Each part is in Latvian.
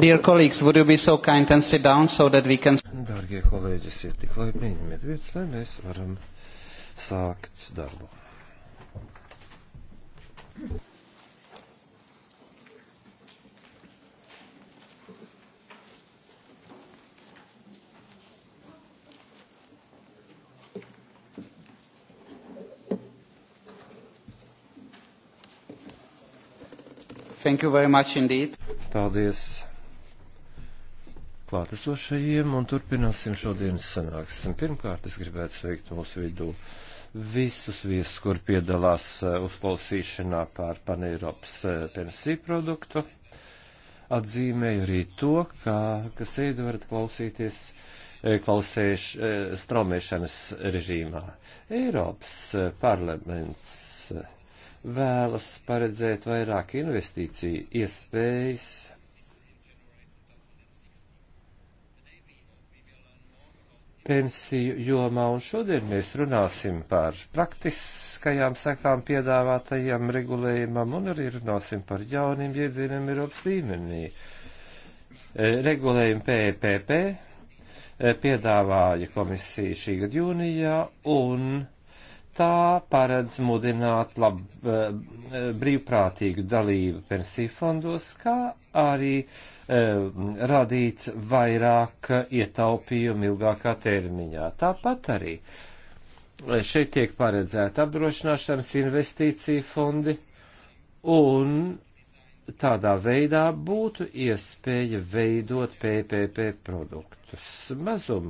Dear colleagues, would you be so kind and sit down so that we can... Dārgie kolēģi, esiet tik laipni, ņemiet vietas, lai mēs varam sākt darbu. Thank you very much indeed. Paldies klātesošajiem un turpināsim šodienas sanāksim. Pirmkārt, es gribētu sveikt mūsu vidū visus viesus, kur piedalās eh, uzklausīšanā pār Paneiropas pensiju eh, produktu. Atzīmēju arī to, ka, ka sēdi varat klausīties eh, klausēš, straumēšanas režīmā. Eiropas parlaments vēlas paredzēt vairāk investīciju iespējas pensiju jomā, un šodien mēs runāsim par praktiskajām sekām piedāvātajam regulējumam, un arī runāsim par jauniem iedzīvumiem Eiropas līmenī. E, Regulējumu PPP e e, piedāvāja komisija šī gada jūnijā, un tā paredz mudināt lab, eh, eh, brīvprātīgu dalību pensiju fondos, kā arī e, radīt vairāk ietaupījumu ilgākā termiņā. Tāpat arī šeit tiek paredzēta apdrošināšanas investīcija fondi un tādā veidā būtu iespēja veidot PPP produktus. Mazum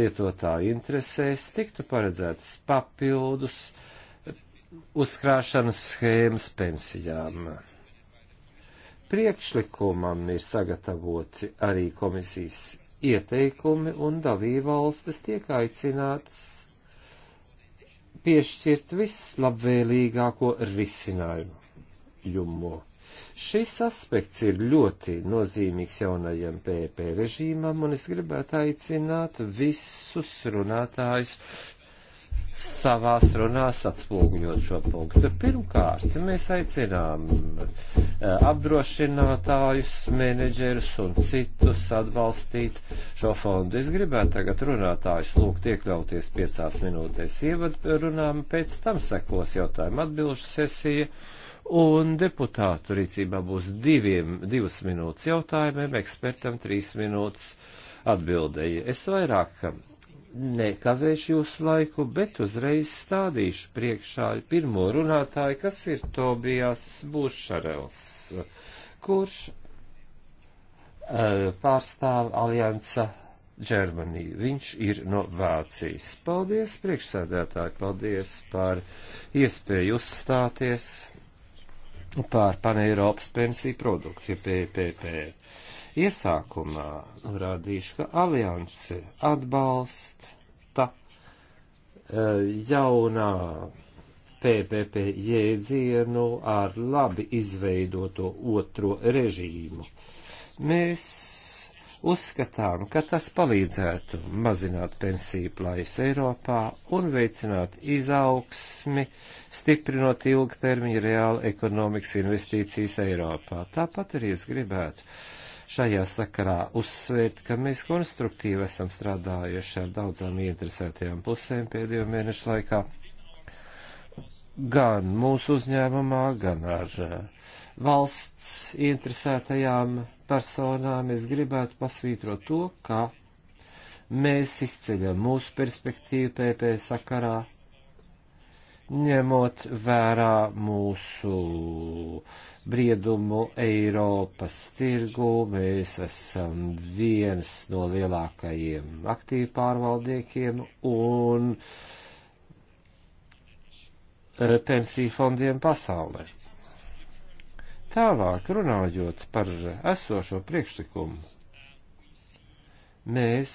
lietotāju interesēs tiktu paredzētas papildus uzkrāšanas schēmas pensijām. Priekšlikumam ir sagatavoti arī komisijas ieteikumi un dalībvalstis tiek aicinātas piešķirt vislabvēlīgāko risinājumu. Jumo Šis aspekts ir ļoti nozīmīgs jaunajam PP e režīmam, un es gribētu aicināt visus runātājus savās runās atspūgņot šo punktu. Pirmkārt, mēs aicinām eh, apdrošinātājus, menedžerus un citus atbalstīt šo fondu. Es gribētu tagad runātājus lūgt iekļauties piecās minūtēs ievadrunām, pēc tam sekos jautājumu atbilžu sesija un deputātu rīcībā būs diviem, divas minūtes jautājumiem, ekspertam trīs minūtes atbildēji. Es vairāk nekavēšu jūsu laiku, bet uzreiz stādīšu priekšā pirmo runātāju, kas ir Tobijas Būšarels, kurš uh, pārstāv aliansa Džermaniju. Viņš ir no Vācijas. Paldies, priekšsēdētāji, paldies par iespēju uzstāties pār Paneiropas pensiju produktu, PPP. Iesākumā norādīšu, ka alianse atbalsta eh, jaunā PPP jēdzienu ar labi izveidoto otro režīmu. Mēs Uzskatām, ka tas palīdzētu mazināt pensiju plājas Eiropā un veicināt izaugsmi, stiprinot ilgtermiņa reāla ekonomikas investīcijas Eiropā. Tāpat arī es gribētu šajā sakarā uzsvērt, ka mēs konstruktīvi esam strādājuši ar daudzām interesētajām pusēm pēdējo mēnešu laikā, gan mūsu uzņēmumā, gan ar eh, valsts interesētajām personām es gribētu pasvītrot to, ka mēs izceļam mūsu perspektīvu PP sakarā, ņemot vērā mūsu briedumu Eiropas tirgu, mēs esam viens no lielākajiem aktīvu pārvaldniekiem un pensiju fondiem pasaulē. Tālāk runājot par esošo priekšlikumu, mēs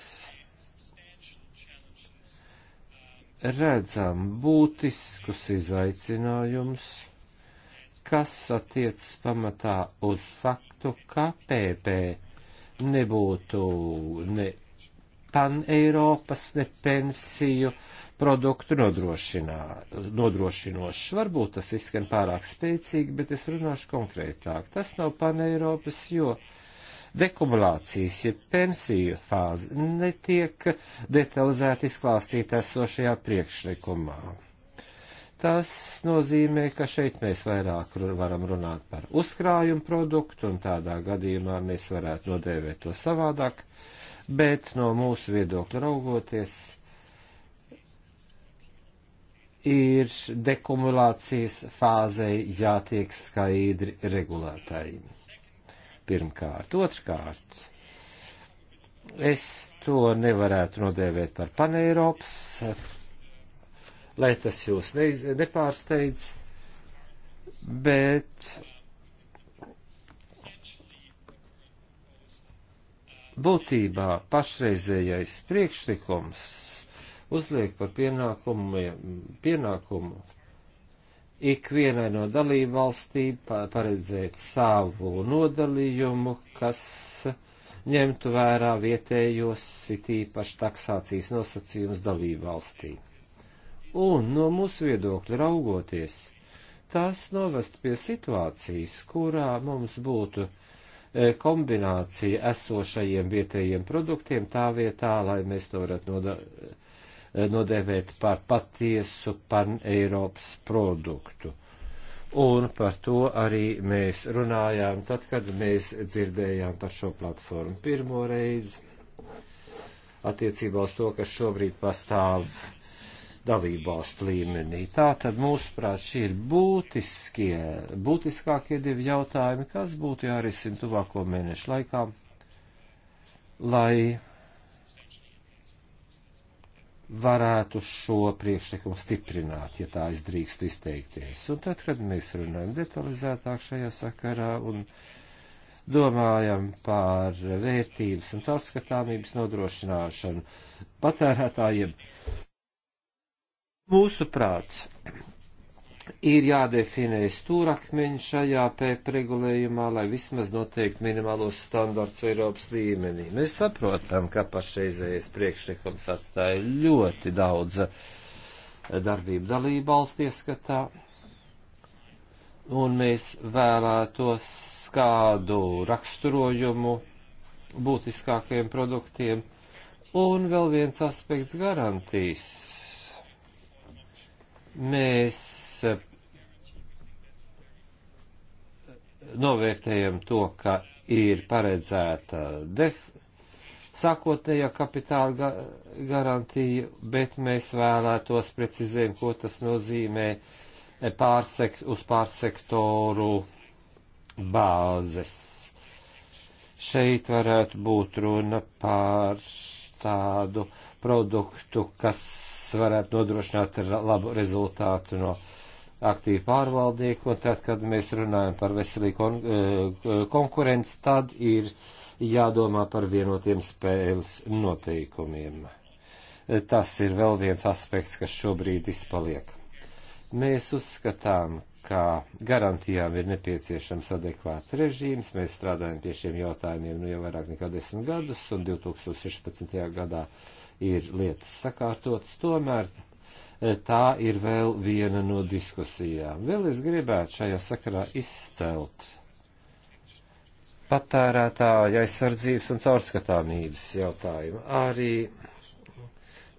redzam būtiskus izaicinājumus, kas attiec pamatā uz faktu, ka PP nebūtu ne pan Eiropas, ne pensiju, produktu nodrošinošs. Varbūt tas izskan pārāk spēcīgi, bet es runāšu konkrētāk. Tas nav paneiropas, jo dekumulācijas, ja pensiju fāze netiek detalizēti izklāstīta esošajā priekšlikumā. Tas nozīmē, ka šeit mēs vairāk varam runāt par uzkrājumu produktu, un tādā gadījumā mēs varētu nodēvēt to savādāk, bet no mūsu viedokļa raugoties ir dekumulācijas fāzei jātiek skaidri regulētai. Pirmkārt. Otrkārt, es to nevarētu nodēvēt par paneiropas, lai tas jūs neiz, nepārsteidz, bet būtībā pašreizējais priekšlikums uzliek par pienākumu, pienākumu ikvienai no dalību valstīm paredzēt savu nodalījumu, kas ņemtu vērā vietējos sitīpaši taksācijas nosacījums dalību valstī. Un no mūsu viedokļa raugoties, tas novest pie situācijas, kurā mums būtu e, kombinācija esošajiem vietējiem produktiem tā vietā, lai mēs to varētu noda Eh, nodēvēt par patiesu pan-Eiropas produktu. Un par to arī mēs runājām tad, kad mēs dzirdējām par šo platformu pirmo reizi attiecībā uz to, kas šobrīd pastāv dalībvalstu līmenī. Tā tad, mūsuprāt, šie ir būtiskie, būtiskākie divi jautājumi, kas būtu jārisina tuvāko mēnešu laikā, lai varētu šo priekšlikumu stiprināt, ja tā es drīkstu izteikties. Un tad, kad mēs runājam detalizētāk šajā sakarā un domājam par vērtības un caurskatāmības nodrošināšanu patērētājiem, mūsu prāts ir jādefinē stūrakmeņi šajā PEP regulējumā, lai vismaz noteikti minimālos standarts Eiropas līmenī. Mēs saprotam, ka pašreizējais priekšlikums atstāja ļoti daudz eh, darbību dalību valsts ieskatā, un mēs vēlētos kādu raksturojumu būtiskākajiem produktiem, un vēl viens aspekts garantīs. Mēs novērtējam to, ka ir paredzēta def, sākotnējā kapitāla ga garantija, bet mēs vēlētos precizējam, ko tas nozīmē pārsek, uz pārsektoru bāzes. Šeit varētu būt runa par tādu produktu, kas varētu nodrošināt labu rezultātu no uh, aktīvi pārvaldnieki, un tad, kad mēs runājam par veselīgu kon eh, konkurenci, tad ir jādomā par vienotiem spēles noteikumiem. Tas ir vēl viens aspekts, kas šobrīd izpaliek. Mēs uzskatām, ka garantijām ir nepieciešams adekvāts režīms. Mēs strādājam pie šiem jautājumiem nu jau vairāk nekā desmit gadus, un 2016. gadā ir lietas sakārtotas. Tomēr tā ir vēl viena no diskusijām. Vēl es gribētu šajā sakarā izcelt patērētāja aizsardzības un caurskatāmības jautājumu. Arī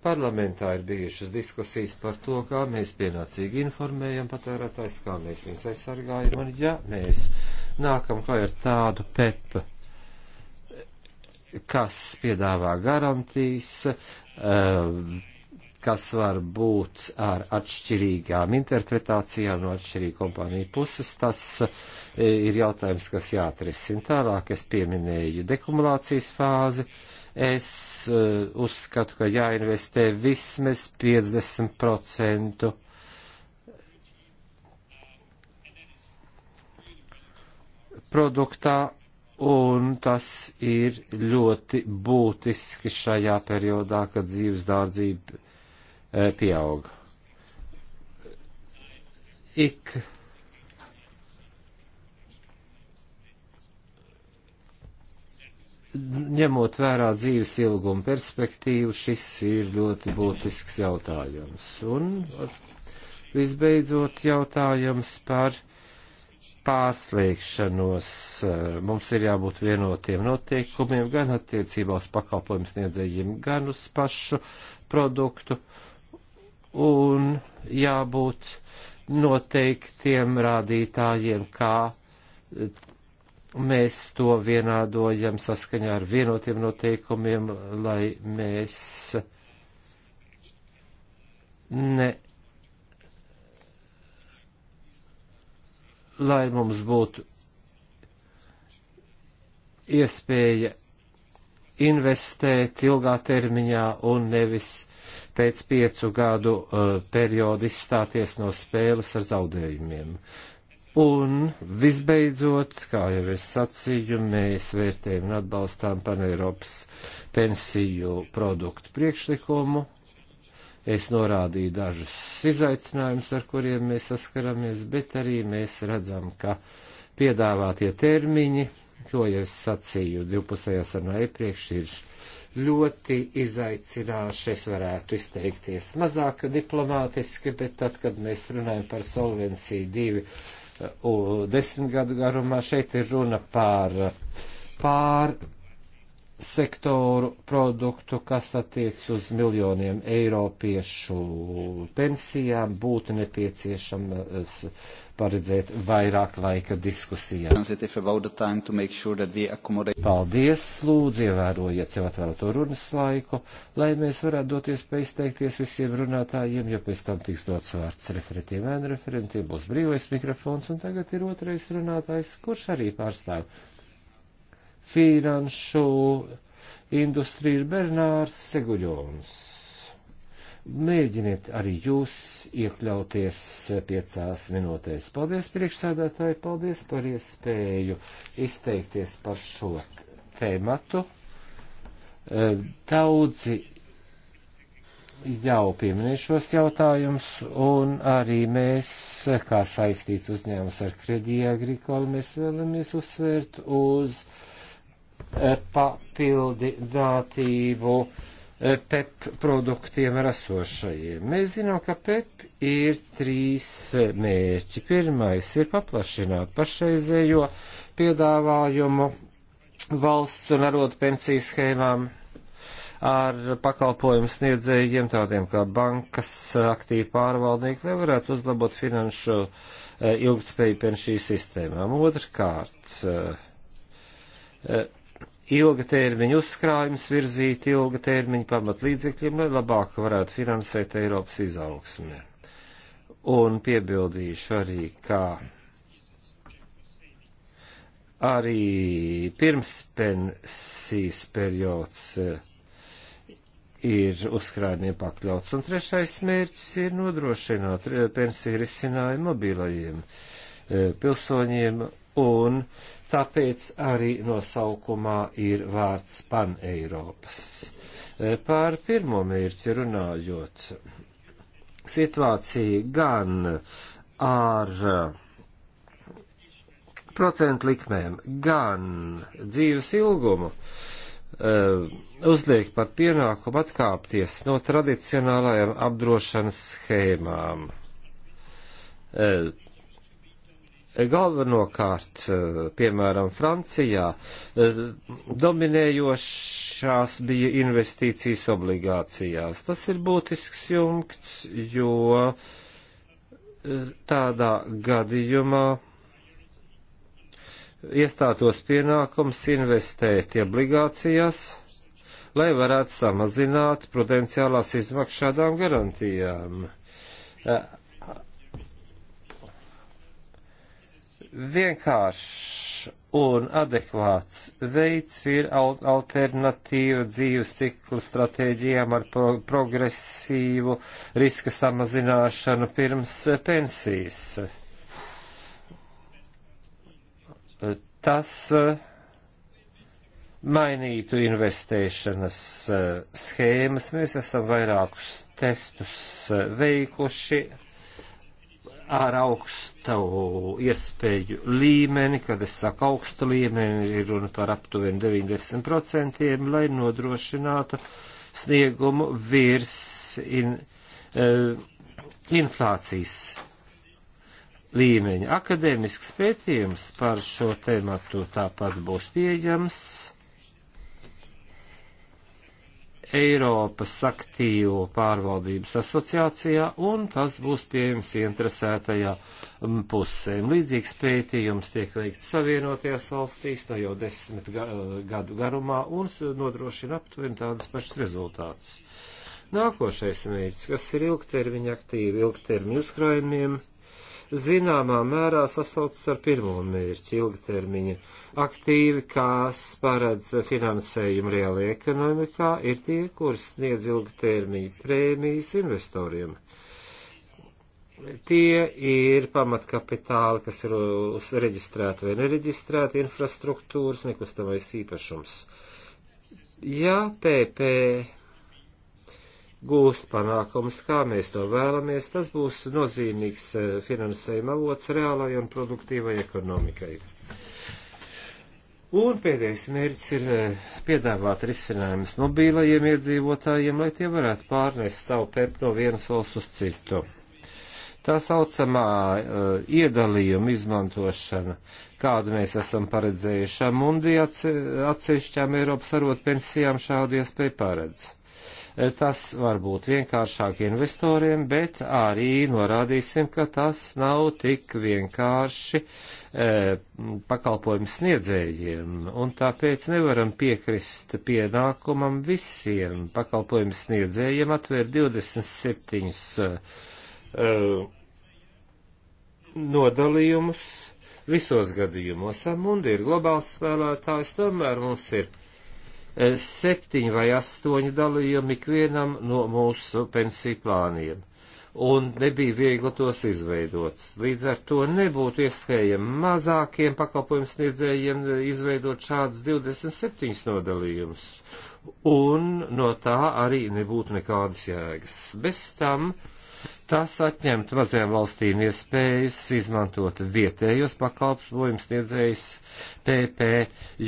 parlamentā ir bijušas diskusijas par to, kā mēs pienācīgi informējam patērētājs, kā mēs viņus aizsargājam, un ja mēs nākam klāj ar tādu PEP, kas piedāvā garantijas, eh, kas var būt ar atšķirīgām interpretācijām no atšķirīgu kompāniju puses, tas e, ir jautājums, kas jāatrisina tālāk. Es pieminēju dekumulācijas fāzi. Es e, uzskatu, ka jāinvestē vismaz 50% produktā Un tas ir ļoti būtiski šajā periodā, kad dzīves dārdzība Eh, pieaug. Ik ņemot vērā dzīves ilgumu perspektīvu, šis ir ļoti būtisks jautājums. Un visbeidzot jautājums par pārslēgšanos. Eh, mums ir jābūt vienotiem noteikumiem gan attiecībā uz pakalpojumu sniedzējiem, gan uz pašu produktu un jābūt noteiktiem rādītājiem, kā eh, mēs to vienādojam saskaņā ar vienotiem noteikumiem, lai mēs ne, lai mums būtu iespēja investēt ilgā termiņā un nevis pēc piecu gadu uh, eh, periodu izstāties no spēles ar zaudējumiem. Un visbeidzot, kā jau es sacīju, mēs vērtējam un atbalstām Paneiropas pensiju produktu priekšlikumu. Es norādīju dažus izaicinājumus, ar kuriem mēs saskaramies, bet arī mēs redzam, ka piedāvātie termiņi jo, ja es sacīju divpusējā sarunā iepriekš, ir ļoti izaicināši, es varētu izteikties mazāk diplomātiski, bet tad, kad mēs runājam par solvenciju divi uh, desmit gadu garumā, šeit ir runa par pār sektoru produktu, kas attiec uz miljoniem eiropiešu pensijām, būtu nepieciešams paredzēt vairāk laika diskusijām. Paldies, lūdzu, ievērojiet sev atvēlēto runas laiku, lai mēs varētu doties pa izteikties visiem runātājiem, jo pēc tam tiks dots vārds referentiem, ēnu referentiem, būs brīvais mikrofons, un tagad ir otrais runātājs, kurš arī pārstāv finanšu industriju ir Bernārs Seguļons. Mēģiniet arī jūs iekļauties piecās minūtēs. Paldies, priekšsēdētāji, paldies par iespēju izteikties par šo tēmatu. E, daudzi jau pieminēju šos jautājumus, un arī mēs, kā saistīt uzņēmums ar kredīja agrikolu, mēs vēlamies uzsvērt uz uh, E, papildinātību e, PEP produktiem ar esošajiem. Mēs zinām, ka PEP ir trīs mērķi. Pirmais ir paplašināt pašreizējo piedāvājumu valsts un arodu pensijas schēmām ar pakalpojumu sniedzējiem, tādiem kā bankas, aktīvi pārvaldnieki, lai varētu uzlabot finanšu e, ilgtspēju pensiju sistēmām. Otrkārt, ilga termiņa uzkrājums virzīt ilga termiņa pamatlīdzekļiem, lai labāk varētu finansēt Eiropas izaugsmi. Un piebildīšu arī, ka arī pirmspensijas periods eh, ir uzkrājumiem pakļauts, un trešais mērķis ir nodrošināt eh, pensiju risinājumu mobilajiem eh, pilsoņiem un uh, tāpēc arī nosaukumā ir vārds Pan-Eiropas. E, par pirmo mērķi runājot, situācija gan ar procentu likmēm, gan dzīves ilgumu e, uzliek par pienākumu atkāpties no tradicionālajām apdrošanas schēmām e, galvenokārt, eh, piemēram, Francijā, eh, dominējošās bija investīcijas obligācijās. Tas ir būtisks jumts, jo eh, tādā gadījumā iestātos pienākums investēt obligācijās, lai varētu samazināt prudenciālās izmaksas šādām garantijām vienkāršs un adekvāts veids ir alternatīva dzīves ciklu stratēģijām ar pro progresīvu riska samazināšanu pirms pensijas. Tas eh, mainītu investēšanas eh, schēmas. Mēs esam vairākus testus eh, veikuši ar augstu iespēju līmeni, kad es saku augstu līmeni, ir runa par aptuveni 90%, lai nodrošinātu sniegumu virs in, uh, inflācijas līmeņa. Akadēmisks pētījums par šo tēmatu tāpat būs pieejams Eiropas aktīvo pārvaldības asociācijā, un tas būs pieejams ieinteresētajā pusēm. Līdzīgs pētījums tiek veikts Savienotajās valstīs, no jau desmit gadu garumā, un nodrošina aptuveni tādus pašus rezultātus. Nākošais mērķis, kas ir ilgtermiņa aktīvi ilgtermiņu uzkrājumiem, zināmā mērā sasaucas ar pirmo mērķi - ilgtermiņa aktīvi, kas paredz finansējumu reālajā ekonomikā, ir tie, kuras sniedz ilgtermiņa prēmijas investoriem tie ir pamatkapitāli, kas ir reģistrēti vai nereģistrēti, infrastruktūras, nekustamais īpašums. Ja PP gūst panākumus, kā mēs to vēlamies, tas būs nozīmīgs eh, finansējuma avots reālai un produktīvai ekonomikai. Un pēdējais mērķis ir eh, piedāvāt risinājumus mobīlajiem iedzīvotājiem, lai tie varētu pārnest savu PEP no vienas valsts uz citu. Tā saucamā uh, iedalījuma izmantošana, kādu mēs esam paredzējuši, un atsevišķām Eiropas arotpensijām šādu iespēju paredz. Tas var būt vienkāršāk investoriem, bet arī norādīsim, ka tas nav tik vienkārši e, pakalpojumu sniedzējiem, un tāpēc nevaram piekrist pienākumam visiem pakalpojumu sniedzējiem atvērt 27 uh, e, nodalījumus visos gadījumos. Amundi ir globāls spēlētājs, tomēr mums ir septiņi vai astoņi dalījumi ikvienam no mūsu pensiju plāniem. Un nebija viegli tos izveidot. Līdz ar to nebūtu iespējami mazākiem pakalpojumu sniedzējiem izveidot šādus 27 nodalījumus. Un no tā arī nebūtu nekādas jēgas. Bez tam Tas atņemtu mazajām valstīm iespējas izmantot vietējos pakalpojumus sniedzējus PP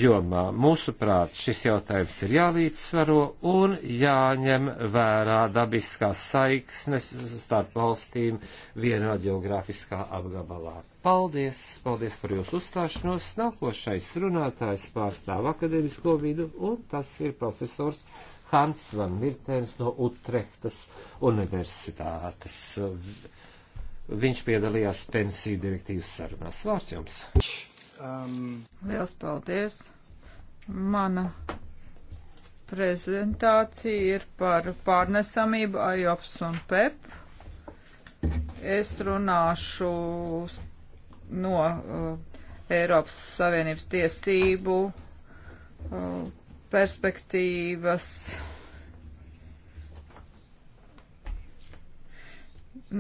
jomā. Mūsuprāt, šis jautājums ir jālīdzsvaro un jāņem vērā dabiskās saiksnes starp valstīm vienā geogrāfiskā apgabalā. Paldies! Paldies par jūsu uzstāšanos! Nākošais runātājs pārstāv akadēmisko vidu un tas ir profesors Hans van Virtens no Utrehtas universitātes. Viņš piedalījās pensiju direktīvas sarunās. Vārds jums! Um. Liels paldies! Mana prezentācija ir par pārnesamību AJOPS un PEP. Es runāšu no uh, Eiropas Savienības tiesību uh, perspektīvas.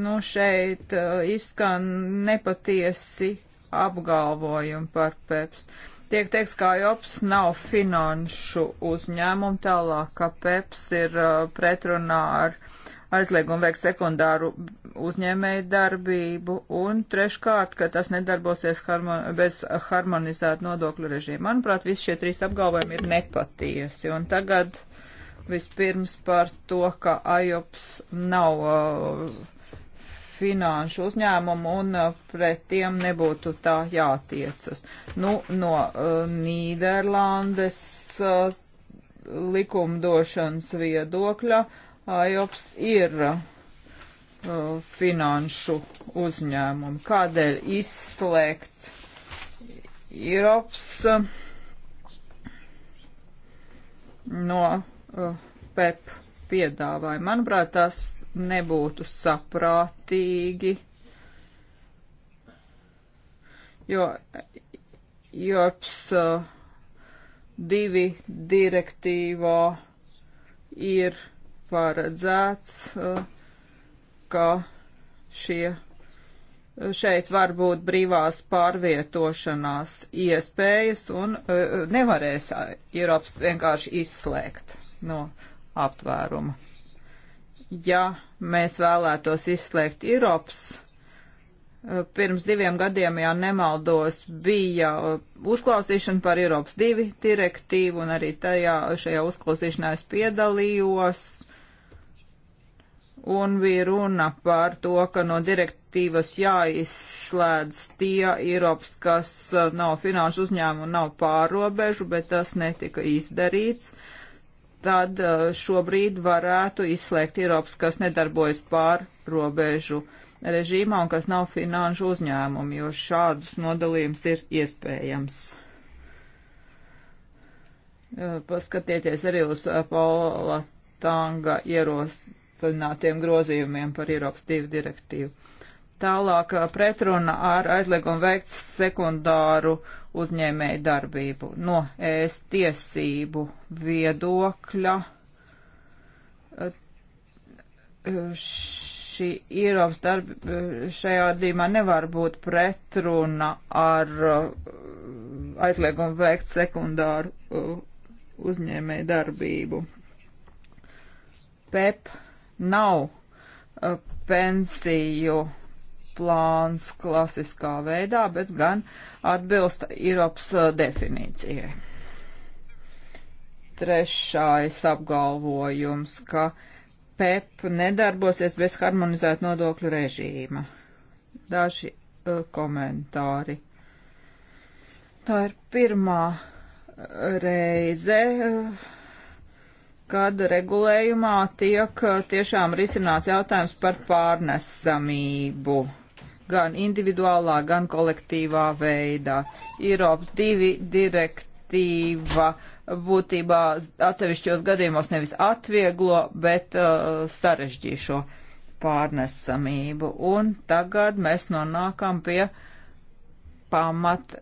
Nu, šeit uh, izskan nepatiesi apgalvojumi par PEPS. Tiek teiks, ka JOPS nav finanšu uzņēmumu tālāk, ka PEPS ir uh, pretrunā ar uh, aizliegumu veikt sekundāru uzņēmēju darbību, un treškārt, ka tas nedarbosies harmo bez harmonizēta nodokļu režīma. Manuprāt, visi šie trīs apgalvojumi ir nepatiesi, un tagad vispirms par to, ka AJOPS nav uh, finanšu uzņēmumu un uh, pret tiem nebūtu tā jātiecas. Nu, no uh, Nīderlandes uh, likumdošanas viedokļa uh, AIOPS ir uh, finanšu uzņēmumi. Kādēļ izslēgt IROPS uh, no uh, PEP piedāvājuma? Manuprāt, tas nebūtu saprātīgi, jo IROPS uh, divi direktīvā ir paredzēts, eh, ka šie eh, šeit var būt brīvās pārvietošanās iespējas un eh, nevarēs Eiropas vienkārši izslēgt no aptvēruma. Ja mēs vēlētos izslēgt Eiropas, pirms diviem gadiem, ja nemaldos, bija uzklausīšana par Eiropas divi direktīvu un arī tajā, šajā uzklausīšanā es piedalījos un bija runa par to, ka no direktīvas jāizslēdz tie Eiropas, kas uh, nav finanšu uzņēmumu, nav pārobežu, bet tas netika izdarīts. Tad uh, šobrīd varētu izslēgt Eiropas, kas nedarbojas pārrobežu režīmā un kas nav finanšu uzņēmumi, jo šādus nodalījums ir iespējams. Uh, paskatieties arī uz Paula Tanga ierosinājums ierosinātiem grozījumiem par Eiropas divu direktīvu. Tālāk pretruna ar aizliegumu veikt sekundāru uzņēmēju darbību no ēst tiesību viedokļa. Šī Eiropas darba šajā dīmā nevar būt pretruna ar aizliegumu veikt sekundāru uzņēmēju darbību. PEP nav uh, pensiju plāns klasiskā veidā, bet gan atbilst Eiropas uh, definīcijai. Trešais apgalvojums, ka PEP nedarbosies bez harmonizēta nodokļu režīma. Daži uh, komentāri. Tā ir pirmā reize. Uh, kad regulējumā tiek uh, tiešām risināts jautājums par pārnesamību gan individuālā, gan kolektīvā veidā. Eiropas divi direktīva būtībā atsevišķos gadījumos nevis atvieglo, bet uh, sarežģīšo pārnesamību. Un tagad mēs nonākam pie uh, pamat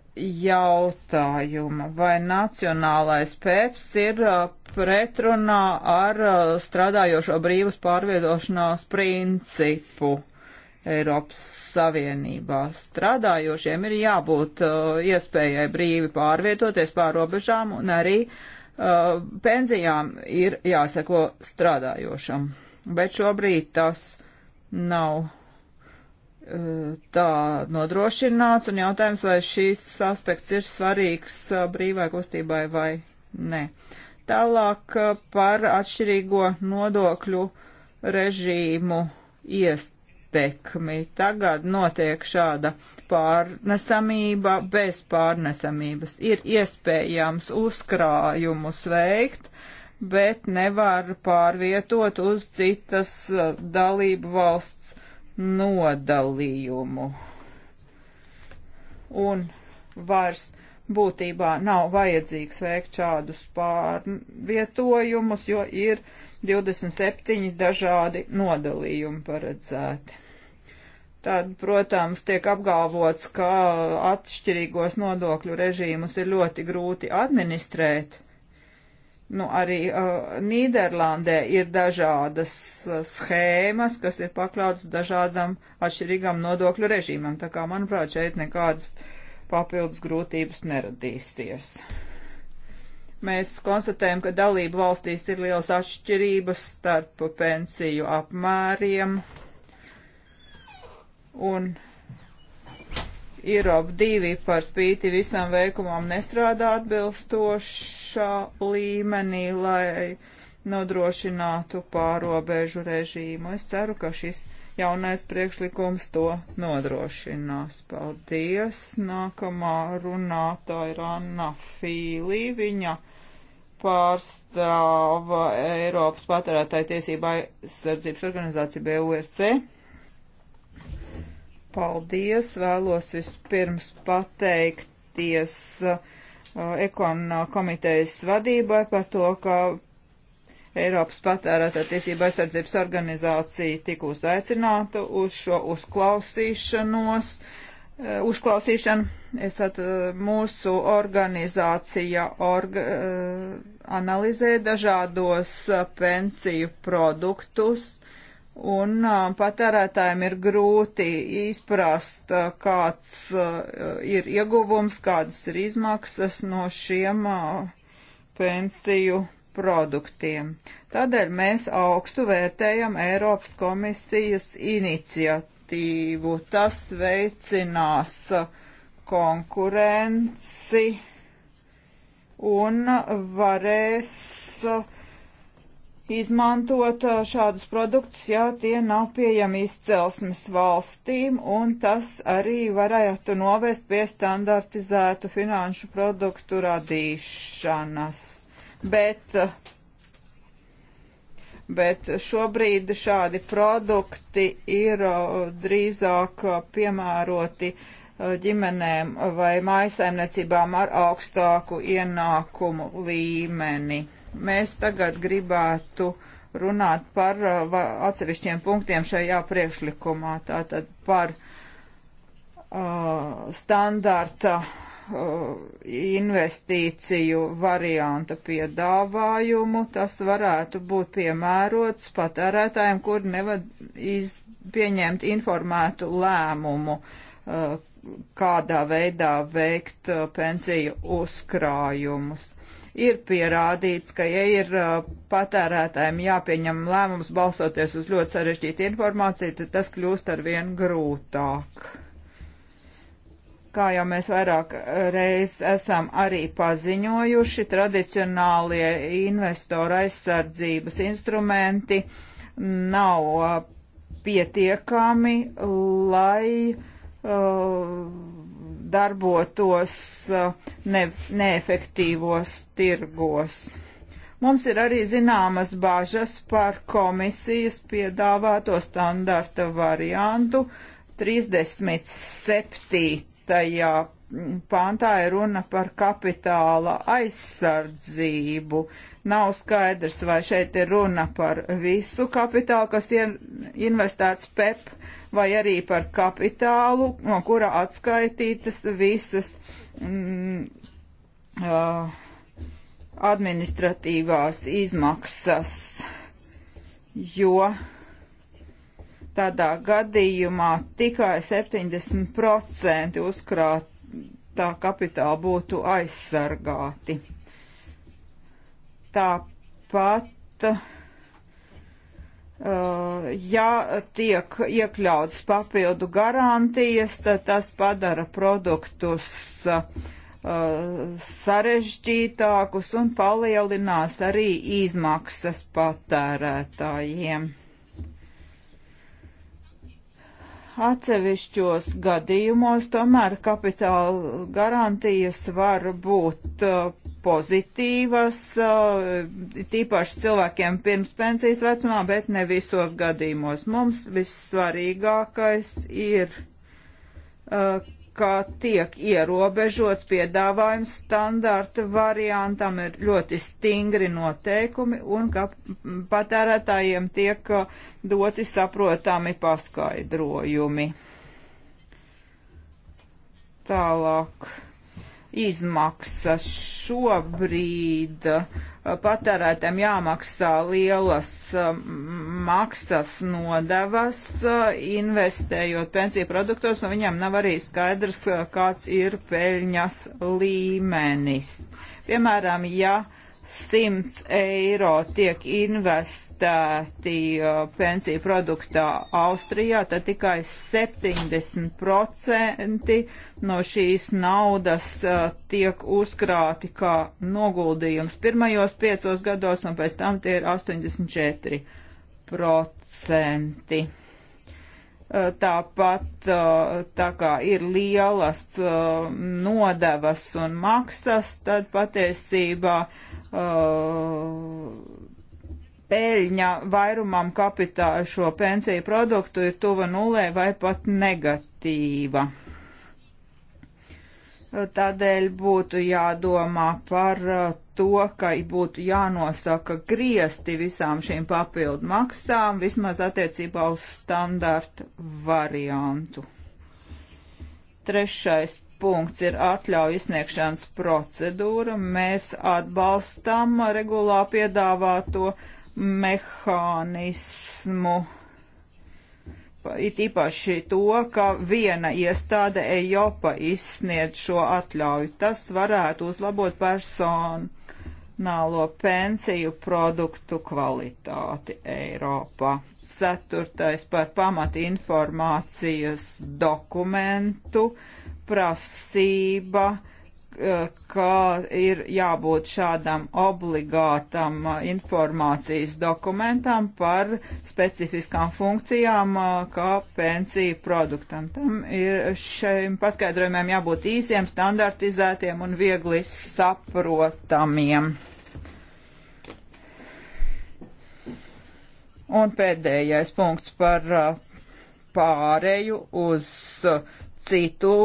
jautājuma, vai nacionālais PEPS ir uh, pretrunā ar uh, strādājošo brīvas pārviedošanās principu. Eiropas Savienībā strādājošiem ir jābūt uh, iespējai brīvi pārvietoties pār robežām un arī uh, pensijām ir jāseko strādājošam. Bet šobrīd tas nav tā nodrošināts, un jautājums, vai šīs aspekts ir svarīgs uh, brīvai kustībai vai nē. Tālāk uh, par atšķirīgo nodokļu režīmu iestekmi. Tagad notiek šāda pārnesamība bez pārnesamības. Ir iespējams uzkrājumus veikt, bet nevar pārvietot uz citas uh, dalību valsts nodalījumu. Un vairs būtībā nav vajadzīgs veikt šādus pārvietojumus, jo ir 27 dažādi nodalījumi paredzēti. Tad, protams, tiek apgalvots, ka atšķirīgos nodokļu režīmus ir ļoti grūti administrēt, Nu, arī uh, Nīderlandē ir dažādas uh, schēmas, kas ir pakļautas dažādam atšķirīgam nodokļu režīmam. Tā kā, manuprāt, šeit nekādas papildus grūtības neradīsies. Mēs konstatējam, ka dalību valstīs ir liels atšķirības starp pensiju apmēriem un Eiropa 2 par spīti visām veikumām nestrādā atbilstošā līmenī, lai nodrošinātu pārobežu režīmu. Es ceru, ka šis jaunais priekšlikums to nodrošinās. Paldies! Nākamā runātāja ir Anna Fīlī. Viņa pārstāva Eiropas patērētāja tiesībā sardzības organizāciju BURC. Paldies! Vēlos vispirms pateikties uh, ekonomā uh, komitejas vadībai par to, ka Eiropas patērētā tiesība aizsardzības organizācija tika uzaicināta uz šo uzklausīšanos. Uh, uzklausīšanu esat mūsu organizācija orga, analizē dažādos pensiju produktus un patērētājiem ir grūti izprast, kāds ir ieguvums, kādas ir izmaksas no šiem pensiju produktiem. Tādēļ mēs augstu vērtējam Eiropas komisijas iniciatīvu. Tas veicinās konkurenci un varēs uh, izmantot šādus produktus, ja tie nav pieejami izcelsmes valstīm, un tas arī varētu novest pie standartizētu finanšu produktu radīšanas. Bet, bet šobrīd šādi produkti ir drīzāk piemēroti ģimenēm vai mājasaimniecībām ar augstāku ienākumu līmeni. Mēs tagad gribētu runāt par uh, atsevišķiem punktiem šajā priekšlikumā, tātad par uh, standarta uh, investīciju varianta piedāvājumu. Tas varētu būt piemērots patērētājiem, kur nevar iz, pieņemt informētu lēmumu, uh, kādā veidā veikt uh, pensiju uzkrājumus ir pierādīts, ka, ja ir uh, patērētājiem jāpieņem lēmums balsoties uz ļoti sarežģītu informāciju, tad tas kļūst arvien grūtāk. Kā jau mēs vairāk uh, reiz esam arī paziņojuši, tradicionālie investora aizsardzības instrumenti nav uh, pietiekami, lai uh, darbotos uh, ne, neefektīvos tirgos. Mums ir arī zināmas bažas par komisijas piedāvāto standarta variantu. 37. pāntā ir runa par kapitāla aizsardzību. Nav skaidrs, vai šeit ir runa par visu kapitālu, kas ir investēts PEP vai arī par kapitālu, no kura atskaitītas visas mm, uh, administratīvās izmaksas, jo tādā gadījumā tikai 70% uzkrātā kapitāla būtu aizsargāti. Tāpat Uh, ja tiek iekļauts papildu garantijas, tad tas padara produktus uh, sarežģītākus un palielinās arī izmaksas patērētājiem. Atsevišķos gadījumos tomēr kapitāla garantijas var būt uh, pozitīvas, uh, tīpaši cilvēkiem pirms pensijas vecumā, bet ne visos gadījumos. Mums vissvarīgākais ir, uh, ka tiek ierobežots piedāvājums standarta variantam, ir ļoti stingri noteikumi un ka patērētājiem tiek uh, doti saprotami paskaidrojumi. Tālāk izmaksas. Šobrīd uh, patērētēm jāmaksā lielas uh, maksas nodevas, uh, investējot pensiju produktos, un viņam nav arī skaidrs, kāds ir peļņas līmenis. Piemēram, ja 100 eiro tiek investēti uh, pensiju produktā Austrijā, tad tikai 70% no šīs naudas uh, tiek uzkrāti kā noguldījums pirmajos piecos gados, un pēc tam tie ir 84%. Tāpat tā kā ir lielas nodevas un maksas, tad patiesībā peļņa vairumam kapitāla šo pensiju produktu ir tuva nulē vai pat negatīva. Tādēļ būtu jādomā par uh, to, ka būtu jānosaka griesti visām šīm papildu maksām, vismaz attiecībā uz standarta variantu. Trešais punkts ir atļauju izsniegšanas procedūra. Mēs atbalstam regulā piedāvāto mehānismu it īpaši to, ka viena iestāde EIOPA izsniedz šo atļauju. Tas varētu uzlabot personālo pensiju produktu kvalitāti Eiropā. Ceturtais par pamat informācijas dokumentu prasība ka ir jābūt šādam obligātam uh, informācijas dokumentam par specifiskām funkcijām, uh, kā pensiju produktam. Tam ir šiem paskaidrojumiem jābūt īsiem, standartizētiem un viegli saprotamiem. Un pēdējais punkts par uh, pārēju uz citu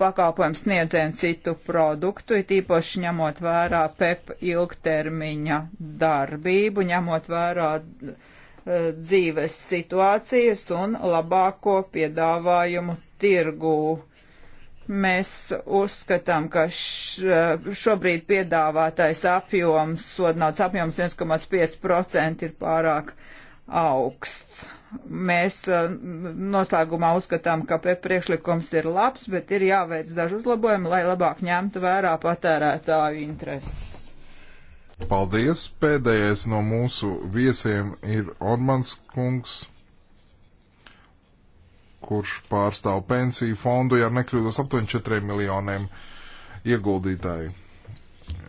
pakalpojumu sniedzēju citu produktu, it īpaši ņemot vērā PEP e ilgtermiņa darbību, ņemot vērā eh, dzīves situācijas un labāko piedāvājumu tirgū. Mēs uzskatām, ka šobrīd piedāvātais apjoms, sodnauts apjoms 1,5% ir pārāk augsts mēs noslēgumā uzskatām, ka PEP priekšlikums ir labs, bet ir jāveic daži uzlabojumi, lai labāk ņemtu vērā patērētāju intereses. Paldies! Pēdējais no mūsu viesiem ir Ormans kungs, kurš pārstāv pensiju fondu, ja nekļūdos, aptuveni 4 miljoniem ieguldītāju.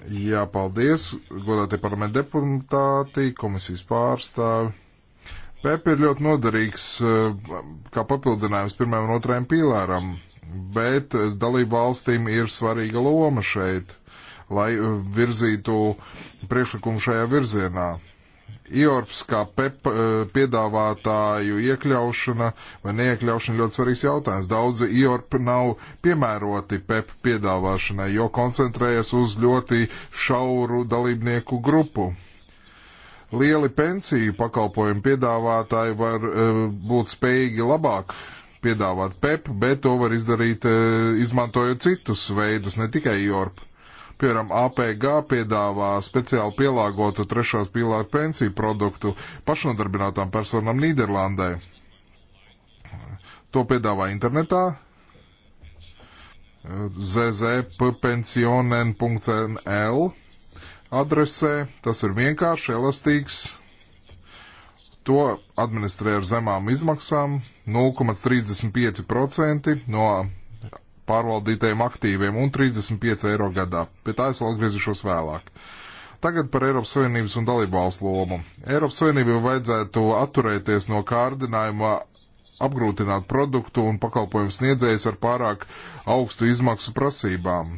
Jā, paldies, godātie parlamenta deputāti, komisijas pārstāvi. PEP ir ļoti noderīgs eh, kā papildinājums pirmajam un otrajam pīlāram, bet eh, dalību valstīm ir svarīga loma šeit, lai eh, virzītu priekšlikumu šajā virzienā. IORPS kā PEP piedāvātāju iekļaušana vai neiekļaušana ļoti svarīgs jautājums. Daudzi IORP nav piemēroti PEP piedāvāšanai, jo koncentrējas uz ļoti šauru dalībnieku grupu Lieli pensiju pakalpojumu piedāvātāji var e, būt spējīgi labāk piedāvāt PEP, bet to var izdarīt e, izmantojot citus veidus, ne tikai JORP. Piemēram, APG piedāvā speciāli pielāgotu trešās pīlāra pensiju produktu pašnodarbinātām personām Nīderlandē. To piedāvā internetā, e, zzppensionen.nl adresē. Tas ir vienkārši elastīgs. To administrē ar zemām izmaksām 0,35% no pārvaldītajiem aktīviem un 35 eiro gadā. Pie tā es vēl atgriezīšos vēlāk. Tagad par Eiropas Savienības un dalību valstu lomu. Eiropas Savienībai vajadzētu atturēties no kārdinājuma apgrūtināt produktu un pakalpojumu sniedzējus ar pārāk augstu izmaksu prasībām.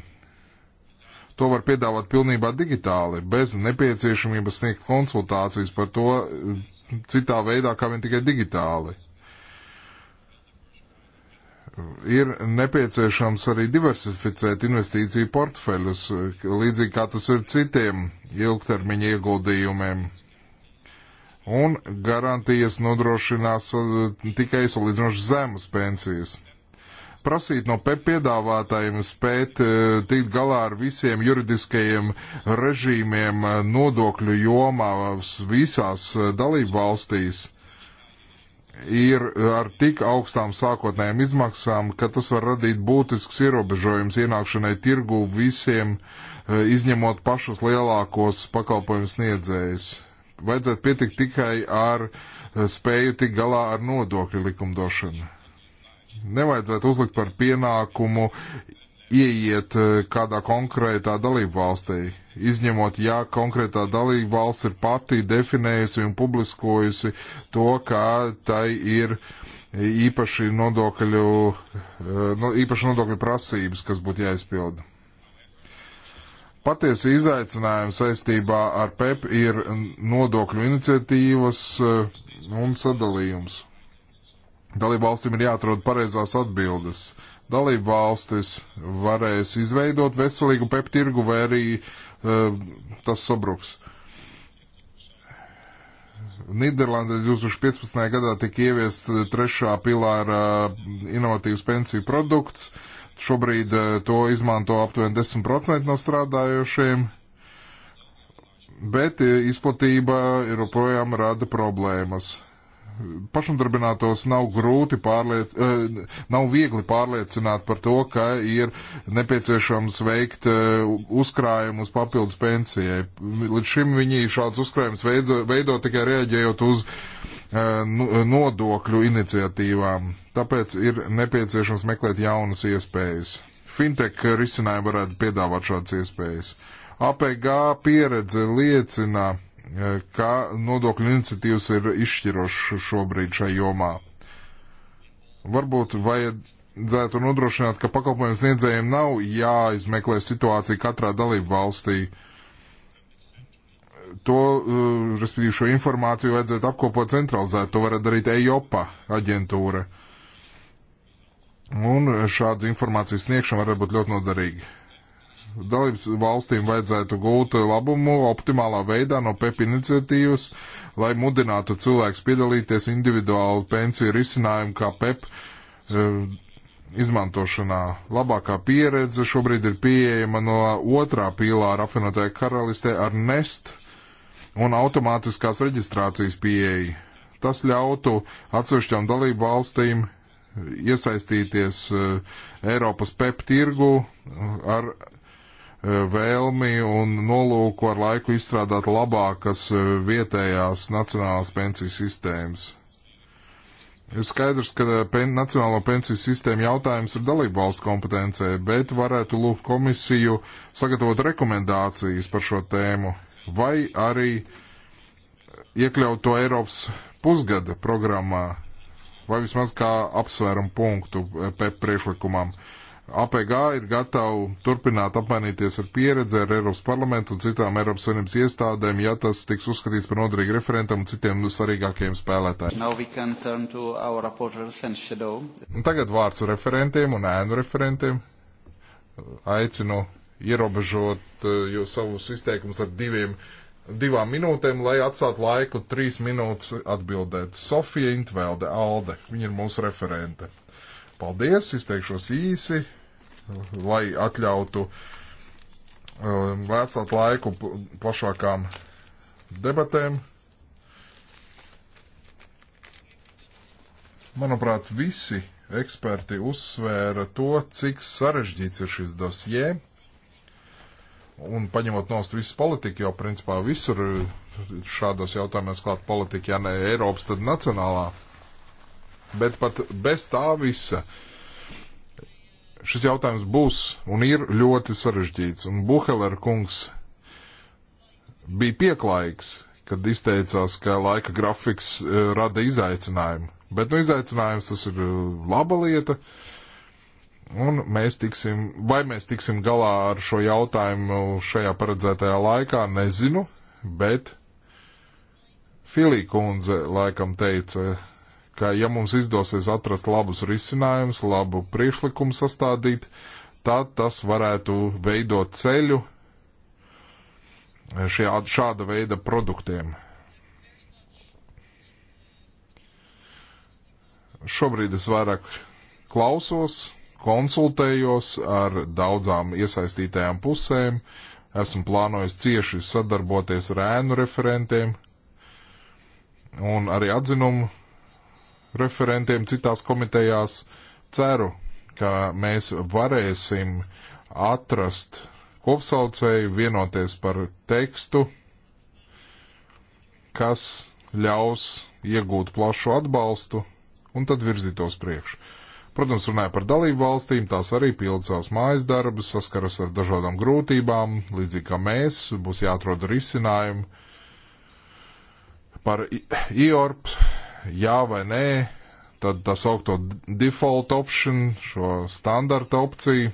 To var piedāvāt pilnībā digitāli, bez nepieciešamības sniegt konsultācijas par to eh, citā veidā, kā vien tikai digitāli. Ir nepieciešams arī diversificēt investīciju portfeļus, līdzīgi kā tas ir citiem ilgtermiņa ieguldījumiem. Un garantijas nodrošinās eh, tikai salīdzinoši zemas pensijas prasīt no PEP piedāvātājiem spēt eh, tikt galā ar visiem juridiskajiem režīmiem eh, nodokļu jomā visās eh, dalību valstīs ir ar tik augstām sākotnējām izmaksām, ka tas var radīt būtisks ierobežojums ienākšanai tirgu visiem, izņemot pašus lielākos pakalpojumu sniedzējus. Vajadzētu pietikt tikai ar spēju tikt galā ar nodokļu likumdošanu nevajadzētu uzlikt par pienākumu ieiet eh, kādā konkrētā dalību valstī, izņemot, ja konkrētā dalība valsts ir pati definējusi un publiskojusi to, kā tai ir īpaši nodokļu, eh, no, īpaši nodokļu prasības, kas būtu jāizpilda. Patiesi izaicinājums saistībā ar PEP e ir nodokļu iniciatīvas eh, un sadalījums Dalību valstīm ir jāatrod pareizās atbildes. Dalību valstis varēs izveidot veselīgu PEP tirgu vai arī uh, tas sabruks. Nīderlandē 2015. gadā tika ieviests eh, trešā pilāra uh, inovatīvs pensiju produkts. Šobrīd uh, to izmanto aptuveni 10% no strādājošiem bet izplatība joprojām rada problēmas pašnodarbinātos nav grūti pārliec, eh, nav viegli pārliecināt par to, ka ir nepieciešams veikt eh, uzkrājumus papildus pensijai. Līdz šim viņi šāds uzkrājums veido, veido tikai reaģējot uz eh, nu, nodokļu iniciatīvām. Tāpēc ir nepieciešams meklēt jaunas iespējas. Fintech risinājumi varētu piedāvāt šādas iespējas. APG pieredze liecina, ka nodokļu iniciatīvas ir izšķirošas šobrīd šai jomā. Varbūt vajadzētu nodrošināt, ka pakalpojumu sniedzējiem nav jāizmeklē situācija katrā dalību valstī. To, eh, respektīvi, šo informāciju vajadzētu apkopot centralizēt. To var darīt EIOPA aģentūra. Un šāda informācijas sniegšana var būt ļoti noderīga. Dalības valstīm vajadzētu gūt labumu optimālā veidā no PEP iniciatīvas, lai mudinātu cilvēks piedalīties individuāli pensiju risinājumu kā PEP eh, izmantošanā. Labākā pieredze šobrīd ir pieejama no otrā pīlāra apvienotajā karalistē ar NEST un automātiskās reģistrācijas pieeja. Tas ļautu atsevišķām dalību valstīm iesaistīties eh, Eiropas PEP tirgu ar Eh, vēlmi un nolūku ar laiku izstrādāt labākas eh, vietējās nacionālās pensiju sistēmas. Ir skaidrs, ka eh, pen, Nacionālo pensiju sistēmu jautājums ir dalību valstu kompetencē, bet varētu lūgt komisiju sagatavot rekomendācijas par šo tēmu vai arī iekļaut to Eiropas pusgada programmā vai vismaz kā apsvērumu punktu PEP priekšlikumam. Uh, APG ir gatava turpināt apmainīties ar pieredzi ar Eiropas parlamentu un citām Eiropas Savienības iestādēm, ja tas tiks uzskatīts par noderīgu referentam un citiem svarīgākajiem spēlētājiem. Tagad vārds referentiem un ēnu referentiem. Aicinu ierobežot eh, jūs savus izteikumus ar diviem, divām minūtēm, lai atstātu laiku trīs minūtes atbildēt. Sofija Intvelde, Alde, viņa ir mūsu referente. Paldies, izteikšos īsi lai atļautu vēcāt um, laiku plašākām debatēm. Manuprāt, visi eksperti uzsvēra to, cik sarežģīts ir šis dosie. Un paņemot nost visu politiku, jo principā visur šādos jautājumos klāt politika, ja ne Eiropas, tad nacionālā. Bet pat bez tā visa uh, šis jautājums būs un ir ļoti sarežģīts. Un Buheler kungs bija pieklājīgs, kad izteicās, ka laika grafiks e, rada izaicinājumu. Bet nu, izaicinājums tas ir e, laba lieta. Un mēs tiksim, vai mēs tiksim galā ar šo jautājumu šajā paredzētajā laikā, nezinu, bet Filī kundze laikam teica, ka ja mums izdosies atrast labus risinājumus, labu priekšlikumu sastādīt, tad tas varētu veidot ceļu šie, šāda veida produktiem. Šobrīd es vairāk klausos, konsultējos ar daudzām iesaistītajām pusēm, esmu plānojis cieši sadarboties ar ēnu referentiem un arī atzinumu referentiem citās komitejās. Ceru, ka mēs varēsim atrast kopsaucēju, vienoties par tekstu, kas ļaus iegūt plašu atbalstu un tad virzītos priekšu. Protams, runāja par dalību valstīm, tās arī pild savus mājas darbus, saskaras ar dažādām grūtībām, līdzīgi kā mēs, būs jāatrod risinājumi par IORP jā vai nē, tad tā saukto default option, šo standarta opciju,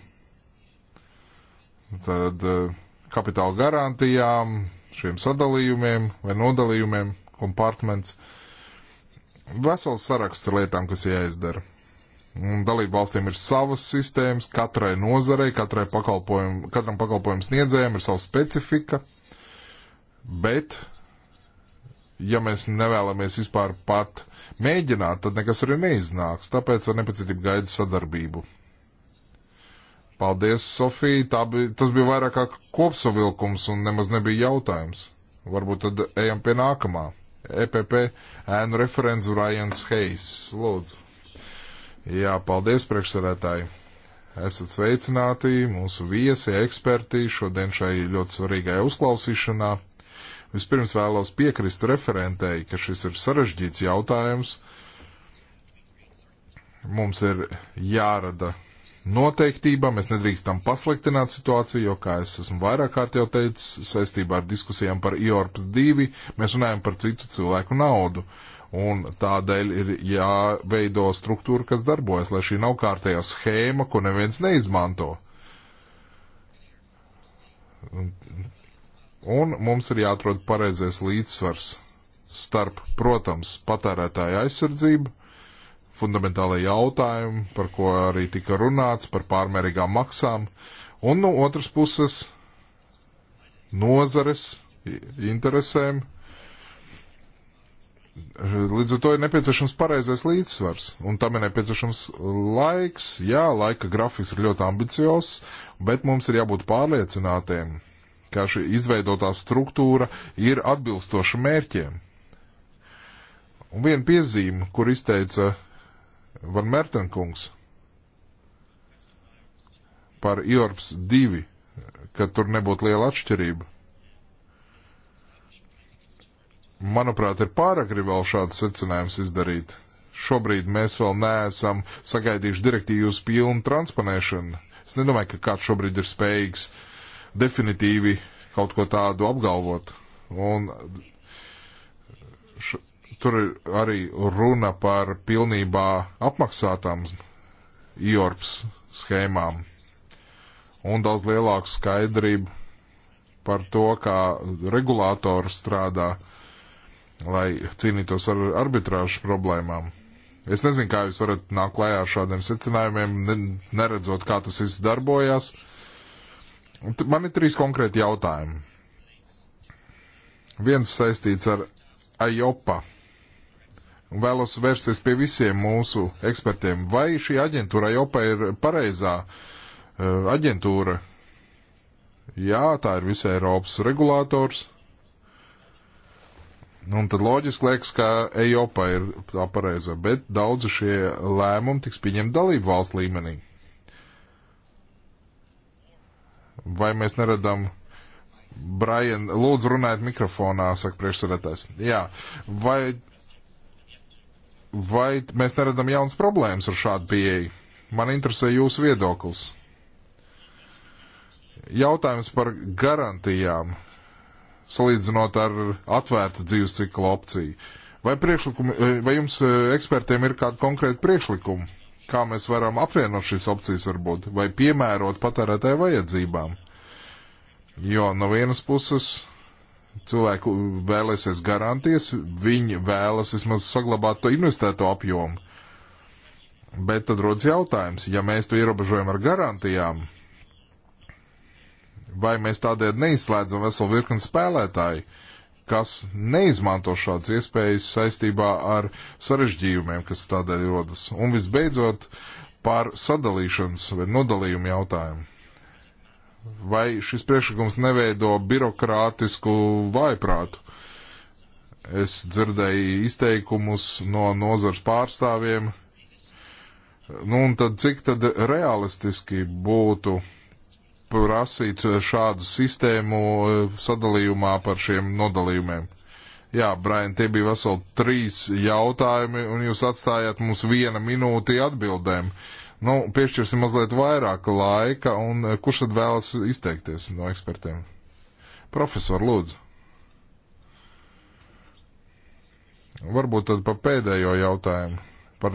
tad eh, kapitāla garantijām, šiem sadalījumiem vai nodalījumiem, kompartments. Vesels saraksts ar lietām, kas jāizdara. Dalību valstīm ir savas sistēmas, katrai nozarei, katrai pakalpojumu, katram pakalpojumu sniedzējam ir sava specifika, bet ja mēs nevēlamies vispār pat mēģināt, tad nekas arī neiznāks. Tāpēc ar nepacietību gaidu sadarbību. Paldies, Sofija. Bij, tas bija vairāk kā kopsavilkums un nemaz nebija jautājums. Varbūt tad ejam pie nākamā. EPP ēnu referents Ryan Hayes. Lūdzu. Jā, paldies, priekšsarētāji. Esat sveicināti mūsu viesi, eksperti šodien šai ļoti svarīgai uzklausīšanai. Vispirms vēlos piekrist referentei, ka šis ir sarežģīts jautājums. Mums ir jārada noteiktība, mēs nedrīkstam pasliktināt situāciju, jo, kā es esmu vairāk kārt jau teicis, saistībā ar diskusijām par IORPS 2, mēs runājam par citu cilvēku naudu. Un tādēļ ir jāveido struktūra, kas darbojas, lai šī nav kārtējā schēma, ko neviens neizmanto. Un mums ir jāatrod pareizais līdzsvars starp, protams, patērētāja aizsardzību, fundamentālajiem jautājumiem, par ko arī tika runāts, par pārmērīgām maksām, un no otras puses nozares interesēm. Līdz ar to ir nepieciešams pareizais līdzsvars, un tam ir nepieciešams laiks. Jā, laika grafiks ir ļoti ambiciozs, bet mums ir jābūt pārliecinātiem, ka šī izveidotā struktūra ir atbilstoša mērķiem. Un viena piezīme, kur izteica Van Mertenkungs par IORPS 2, ka tur nebūtu liela atšķirība. Manuprāt, ir pārāk vēl šāds secinājums izdarīt. Šobrīd mēs vēl neesam sagaidījuši direktīvas pilnu transponēšanu. Es nedomāju, ka kāds šobrīd ir spējīgs uh, definitīvi kaut ko tādu apgalvot. Un š, tur ir arī runa par pilnībā apmaksātām IORPS schēmām un daudz lielāku skaidrību par to, kā regulātori strādā, lai cīnītos ar arbitrāžu problēmām. Es nezinu, kā jūs varat nākt klajā ar šādiem secinājumiem, neredzot, kā tas viss darbojās. Uh, Man ir trīs konkrēti jautājumi. Viens saistīts ar AIOPA. Vēlos vērsties pie visiem mūsu ekspertiem. Vai šī aģentūra AIOPA ir pareizā uh, aģentūra? Jā, tā ir visai Eiropas regulators. Nu, un tad loģiski liekas, ka AIOPA ir tā pareizā, bet daudzi šie lēmumi tiks pieņemti dalību valsts līmenī. Vai mēs neredam Brian, lūdzu runājiet mikrofonā, saka priekšsēdētājs. Jā, vai, vai mēs neredam jauns problēmas ar šādu pieeju? Man interesē jūsu viedoklis. Jautājums par garantijām, salīdzinot ar atvērta dzīves cikla opciju. Vai, vai jums eh, ekspertiem ir kādi konkrēti priekšlikumi? kā mēs varam apvienot šīs opcijas varbūt, vai piemērot patērētāju vajadzībām. Jo no vienas puses cilvēku vēlēsies garantijas, viņi vēlas vismaz saglabāt to investēto apjomu. Bet tad rodas jautājums, ja mēs to ierobežojam ar garantijām, vai mēs tādēļ neizslēdzam veselu virkni spēlētāju, uh, kas neizmanto šādas iespējas saistībā ar sarežģījumiem, kas tādēļ rodas. Un visbeidzot, par sadalīšanas vai nodalījumu jautājumu. Vai šis priekšlikums neveido birokrātisku vaiprātu? Es dzirdēju izteikumus no nozars pārstāvjiem. Nu, un tad cik tad realistiski būtu prasīt eh, šādu sistēmu eh, sadalījumā par šiem nodalījumiem. Jā, Brian, tie bija veseli trīs jautājumi, un jūs atstājāt mums viena minūti atbildēm. Nu, piešķirsim mazliet vairāk laika, un eh, kurš tad vēlas izteikties no ekspertiem? Profesor, lūdzu. Varbūt tad pa pēdējo jautājumu par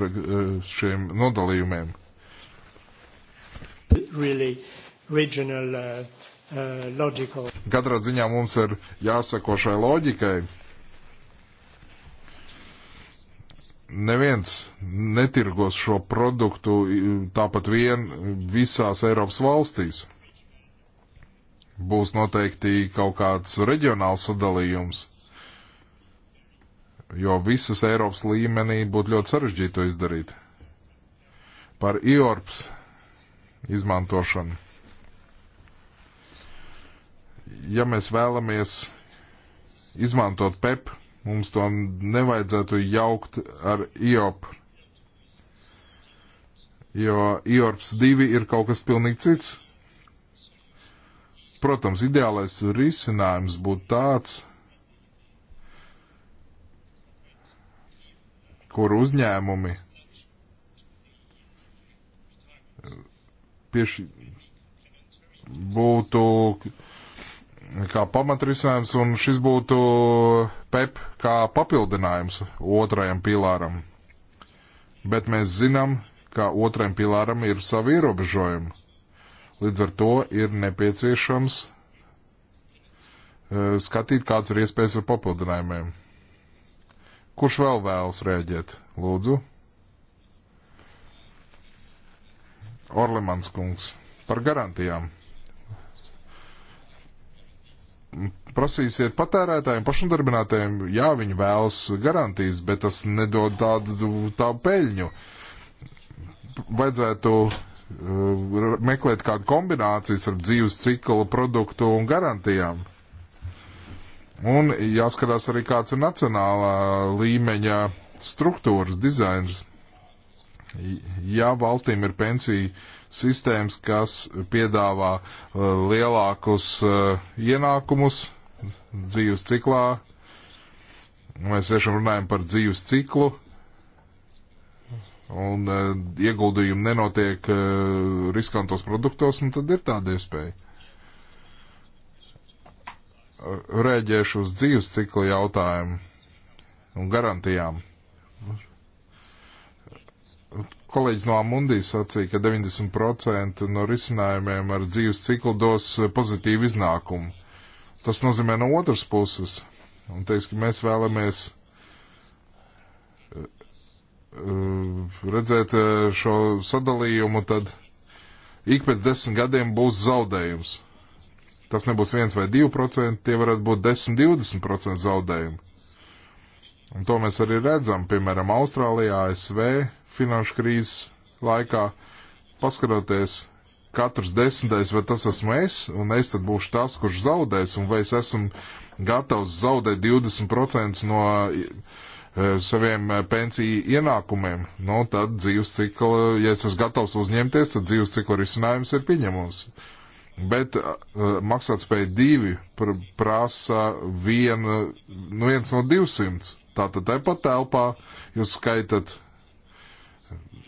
šiem nodalījumiem. Really. Uh, regional uh, uh, logical. Katrā ziņā mums ir jāsako šai loģikai. Neviens netirgos šo produktu tāpat vien visās Eiropas valstīs. Būs noteikti kaut kāds reģionāls sadalījums, jo visas Eiropas līmenī būtu ļoti sarežģīto izdarīt. Par IORPS izmantošanu ja mēs vēlamies izmantot PEP, mums to nevajadzētu jaukt ar IOP. Jo IORPS 2 ir kaut kas pilnīgi cits. Protams, ideālais risinājums būtu tāds, kur uzņēmumi pieši būtu uh, kā pamatrisinājums, un šis būtu PEP kā papildinājums otrajam pilāram. Bet mēs zinām, ka otrajam pilāram ir savi ierobežojumi. Līdz ar to ir nepieciešams eh, skatīt, kāds ir iespējas ar papildinājumiem. Kurš vēl vēlas rēģēt? Lūdzu. Orlemans kungs par garantijām prasīsiet patērētājiem, pašnodarbinātājiem, jā, viņi vēlas garantijas, bet tas nedod tādu tā peļņu. Vajadzētu uh, meklēt kādu kombināciju ar dzīves cikla produktu un garantijām. Un jāskatās arī kāds ir nacionālā līmeņa struktūras dizains. Ja valstīm ir pensija sistēmas, kas piedāvā uh, lielākus uh, ienākumus dzīves ciklā. Mēs tiešām runājam par dzīves ciklu, un uh, ieguldījumi nenotiek uh, riskantos produktos, un tad ir tāda iespēja. Rēģēšu uz dzīves ciklu jautājumu un garantijām kolēģis no Amundijas sacīja, ka 90% no risinājumiem ar dzīves ciklu dos eh, pozitīvu iznākumu. Tas nozīmē no otras puses, un teiks, ka mēs vēlamies eh, eh, redzēt šo sadalījumu, tad ik pēc desmit gadiem būs zaudējums. Tas nebūs viens vai divi procenti, tie varētu būt 10-20% zaudējumi. Un to mēs arī redzam, piemēram, Austrālijā, ASV finanšu krīzes laikā. Paskatoties, katrs desmitais, vai tas esmu es, un es tad būšu tas, kurš zaudēs, un vai es esmu gatavs zaudēt 20% no e, saviem e, pensiju ienākumiem. Nu, tad dzīves cikla, ja es esmu gatavs uzņemties, tad dzīves cikla risinājums ir pieņemums. Bet uh, maksātspēja divi pr prasa vienu, nu viens no 200. Tātad tāpat telpā jūs skaitat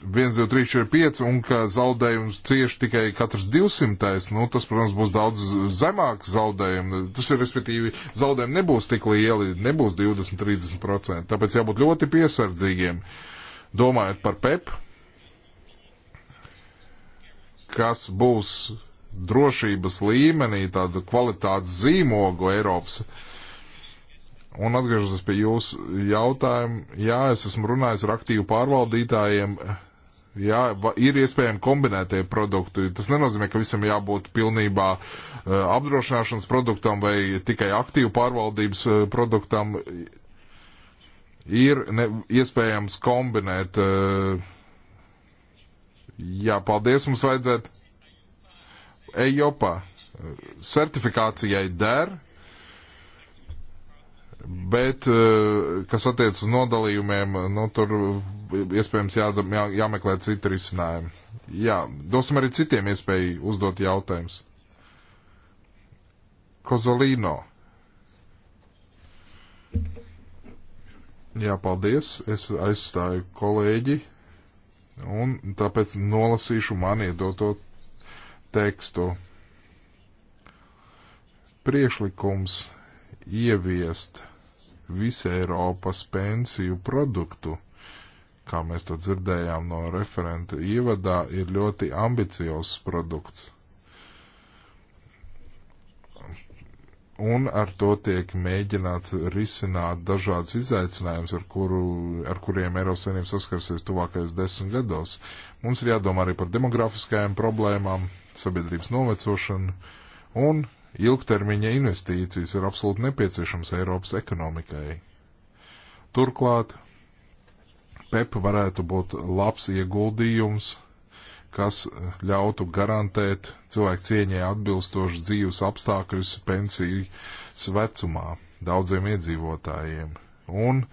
1, 2, 3, 4, 5, un ka zaudējums cieši tikai katrs 200. Nu, tas, protams, būs daudz zemāk zaudējumi. Tas ir, respektīvi, zaudējumi nebūs tik lieli, nebūs 20, 30%. Tāpēc jābūt ļoti piesardzīgiem. Domājot par PEP, kas būs drošības līmenī, tādu kvalitātes zīmogu Eiropas Un atgriežoties pie jūsu jautājuma, jā, es esmu runājis ar aktīvu pārvaldītājiem, jā, ir iespējami kombinētie produkti. Tas nenozīmē, ka visam jābūt pilnībā eh, apdrošināšanas produktam vai tikai aktīvu pārvaldības eh, produktam. Ir ne, iespējams kombinēt. Eh, jā, paldies, mums vajadzētu. Ejopā certifikācijai der, Bet, eh, kas attiec uz nodalījumiem, nu, tur iespējams jā, jā, jāmeklē citi risinājumi. Jā, dosim arī citiem iespēju uzdot jautājumus. Kozolīno. Jā, paldies. Es aizstāju kolēģi un tāpēc nolasīšu man iedoto tekstu. Priekšlikums ieviest visu Eiropas pensiju produktu, kā mēs to dzirdējām no referenta ievadā, ir ļoti ambiciozs produkts. Un ar to tiek mēģināts risināt dažādas izaicinājumus, ar, kuru, ar kuriem Eiropas Savienība saskarsies tuvākajos desmit gados. Mums ir jādomā arī par demografiskajām problēmām, sabiedrības novecošanu un Ilgtermiņa investīcijas ir absolūti nepieciešams Eiropas ekonomikai. Turklāt PEP varētu būt labs ieguldījums, kas ļautu garantēt cilvēku cieņai atbilstošu dzīves apstākļus pensijas vecumā daudziem iedzīvotājiem. Un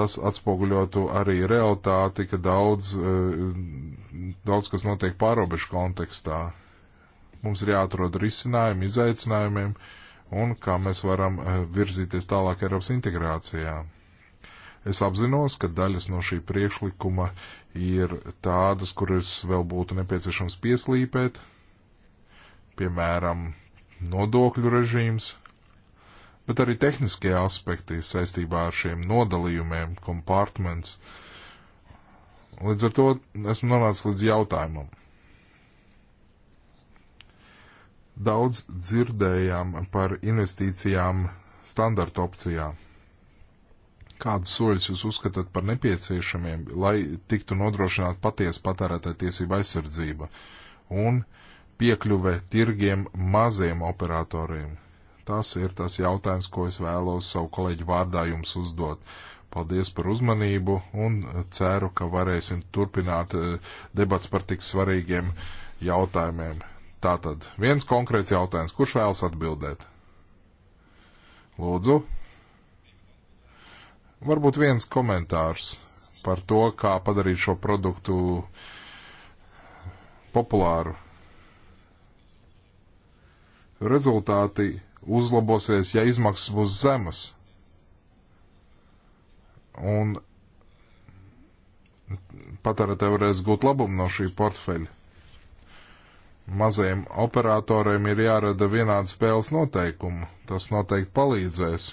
tas atspoguļotu arī realitāti, ka daudz, eh, daudz kas notiek pārobežu kontekstā. Mums ir jāatrod risinājumi izaicinājumiem un kā mēs varam eh, virzīties tālāk Eiropas integrācijā. Es apzinos, ka daļas no šī priekšlikuma ir tādas, kuras vēl būtu nepieciešams pieslīpēt, piemēram, nodokļu režīms, bet arī tehniskie aspekti saistībā ar šiem nodalījumiem, kompartments. Līdz ar to esmu nonācis līdz jautājumam. Daudz dzirdējām par investīcijām standarta opcijā. Kādus soļus jūs uzskatāt par nepieciešamiem, lai tiktu nodrošināt patiesa patērētāja tiesība aizsardzība un piekļuve tirgiem maziem operatoriem? Tas ir tas jautājums, ko es vēlos savu kolēģu vārdā jums uzdot. Paldies par uzmanību un ceru, ka varēsim turpināt eh, debats par tik svarīgiem jautājumiem. Tātad viens konkrēts jautājums. Kurš vēlas atbildēt? Lūdzu. Varbūt viens komentārs par to, kā padarīt šo produktu populāru. Rezultāti uzlabosies, ja izmaksas būs zemas. Un patērētāji varēs gūt labumu no šī portfeļa mazajiem operatoriem ir jārada vienāds spēles noteikumu. Tas noteikti palīdzēs.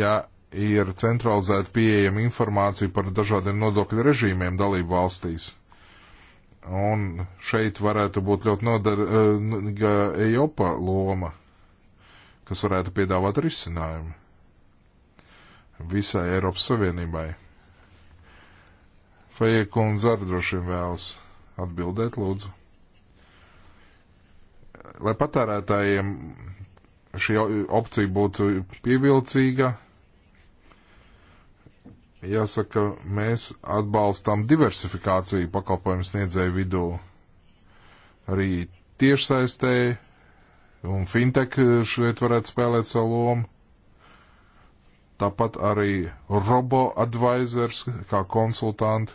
Ja ir centralizēta pieejama informācija par dažādiem nodokļu režīmiem dalību valstīs. Un šeit varētu būt ļoti noderīga eh, EIOPA loma, kas varētu piedāvāt risinājumu visai Eiropas Savienībai. Fajekundze arī droši vien vēlas atbildēt, lūdzu. Lai patērētājiem šī opcija būtu pievilcīga, jāsaka, mēs atbalstām diversifikāciju pakalpojumu sniedzēju vidū. Arī tiešsaistēji un fintech šeit varētu spēlēt savu lomu. Tāpat arī robo advisors kā konsultanti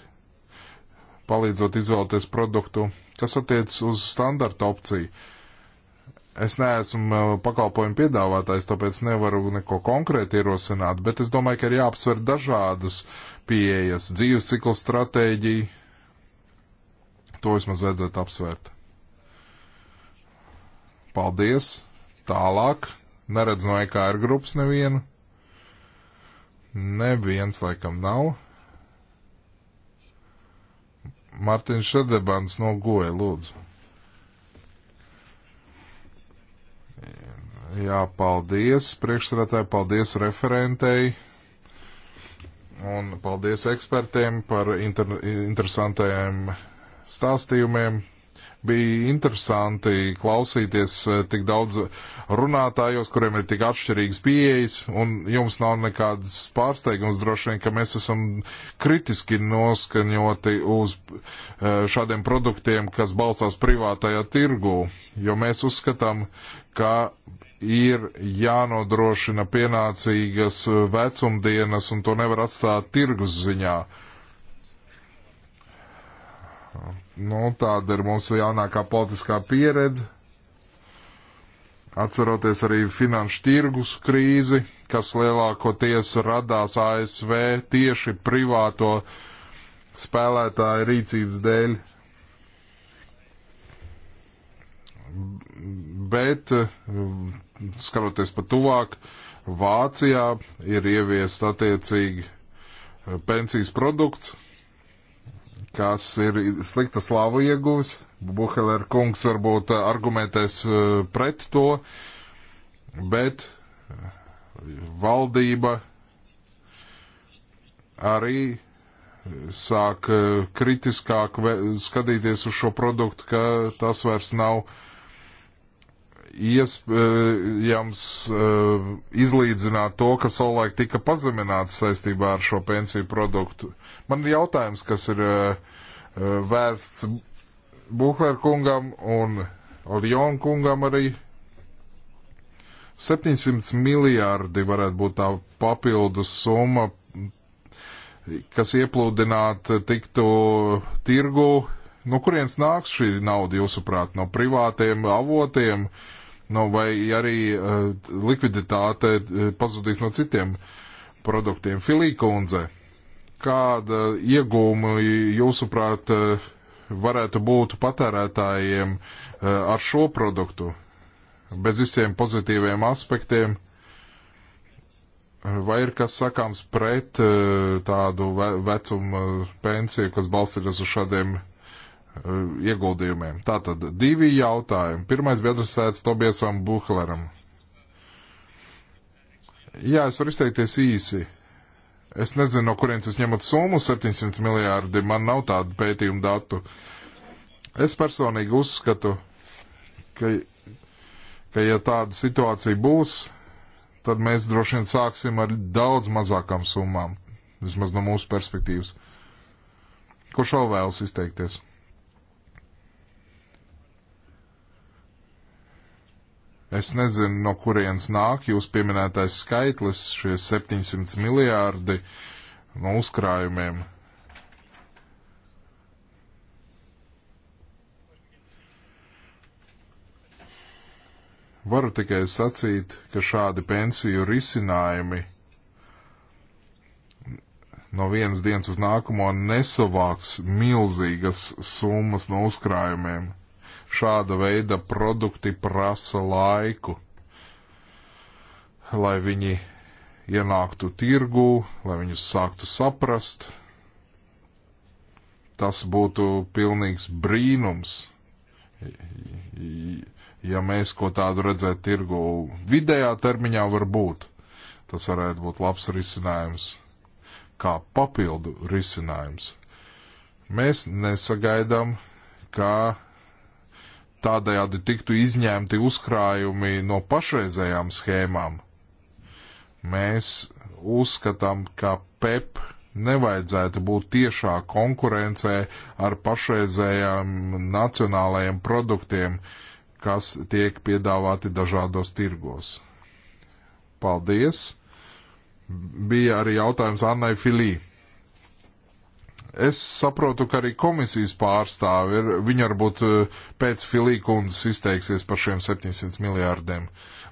palīdzot izvēlēties produktu, kas attiec uz standarta opciju. Es neesmu uh, pakalpojumu piedāvātājs, tāpēc nevaru neko konkrēti ierosināt, bet es domāju, ka ir jāapsver dažādas pieejas, dzīves cikla stratēģija. To vismaz vajadzētu apsvērt. Paldies! Tālāk! Neredz no EKR grupas nevienu. Neviens laikam nav. Mārtiņš Šadebans no Goja, lūdzu. Jā, paldies priekšsarātāji, paldies referentei un paldies ekspertiem par inter interesantajiem stāstījumiem. Bija interesanti klausīties eh, tik daudz runātājos, kuriem ir tik atšķirīgas pieejas, un jums nav nekādas pārsteigums droši vien, ka mēs esam kritiski noskaņoti uz eh, šādiem produktiem, kas balstās privātajā tirgū, jo mēs uzskatām, ka ir jānodrošina pienācīgas eh, vecumdienas, un to nevar atstāt tirgus ziņā. Uh, Nu, tāda ir mūsu jaunākā politiskā pieredze. Atceroties arī finanšu tirgus krīzi, kas lielākoties radās ASV tieši privāto spēlētāju rīcības dēļ. Bet, skatoties pa tuvāk, Vācijā ir ieviest attiecīgi pensijas produkts, kas ir slikta slāvu ieguvis. Buheler kungs varbūt eh, argumentēs eh, pret to, bet eh, valdība arī sāk kritiskāk skatīties uz šo produktu, ka tas vairs nav iespējams izlīdzināt to, ka savulaik tika pazemināts saistībā ar šo pensiju produktu. Man ir jautājums, kas ir eh, eh, vērsts Buhler kungam un Lion kungam arī. 700 miljārdi varētu būt tā papildus summa, kas ieplūdināta tiktu tirgu. No kurienes nāks šī nauda, jūsuprāt, no privātiem avotiem, no vai arī uh, likviditāte uh, pazudīs no citiem produktiem? Filīkundze. Uh, kāda iegūma jūsuprāt varētu būt patērētājiem eh, ar šo produktu, bez visiem pozitīviem aspektiem? Vai ir kas sakāms pret eh, tādu vecumu pensiju, kas balstītas uz šādiem eh, ieguldījumiem? Tātad divi jautājumi. Pirmais bija adresēts Tobiesam Buhleram. Jā, es varu izteikties īsi. Es nezinu, no kurienes jūs ņemat summu 700 miljārdi, man nav tādu pētījumu datu. Es personīgi uzskatu, ka, ka ja tāda situācija būs, tad mēs droši vien sāksim ar daudz mazākām summām, vismaz no mūsu perspektīvas. Kurš vēl vēlas izteikties? Es nezinu, no kurienes nāk jūs pieminētais skaitlis, šie 700 miljārdi no uzkrājumiem. Varu tikai sacīt, ka šādi pensiju risinājumi no vienas dienas uz nākamo nesavāks milzīgas summas no uzkrājumiem šāda veida produkti prasa laiku, lai viņi ienāktu tirgū, lai viņus sāktu saprast. Tas būtu pilnīgs brīnums, ja mēs ko tādu redzētu tirgū. Vidējā termiņā var būt. Tas varētu būt labs risinājums, kā papildu risinājums. Mēs nesagaidām, ka tādējādi tiktu izņemti uzkrājumi no pašreizējām schēmām. Mēs uzskatām, ka PEP nevajadzētu būt tiešā konkurencē ar pašreizējām nacionālajiem produktiem, kas tiek piedāvāti dažādos tirgos. Paldies! Bija arī jautājums Annai Filī. Es saprotu, ka arī komisijas pārstāvi ir, viņi varbūt eh, pēc Filīkundas izteiksies par šiem 700 miljārdiem.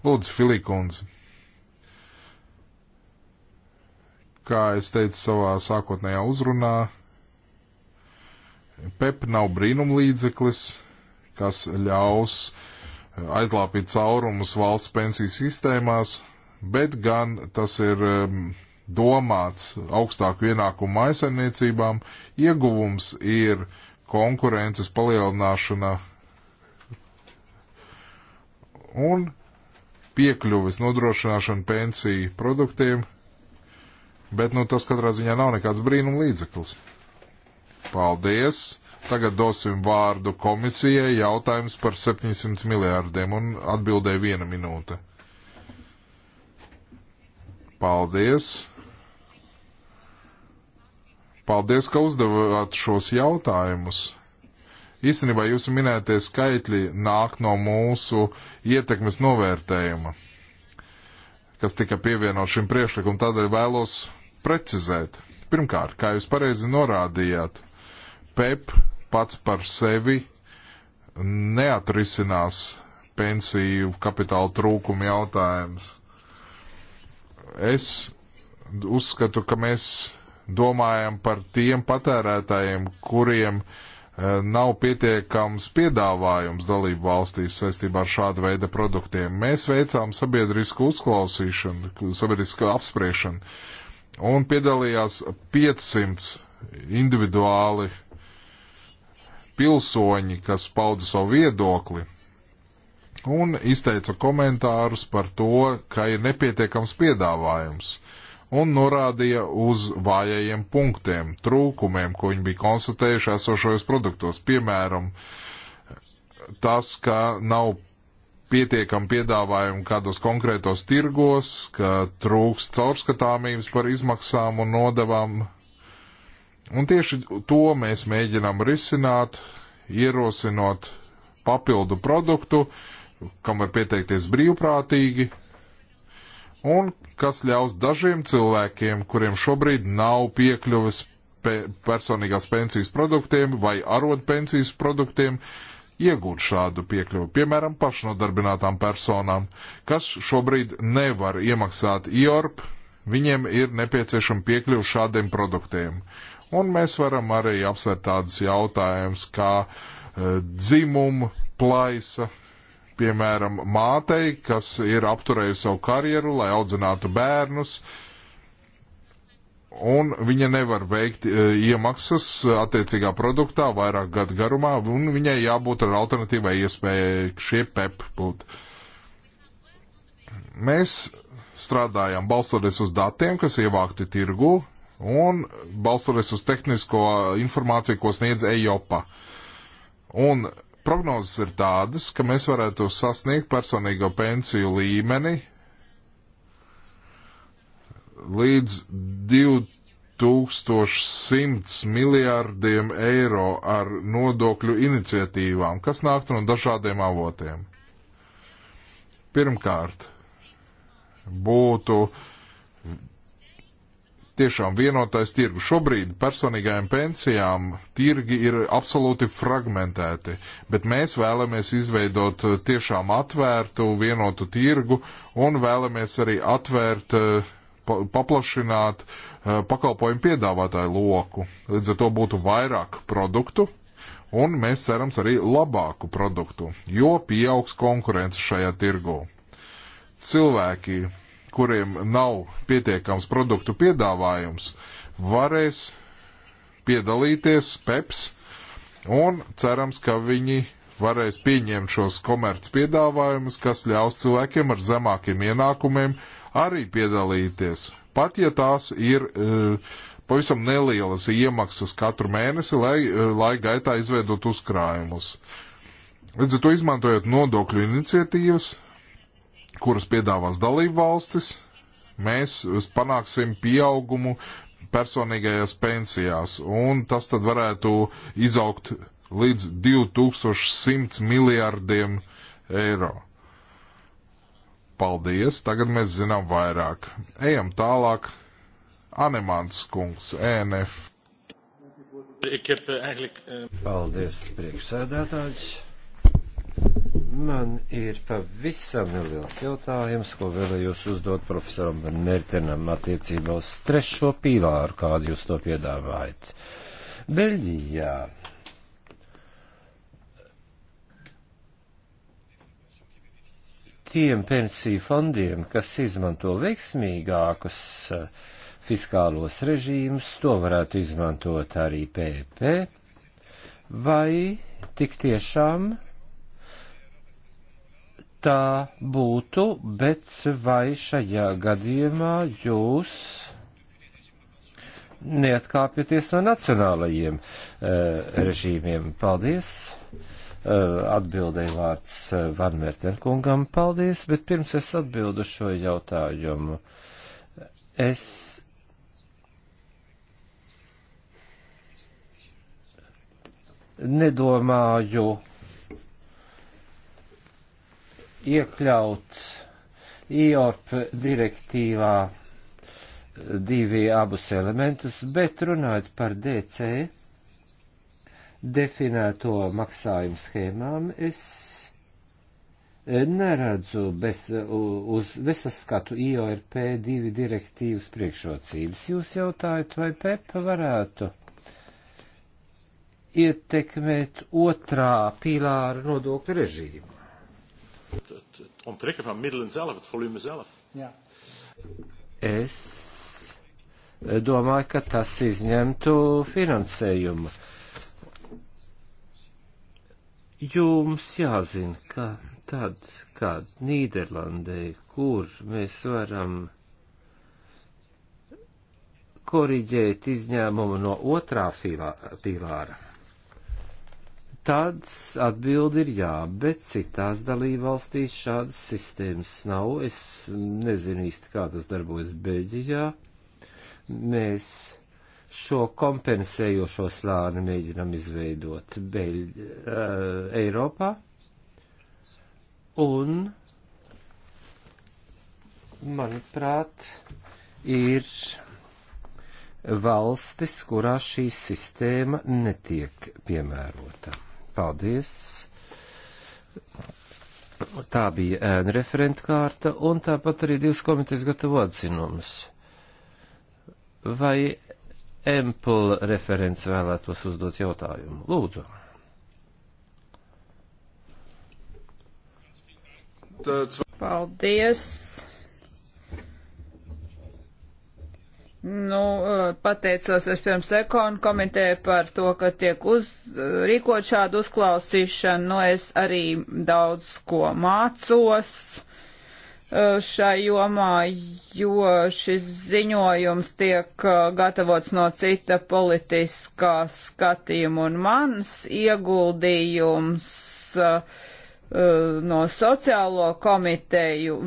Lūdzu, Filīkundze. Kā es teicu savā sākotnējā uzrunā, PEP nav brīnumlīdzeklis, kas ļaus eh, aizlāpīt caurumus valsts pensiju sistēmās, bet gan tas ir ehm, domāts augstāku ienākumu maisaimniecībām, ieguvums ir konkurences palielināšana un piekļuvis nodrošināšana pensiju produktiem, bet nu, tas katrā ziņā nav nekāds brīnum līdzeklis. Paldies! Tagad dosim vārdu komisijai jautājums par 700 miljārdiem un atbildēja viena minūte. Paldies! Paldies, ka uzdevāt šos jautājumus. Īstenībā jūsu minētie skaitļi nāk no mūsu ietekmes novērtējuma, kas tika pievienot šim priekšlikumam, tādēļ vēlos precizēt. Pirmkārt, kā jūs pareizi norādījāt, PEP pats par sevi neatrisinās pensiju kapitāla trūkuma jautājums. Es uzskatu, ka mēs domājam par tiem patērētājiem, kuriem eh, nav pietiekams piedāvājums dalību valstīs saistībā ar šādu veidu produktiem. Mēs veicām sabiedrisku uzklausīšanu, sabiedrisku apspriešanu, un piedalījās 500 individuāli pilsoņi, kas pauda savu viedokli un izteica komentārus par to, ka ir nepietiekams piedāvājums un norādīja uz vājajiem punktiem, trūkumiem, ko viņi bija konstatējuši esošajos produktos. Piemēram, tas, ka nav pietiekam piedāvājumu kādos konkrētos tirgos, ka trūks caurskatāmības par izmaksām un nodevām. Un tieši to mēs mēģinām risināt, ierosinot papildu produktu, kam var pieteikties brīvprātīgi, un kas ļaus dažiem cilvēkiem, kuriem šobrīd nav piekļuves pe personīgās pensijas produktiem vai arotpensijas produktiem, iegūt šādu piekļuvi, piemēram, pašnodarbinātām personām, kas šobrīd nevar iemaksāt IORP, viņiem ir nepieciešama piekļuvi šādiem produktiem. Un mēs varam arī apsvērt tādus jautājumus kā e, dzimumu plaisa, piemēram, mātei, kas ir apturējusi savu karjeru, lai audzinātu bērnus, un viņa nevar veikt e, iemaksas attiecīgā produktā vairāk gadu garumā, un viņai jābūt ar alternatīvai iespējai šie PEP būt. Mēs strādājam balstoties uz datiem, kas ievākti tirgu, un balstoties uz tehnisko informāciju, ko sniedz EIOPA. Un prognozes ir tādas, ka mēs varētu sasniegt personīgo pensiju līmeni līdz 2100 miljārdiem eiro ar nodokļu iniciatīvām, kas nāktu no dažādiem avotiem. Pirmkārt, būtu uh, tiešām vienotais tirgus. Šobrīd personīgajām pensijām tirgi ir absolūti fragmentēti, bet mēs vēlamies izveidot eh, tiešām atvērtu, vienotu tirgu un vēlamies arī atvērt, eh, paplašināt eh, pakalpojumu piedāvātāju loku. Līdz ar to būtu vairāk produktu. Un mēs cerams arī labāku produktu, jo pieaugs konkurence šajā tirgu. Cilvēki kuriem nav pietiekams produktu piedāvājums, varēs piedalīties PEPS un cerams, ka viņi varēs pieņemt šos komerc piedāvājumus, kas ļaus cilvēkiem ar zemākiem ienākumiem arī piedalīties. Pat ja tās ir uh, pavisam nelielas iemaksas katru mēnesi, lai uh, eh, laika gaitā izveidot uzkrājumus. Līdz ar to izmantojot nodokļu iniciatīvas, kuras piedāvās dalību valstis, mēs panāksim pieaugumu personīgajās pensijās, un tas tad varētu izaugt līdz 2100 miljārdiem eiro. Paldies, tagad mēs zinām vairāk. Ejam tālāk. Anemants kungs, ENF. Paldies, priekšsēdētājs. Man ir pavisam neliels jautājums, ko vēlējos uzdot profesoram Mērtenam attiecībā uz trešo pīlāru, kādu jūs to piedāvājat. Beļģijā. Tiem pensiju fondiem, kas izmanto veiksmīgākus eh, fiskālos režīmus, to varētu izmantot arī PP, vai tik tiešām tā būtu, bet vai šajā gadījumā jūs neatkāpjaties no nacionālajiem e, režīmiem? Paldies! E, atbildēja vārds eh, Van Mertenkungam. Paldies, bet pirms es atbildu šo jautājumu, es nedomāju iekļaut IOP direktīvā divi abus elementus, bet runājot par DC definēto maksājumu schēmām, es neredzu bez, uz nesaskatu IORP divi direktīvas priekšrocības. Jūs jautājat, vai PEP varētu ietekmēt otrā pīlāra nodokļu režīmu? Het, het, het onttrekken van middelen zelf, het volume zelf. Ja. Es eh, domāju, ka tas izņemtu finansējumu. Jums jāzina, ka tad, kad Nīderlandē, kur mēs varam koriģēt izņēmumu no otrā pilāra, tad atbildi ir jā, bet citās dalībvalstīs šādas sistēmas nav. Es nezinu īsti, kā tas darbojas Beļģijā. Mēs šo kompensējošo slāni mēģinam izveidot Beļ, uh, Eiropā. Un, manuprāt, ir valstis, kurā šī sistēma netiek piemērota. Paldies! Tā bija ēna referenta kārta, un tāpat arī divas komitejas gatavo atzinumus. Vai Empel referents vēlētos uzdot jautājumu? Lūdzu. Paldies! Nu, eh, pateicos vispirms ekonu komiteju par to, ka tiek uz, rīkot šādu uzklausīšanu. Nu, es arī daudz ko mācos eh, šai jomā, jo šis ziņojums tiek eh, gatavots no cita politiskā skatījuma un mans ieguldījums no sociālo komiteju,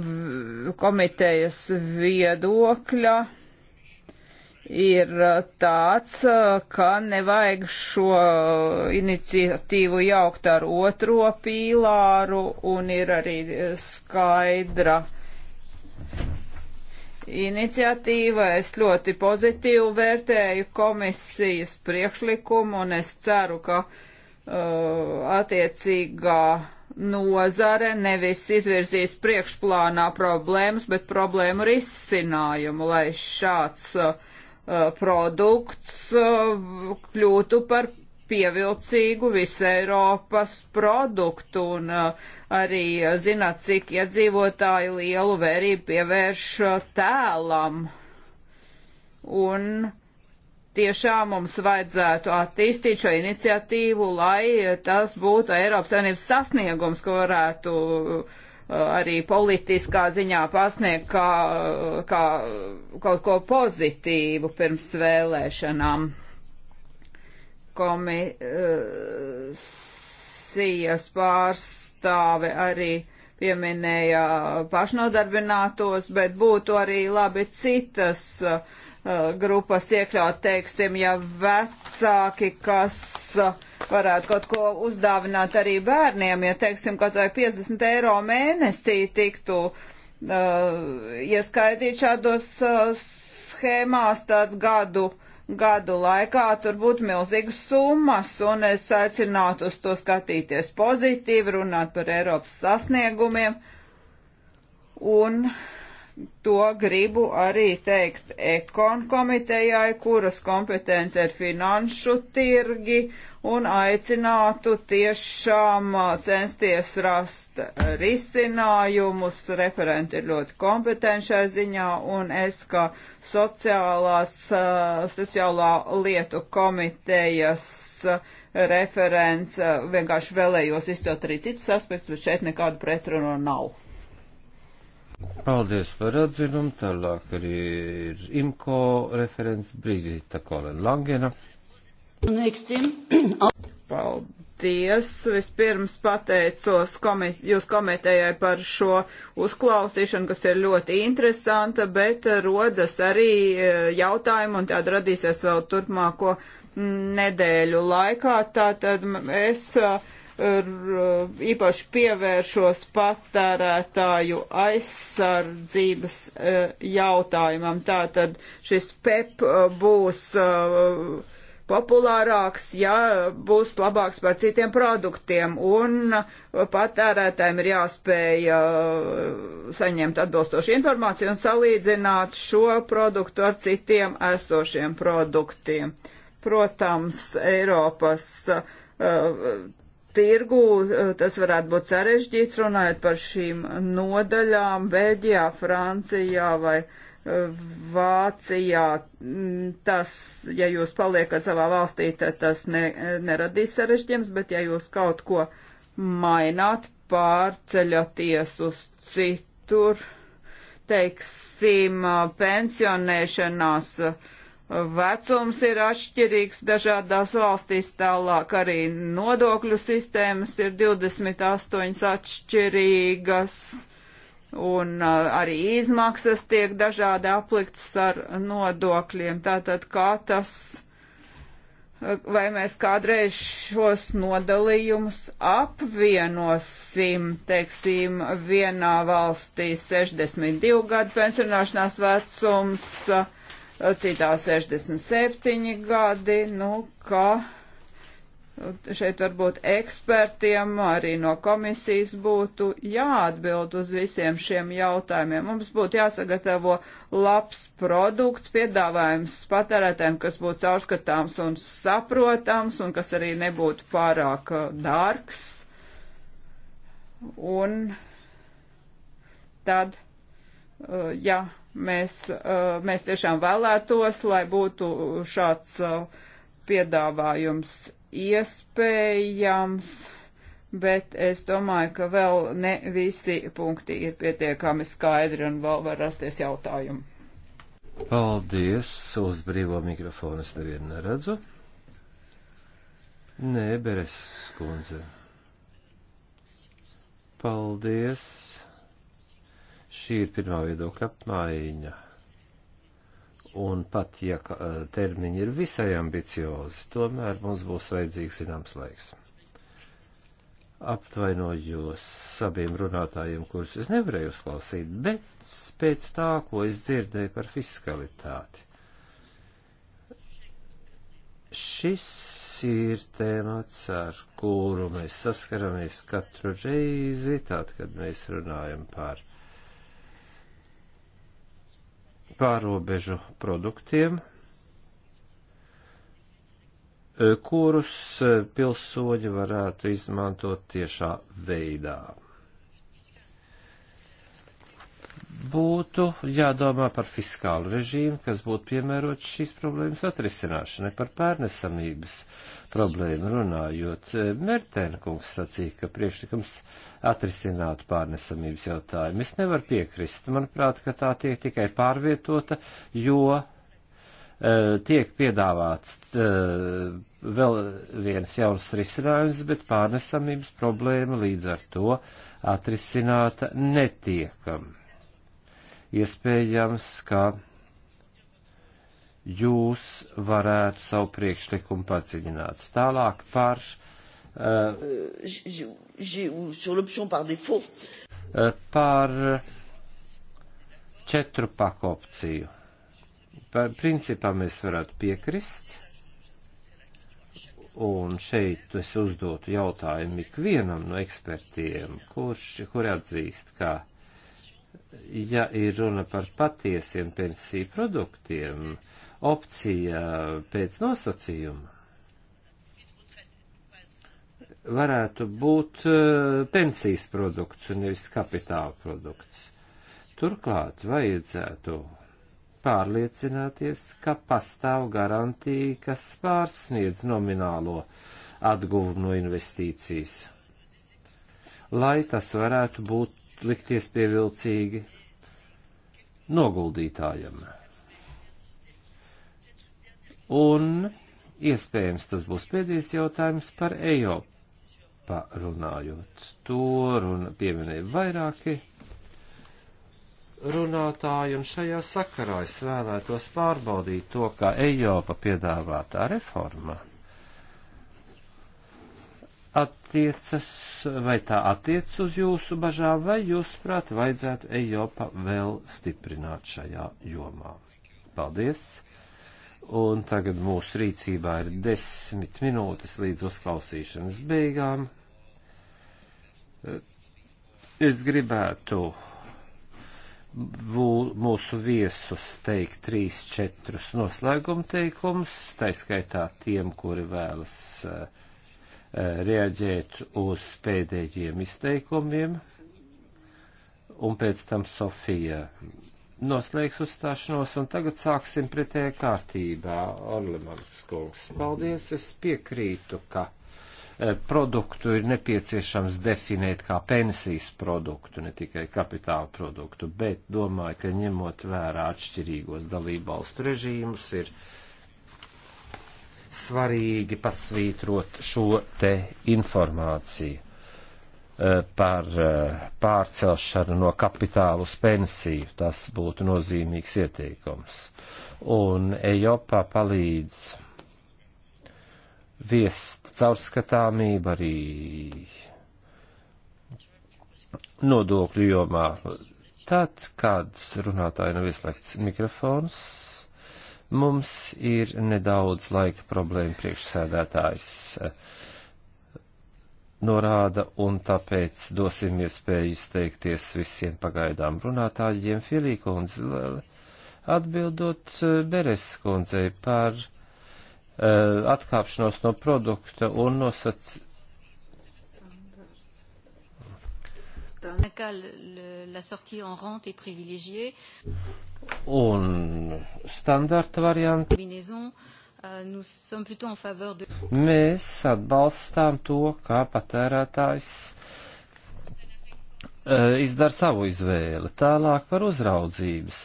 komitejas viedokļa ir uh, tāds, uh, ka nevajag šo iniciatīvu jaukt ar otro pīlāru un ir arī uh, skaidra iniciatīva. Es ļoti pozitīvi vērtēju komisijas priekšlikumu un es ceru, ka uh, attiecīgā nozare nevis izvirzīs priekšplānā problēmas, bet problēmu risinājumu, lai šāds uh, Uh, produkts uh, kļūtu par pievilcīgu visu Eiropas produktu un uh, arī zināt, cik iedzīvotāji lielu vērību pievērš tēlam. Un tiešām mums vajadzētu attīstīt šo iniciatīvu, lai tas būtu Eiropas Savienības sasniegums, ko varētu uh, Eh, arī politiskā ziņā pasniegt kā, eh, kā kaut ko pozitīvu pirms vēlēšanām. Komisijas pārstāve arī pieminēja pašnodarbinātos, bet būtu arī labi citas uh, Uh, grupas iekļaut, teiksim, ja vecāki, kas uh, varētu kaut ko uzdāvināt arī bērniem, ja, teiksim, kaut vai 50 eiro mēnesī tiktu uh, ieskaitīt šādos uh, schēmās, tad gadu, gadu laikā tur būtu milzīgas summas, un es aicinātu uz to skatīties pozitīvi, runāt par Eiropas sasniegumiem. Un uh, to gribu arī teikt ekon komitejai, kuras kompetence ir finanšu tirgi, un aicinātu tiešām uh, censties rast risinājumus. Referenti ir ļoti kompetenšai ziņā, un es kā sociālās, uh, sociālā lietu komitejas uh, referents vienkārši vēlējos izcelt arī citus aspektus, bet šeit nekādu pretrunu nav. Paldies par atzinumu. Tālāk arī ir IMCO referents Brigita Kolena Langena. Paldies paldies. Vispirms pateicos komis, jūs komitejai par šo uzklausīšanu, kas ir ļoti interesanta, bet rodas arī e, jautājumi un tāda radīsies vēl turpmāko nedēļu laikā. Tātad es. Uh, Uh, īpaši pievēršos patērētāju aizsardzības uh, jautājumam. Tātad šis PEP e uh, būs populārāks, ja būs labāks par citiem produktiem, un patērētājiem ir jāspēj saņemt atbilstošu informāciju un salīdzināt šo produktu ar citiem esošiem produktiem. Protams, Eiropas uh, tirgu eh, tas varētu būt sarežģīts, runājot par šīm nodaļām Beļģijā, Francijā vai eh, Vācijā. Mm, tas, ja jūs paliekat savā valstī, tad tas ne, neradīs sarežģījums, bet ja jūs kaut ko maināt, pārceļaties uz citur, teiksim, eh, pensionēšanās uh, Vecums ir atšķirīgs dažādās valstīs, tālāk arī nodokļu sistēmas ir 28 atšķirīgas, un arī izmaksas tiek dažādi apliktas ar nodokļiem. Tātad kā tas, vai mēs kādreiz šos nodalījumus apvienosim, teiksim, vienā valstī 62 gadu pensionāšanās vecums, citā 67 gadi, nu, ka nu, šeit varbūt ekspertiem arī no komisijas būtu jāatbild uz visiem šiem jautājumiem. Mums būtu jāsagatavo labs produkts, piedāvājums patērētājiem, kas būtu caurskatāms un saprotams un kas arī nebūtu pārāk uh, dārgs. Un tad, uh, ja Mēs, uh, mēs tiešām vēlētos, lai būtu šāds uh, piedāvājums iespējams, bet es domāju, ka vēl ne visi punkti ir pietiekami skaidri un vēl var rasties jautājumi. Paldies! Uz brīvo mikrofonu es nevienu neredzu. Nē, Beres kundze. Paldies! Šī ir pirmā viedokļa apmaiņa. Un pat, ja eh, termiņi ir visai ambiciozi, tomēr mums būs vajadzīgs zināms laiks apvainojos abiem runātājiem, kurus es nevarēju uzklausīt, bet pēc tā, ko es dzirdēju par fiskalitāti. Šis ir tēmats, ar kuru mēs saskaramies katru reizi, tad, kad mēs runājam par pārobežu produktiem, e, kurus e, pilsoņi varētu izmantot tiešā veidā. būtu jādomā par fiskālu režīmu, kas būtu piemērots šīs problēmas atrisināšanai, par pārnesamības problēmu runājot. Mertēnkungs sacīja, ka priekšlikums atrisinātu pārnesamības jautājumu. Es nevaru piekrist. Manuprāt, ka tā tiek tikai pārvietota, jo eh, tiek piedāvāts eh, vēl viens jauns risinājums, bet pārnesamības problēma līdz ar to atrisināta netiekam. Iespējams, ka jūs varētu savu priekšlikumu padziļināt. Tālāk par. Uh, uh par četru paku opciju. Par principā mēs varētu piekrist. Un šeit es uzdotu jautājumu ikvienam no ekspertiem, kurš, kur atzīst, ka ja ir runa par patiesiem pensiju produktiem, opcija pēc nosacījuma varētu būt eh, pensijas produkts un nevis kapitāla produkts. Turklāt vajadzētu pārliecināties, ka pastāv garantija, kas pārsniedz nominālo atguvumu no investīcijas, lai tas varētu būt likties pievilcīgi noguldītājam. Un iespējams tas būs pēdējais jautājums par Eiropa runājot. To runa pieminēja vairāki runātāji, un šajā sakarā es vēlētos pārbaudīt to, kā Eiropa piedāvātā reforma attiecas, vai tā attiec uz jūsu bažām, vai jūs, prāt, vajadzētu Eiropa vēl stiprināt šajā jomā. Paldies! Un tagad mūsu rīcībā ir desmit minūtes līdz uzklausīšanas beigām. Es gribētu mūsu viesus teikt trīs, četrus noslēguma teikumus, taiskaitā tiem, kuri vēlas uh, reaģēt uz pēdējiem izteikumiem, un pēc tam Sofija noslēgs uzstāšanos, un tagad sāksim pretējā kārtībā. Orlemans kungs, paldies, es piekrītu, ka e, produktu ir nepieciešams definēt kā pensijas produktu, ne tikai kapitāla produktu, bet domāju, ka ņemot vērā atšķirīgos dalībvalstu režīmus ir svarīgi pasvītrot šo te informāciju eh, par eh, pārcelšanu no kapitāla uz pensiju. Tas būtu nozīmīgs ieteikums. Un Ejopā palīdz viest caurskatāmību arī nodokļu jomā. Tad, kad runātāji nav ieslēgts mikrofons, Mums ir nedaudz laika problēma priekšsēdētājs eh, norāda, un tāpēc dosim iespēju izteikties visiem pagaidām runātājiem Filīkundz, atbildot eh, Beres kundzei par uh, atkāpšanos no produkta un nosacījumu Un standarta varianti. Euh, mēs atbalstām to, kā patērētājs e, izdara savu izvēli. Tālāk par uzraudzības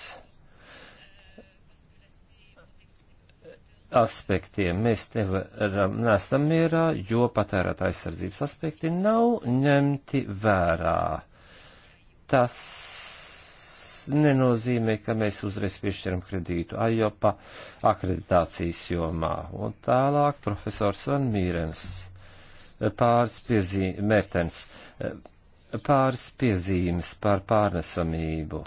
aspektiem mēs nevaram, nesam mierā, jo patērētā aizsardzības aspekti nav ņemti vērā tas nenozīmē, ka mēs uzreiz piešķiram kredītu AIOPA akreditācijas jomā. Un tālāk profesors Van Mīrens pāris piezīmes, Mērtens, pāris piezīmes par pārnesamību.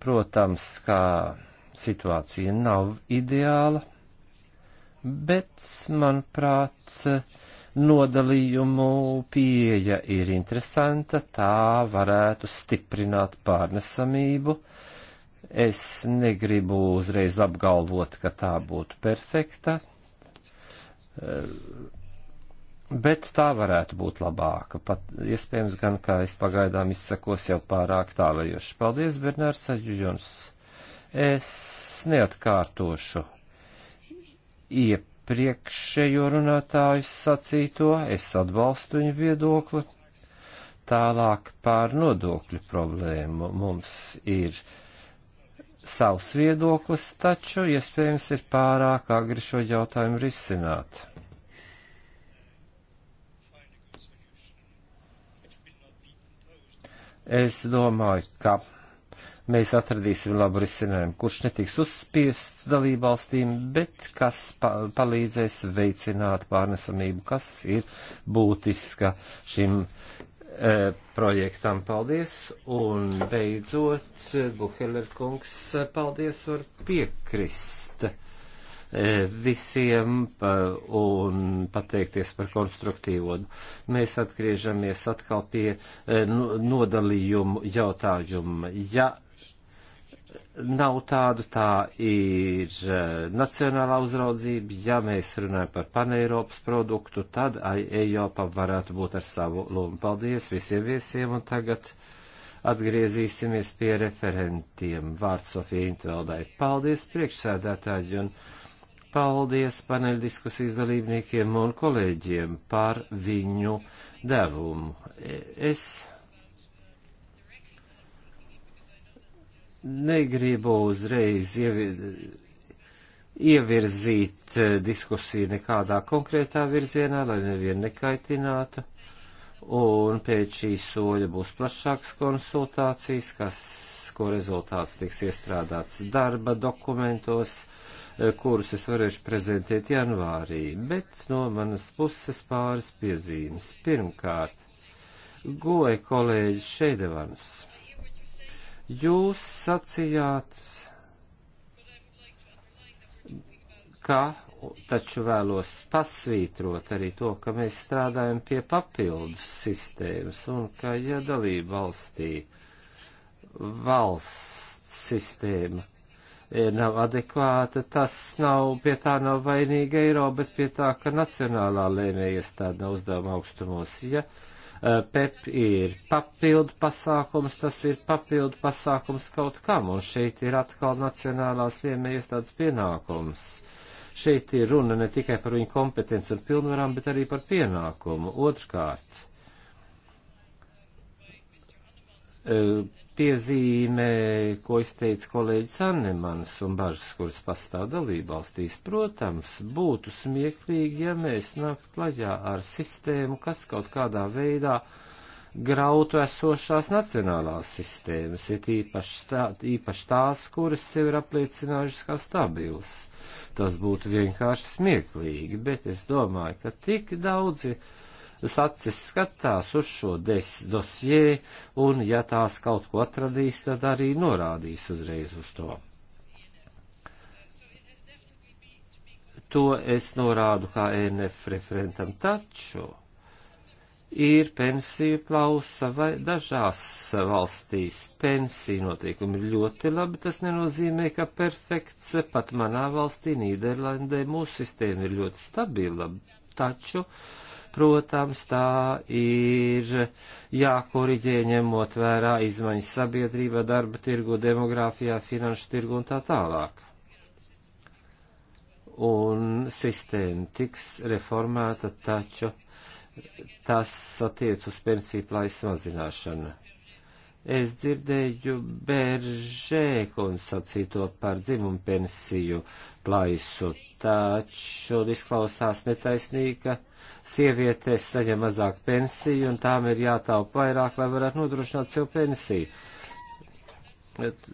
Protams, kā situācija nav ideāla, bet, manuprāt, nodalījumu pieeja ir interesanta, tā varētu stiprināt pārnesamību. Es negribu uzreiz apgalvot, ka tā būtu perfekta, bet tā varētu būt labāka. Pat iespējams gan, kā es pagaidām izsakos jau pārāk tālajoši. Paldies, Bernārs Aģuļons. Es neatkārtošu iep priekšējo runātāju sacīto, es atbalstu viņu viedokli. Tālāk pār nodokļu problēmu mums ir savs viedoklis, taču iespējams ir pārāk agri šo jautājumu risināt. Es domāju, ka mēs atradīsim labu risinājumu, kurš netiks uzspiests dalībvalstīm, bet kas pa palīdzēs veicināt pārnesamību, kas ir būtiska šim e, projektam. Paldies! Un beidzot, Buheller kungs, paldies, var piekrist e, visiem pa, un pateikties par konstruktīvo. Mēs atgriežamies atkal pie e, nodalījumu jautājumu. Ja nav tādu, tā ir e, nacionālā uzraudzība. Ja mēs runājam par paneiropas produktu, tad Eiropa varētu būt ar savu lomu. Paldies visiem viesiem un tagad atgriezīsimies pie referentiem. Vārds Sofija Intveldai. Paldies priekšsēdētāji un paldies paneļdiskusijas dalībniekiem un kolēģiem par viņu devumu. E, es negribu uzreiz ievirzīt eh, diskusiju nekādā konkrētā virzienā, lai nevienu nekaitinātu. Un pēc šī soļa būs plašāks konsultācijas, kas, ko rezultāts tiks iestrādāts darba dokumentos, eh, kurus es varēšu prezentēt janvārī. Bet no manas puses pāris piezīmes. Pirmkārt, goja kolēģis Šeidevans Jūs sacījāt, ka, taču vēlos pasvītrot arī to, ka mēs strādājam pie papildus sistēmas un ka, ja dalība valstī valsts sistēma nav adekvāta, tas nav, pie tā nav vainīga eiro, bet pie tā, ka nacionālā lēmējiestāde nav uzdevuma augstumos. Ja, uh, Eh, PEP ir papildu pasākums, tas ir papildu pasākums kaut kam, un šeit ir atkal nacionālās līmeņa iestādes pienākums. Šeit ir runa ne tikai par viņu kompetenci un pilnvarām, bet arī par pienākumu. Otrkārt, eh, piezīme, ko izteica kolēģis Annemans un bažas, kuras pastāv dalībvalstīs. Protams, būtu smieklīgi, ja mēs nāktu klajā ar sistēmu, kas kaut kādā veidā grautu esošās nacionālās sistēmas, ir īpaši, tā, īpaši tās, kuras sev ir apliecinājušas kā stabils. Tas būtu vienkārši smieklīgi, bet es domāju, ka tik daudzi. Ja acis skatās uz šo dosjē, un ja tās kaut ko atradīs, tad arī norādīs uzreiz uz to. To es norādu kā e NF referentam, taču ir pensiju plausa vai dažās valstīs pensiju noteikumi ir ļoti labi. Tas nenozīmē, ka perfekts pat manā valstī, Nīderlandē, mūsu sistēma ir ļoti stabila, taču Protams, tā ir jākoriģē ņemot vērā izmaiņas sabiedrībā, darba tirgu, demogrāfijā, finanšu tirgu un tā tālāk. Un sistēma tiks reformēta, taču tas attiec uz pensiju plājas mazināšanu Es dzirdēju Beržē konsacīto par dzimumu pensiju plaisu, taču izklausās netaisnīgi, ka sievietes saņem mazāk pensiju un tām ir jātaupa vairāk, lai varētu nodrošināt sev pensiju. Bet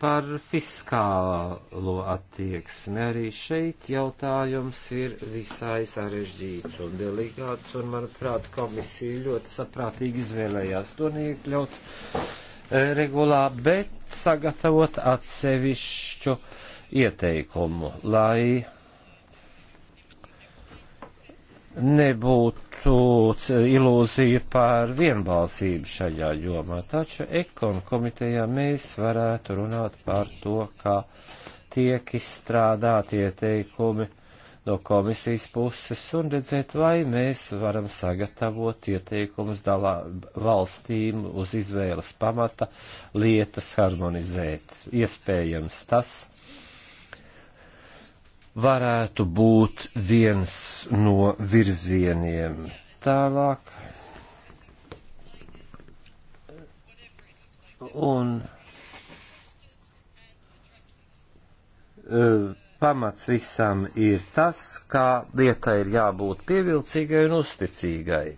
Par fiskālo attieksmi arī šeit jautājums ir visai sarežģīts un delikāts, un, manuprāt, komisija ļoti saprātīgi izvēlējās to neiekļaut e, regulā, bet sagatavot atsevišķu ieteikumu, lai nebūtu ilūzija par vienbalsību šajā jomā, taču ekonu komitejā mēs varētu runāt par to, kā tiek izstrādāti ieteikumi no komisijas puses un redzēt, vai mēs varam sagatavot ieteikumus dalā valstīm uz izvēles pamata lietas harmonizēt. Iespējams tas varētu būt viens no virzieniem. Tālāk. Un e, pamats visam ir tas, kā lietai ir jābūt pievilcīgai un uzticīgai.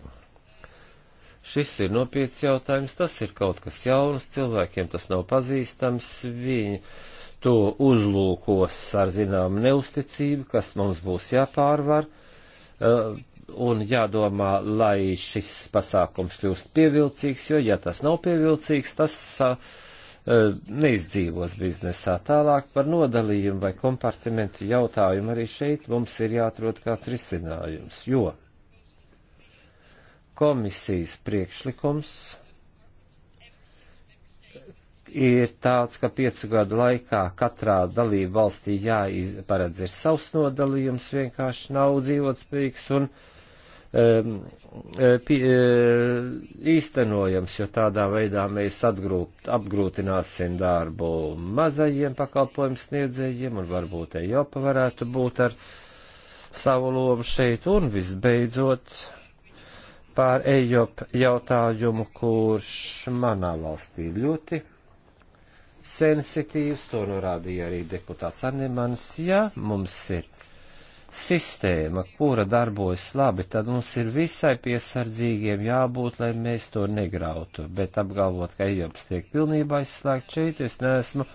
Šis ir nopietns jautājums, tas ir kaut kas jauns, cilvēkiem tas nav pazīstams, viņi to uzlūkos ar zinām neusticību, kas mums būs jāpārvar, eh, un jādomā, lai šis pasākums kļūst pievilcīgs, jo, ja tas nav pievilcīgs, tas eh, neizdzīvos biznesā. Tālāk par nodalījumu vai kompartimentu jautājumu arī šeit mums ir jāatrod kāds risinājums, jo komisijas priekšlikums ir tāds, ka piecu gadu laikā katrā dalību valstī jāparedz ir savs nodalījums, vienkārši nav dzīvotspējīgs un um, e, pie, īstenojams, jo tādā veidā mēs atgrūt, apgrūtināsim darbu mazajiem pakalpojumu sniedzējiem un varbūt Eiropa varētu būt ar savu lomu šeit un visbeidzot pār Eiropa jautājumu, kurš manā valstī ļoti sensitīvs, to norādīja arī deputāts Arnemans. Ja mums ir sistēma, kura darbojas labi, tad mums ir visai piesardzīgiem jābūt, lai mēs to negrautu. Bet apgalvot, ka Eiropas tiek pilnībā izslēgt šeit, es neesmu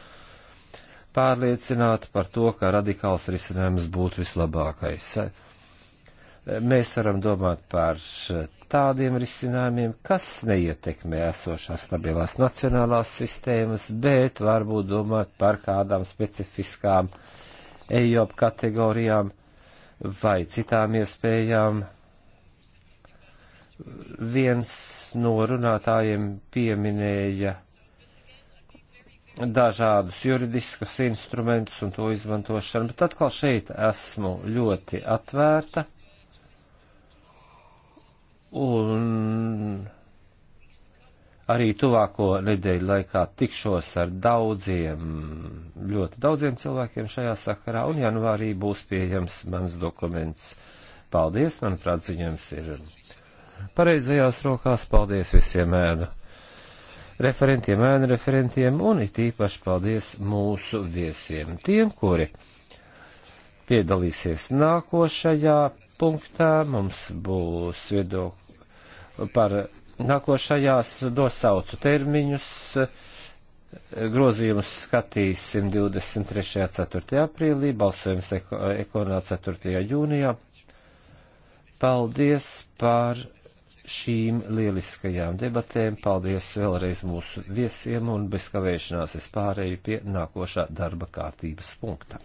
pārliecināta par to, ka radikāls risinājums būtu vislabākais mēs varam domāt par tādiem risinājumiem, kas neietekmē esošās stabilās nacionālās sistēmas, bet varbūt domāt par kādām specifiskām EJOP kategorijām vai citām iespējām. Viens no runātājiem pieminēja dažādus juridiskus instrumentus un to izmantošanu, bet atkal šeit esmu ļoti atvērta un arī tuvāko nedēļu laikā tikšos ar daudziem, ļoti daudziem cilvēkiem šajā sakarā, un janvārī būs pieejams mans dokuments. Paldies, manuprāt, ziņojums ir pareizajās rokās. Paldies visiem ēnu referentiem, ēnu referentiem, un it īpaši paldies mūsu viesiem, tiem, kuri piedalīsies nākošajā punktā. Mums būs viedokļi par nākošajās dosaucu termiņus. Grozījumus skatīsim 23. 4. aprīlī, balsojums ekonā 4. jūnijā. Paldies par šīm lieliskajām debatēm. Paldies vēlreiz mūsu viesiem un bez kavēšanās es pārēju pie nākošā darba kārtības punkta.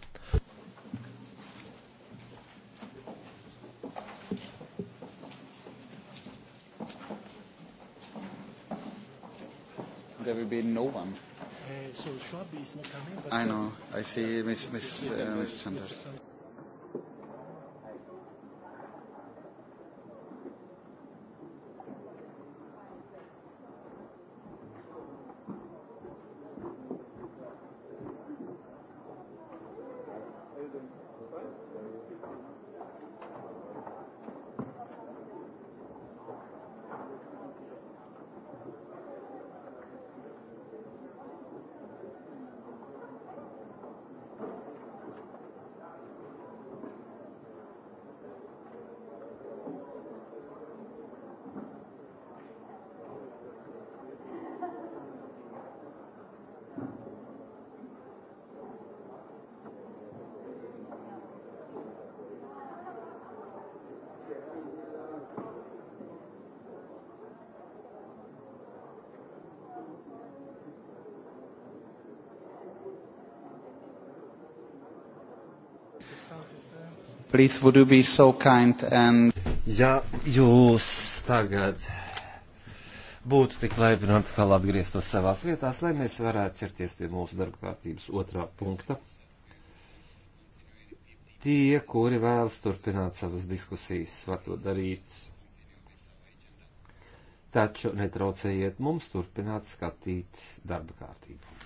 there will be no one. Uh, so Schwab is not coming. But I uh, know. I see Miss Miss uh, Miss Sanders. Please, would you be so kind and... Ja jūs tagad būtu tik laipni un atkal atgrieztos savās vietās, lai mēs varētu ķerties pie mūsu darba kārtības otrā punkta. Tie, kuri vēlas turpināt savas diskusijas, var to darīt. Taču netraucējiet mums turpināt skatīt darba kārtību.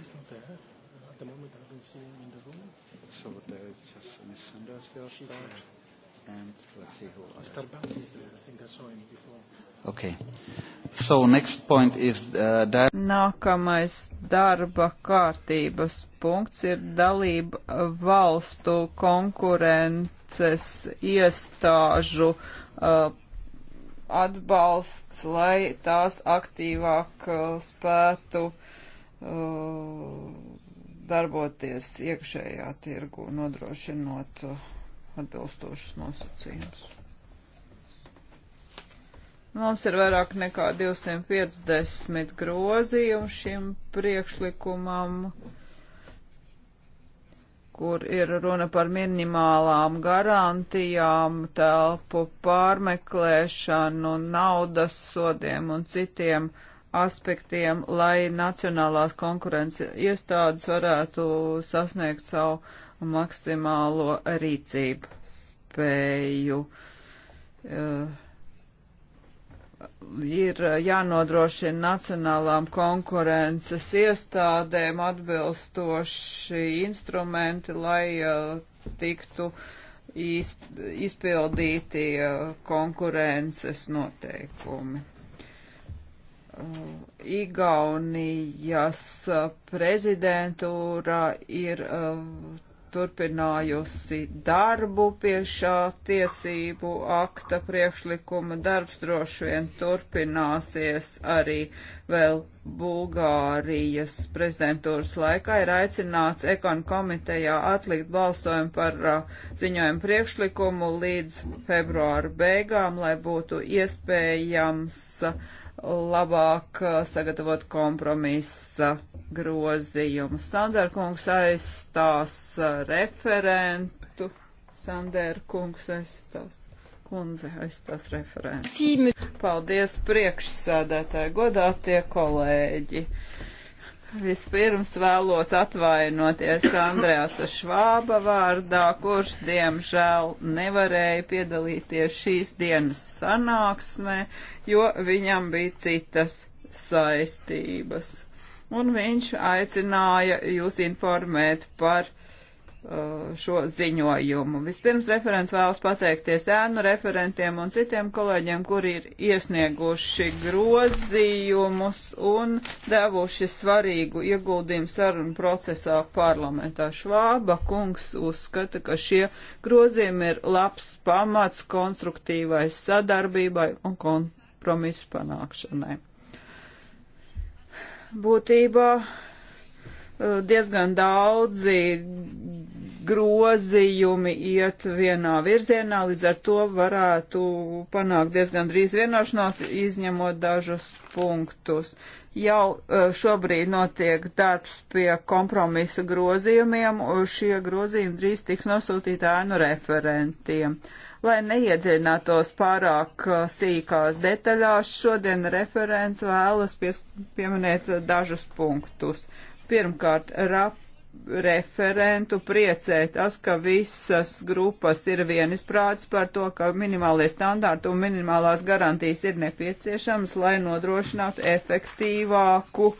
is not there. At the moment, I don't see him in the room. So there uh, is just Miss Sanders will start. And let's see who else. Mr. Bank is there. I think I saw him before. Okay. So next point is uh, that... Nākamais darba kārtības punkts ir dalība valstu konkurences iestāžu uh, atbalsts, lai tās aktīvāk uh, spētu uh, Uh, darboties iekšējā tirgu, nodrošinot uh, atbilstošus nosacījumus. Mums ir vairāk nekā 250 grozījumu šim priekšlikumam, kur ir runa par minimālām garantijām, telpu pārmeklēšanu, naudas sodiem un citiem uh, aspektiem, lai nacionālās konkurences iestādes varētu sasniegt savu maksimālo rīcību spēju. Uh, ir jānodrošina nacionālām konkurences iestādēm atbilstoši instrumenti, lai uh, tiktu īst, izpildīti uh, konkurences noteikumi. Igaunijas uh, prezidentūra ir uh, turpinājusi darbu pie šā tiesību akta priekšlikuma. Darbs droši vien turpināsies arī vēl Bulgārijas prezidentūras laikā. Ir aicināts Ekon komitejā atlikt balsojumu par uh, ziņojumu priekšlikumu līdz februāru beigām, lai būtu iespējams uh, labāk uh, sagatavot kompromisa grozījumu. Sanderkungs aizstās uh, referentu. Sanderkungs aizstās. Kundze aizstās referentu. Paldies priekšsēdētāji, godātie kolēģi. Uh, Vispirms vēlos atvainoties Andrēsa Švāba vārdā, kurš diemžēl nevarēja piedalīties šīs dienas sanāksmē, jo viņam bija citas saistības. Un viņš aicināja jūs informēt par uh, Uh, šo ziņojumu. Vispirms referents vēlas pateikties ēnu referentiem un citiem kolēģiem, kuri ir iesnieguši grozījumus un devuši svarīgu ieguldījumu sarunu procesā parlamentā. Švāba kungs uzskata, ka šie grozījumi ir labs pamats konstruktīvai sadarbībai un kompromisu panākšanai. Būtībā uh, diezgan daudzi grozījumi iet vienā virzienā, līdz ar to varētu panākt diezgan drīz vienošanos, izņemot dažus punktus. Jau e, šobrīd notiek darbs pie kompromisa grozījumiem, un šie grozījumi drīz tiks nosūtīti ēnu referentiem. Lai neiedziļinātos pārāk e, sīkās detaļās, šodien referents vēlas pies, pieminēt dažus punktus. Pirmkārt, rap referentu priecē tas, ka visas grupas ir vienisprāts par to, ka minimālie standārti un minimālās garantijas ir nepieciešamas, lai nodrošinātu efektīvāku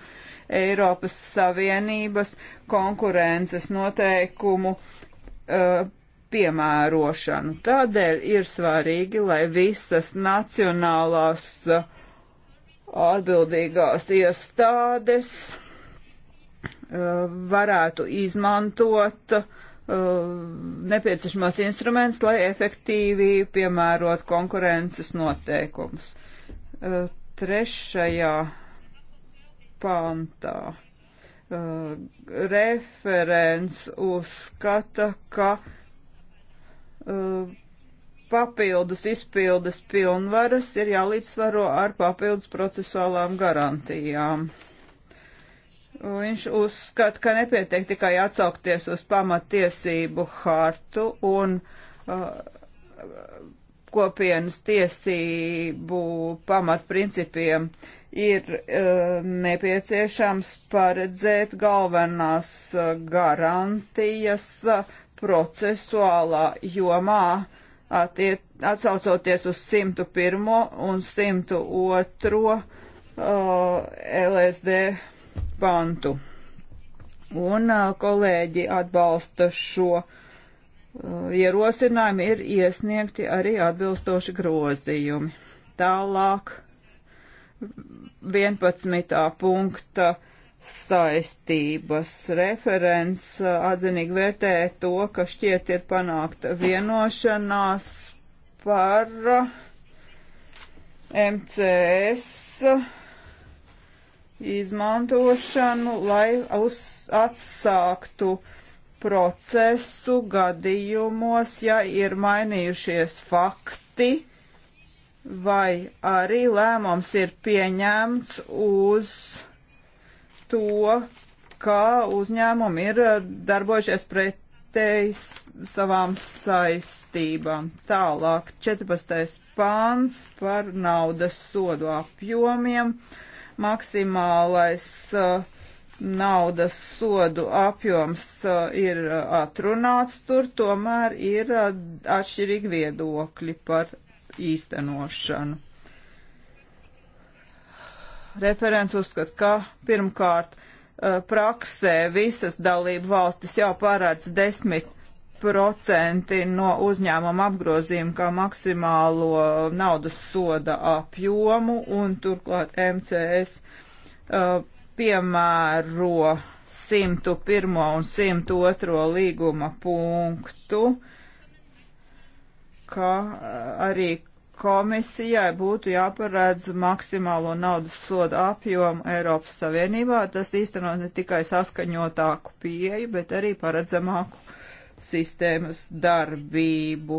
Eiropas Savienības konkurences noteikumu uh, piemērošanu. Tādēļ ir svarīgi, lai visas nacionālās uh, atbildīgās iestādes varētu izmantot uh, nepieciešamos instrumentus, lai efektīvi piemērot konkurences noteikumus. Uh, trešajā pantā uh, referents uzskata, ka papildus izpildes pilnvaras ir jālīdzsvaro ar papildus procesuālām garantijām. Uh, Viņš uzskata, ka nepietiek tikai atsaukties uz pamatiesību hartu un uh, kopienas tiesību pamatprincipiem ir uh, nepieciešams paredzēt galvenās uh, garantijas uh, procesuālā jomā, attiet, atsaucoties uz 101. un 102. Uh, LSD pantu. Un kolēģi atbalsta šo ierosinājumu, ir iesniegti arī atbilstoši grozījumi. Tālāk 11. punkta saistības referents atzinīgi vērtē to, ka šķiet ir panākta vienošanās par MCS izmantošanu, lai uz, atsāktu procesu gadījumos, ja ir mainījušies fakti, vai arī lēmums ir pieņemts uz to, ka uzņēmumi ir darbojušies pretēji savām saistībām. Tālāk, 14. pāns par naudas sodu apjomiem. Uh, Maksimālais uh, naudas sodu apjoms uh, ir uh, atrunāts tur, tomēr ir uh, atšķirīgi viedokļi par īstenošanu. Referents uzskat, ka pirmkārt uh, praksē visas dalību valstis jau parāds 10 procenti no uzņēmuma apgrozījuma kā maksimālo naudas soda apjomu un turklāt MCS uh, piemēro 101. un 102. līguma punktu, kā uh, arī komisijai būtu jāparedz maksimālo naudas sodu apjomu Eiropas Savienībā. Tas īstenot ne tikai saskaņotāku pieeju, bet arī paredzamāku sistēmas darbību.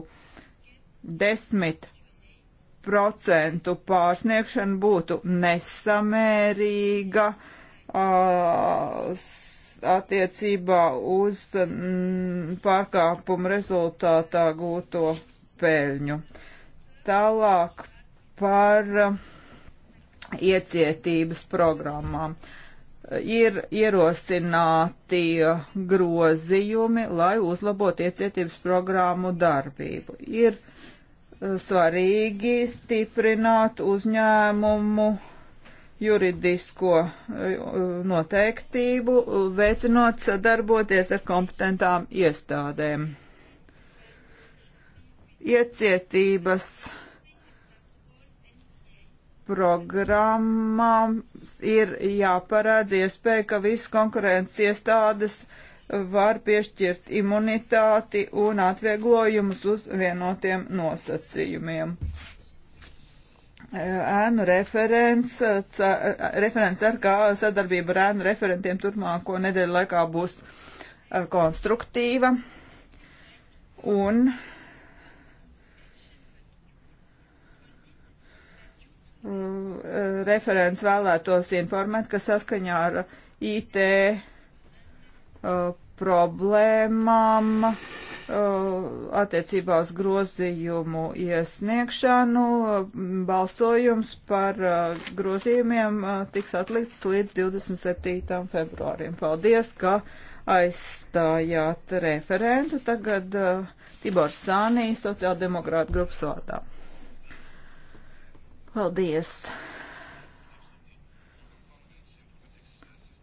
10% pārsniegšana būtu nesamērīga attiecībā uz pārkāpumu rezultātā gūto peļņu. Tālāk par iecietības programmām. Uh, ir ierosināti grozījumi, lai uzlabotu iecietības programmu darbību. Ir eh, svarīgi stiprināt uzņēmumu juridisko eh, noteiktību, veicinot sadarboties ar kompetentām iestādēm. Iecietības programmām ir jāparādz iespēja, ka visas konkurences iestādes var piešķirt imunitāti un atvieglojumus uz vienotiem nosacījumiem. Ēnu referents, referents ar kā sadarbība ar ēnu referentiem turpmāko nedēļu laikā būs eh, konstruktīva. Un referents vēlētos informēt, ka saskaņā ar IT uh, problēmām uh, attiecībā uz grozījumu iesniegšanu uh, balsojums par grozījumiem tiks atlikts līdz 27. februārim. Paldies, ka aizstājāt referentu. Tagad Tibor Sānī, sociāldemokrāta grupas vārdā. Paldies!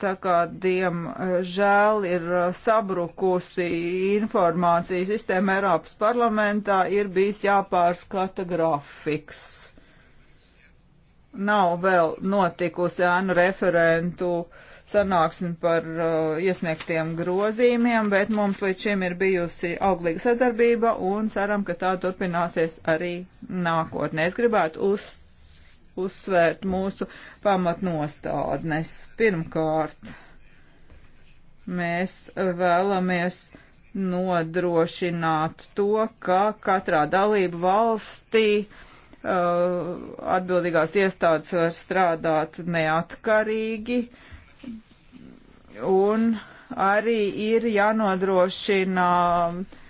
Tā kā, diemžēl, ir uh, sabrukusi informācijas sistēma Eiropas parlamentā, ir bijis jāpārskata grafiks. Nav vēl notikusi ēnu referentu sanāksmi par uh, iesniegtiem grozījumiem, bet mums līdz šim ir bijusi auglīga sadarbība un ceram, ka tā turpināsies arī nākotnē. Es gribētu uzsākt uzsvērt mūsu pamatnostādnes. Pirmkārt, mēs vēlamies nodrošināt to, ka katrā dalību valstī uh, atbildīgās iestādes var strādāt neatkarīgi un arī ir jānodrošina uh,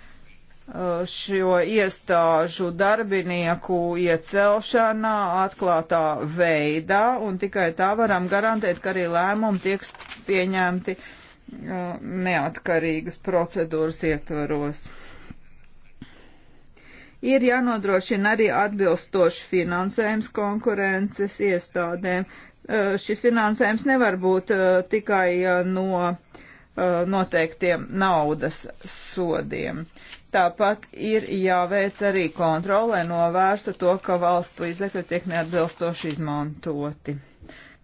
Eh, šo iestāžu darbinieku iecelšanā atklātā veidā, un tikai tā varam garantēt, ka arī lēmumi tiek pieņemti eh, neatkarīgas procedūras ietvaros ir jānodrošina arī atbilstoši finansējums konkurences iestādēm. Eh, šis finansējums nevar būt tikai no Uh, noteiktiem naudas sodiem. Tāpat ir jāveic arī kontrole, lai novērstu to, ka valsts līdzekļi tiek neatbilstoši izmantoti.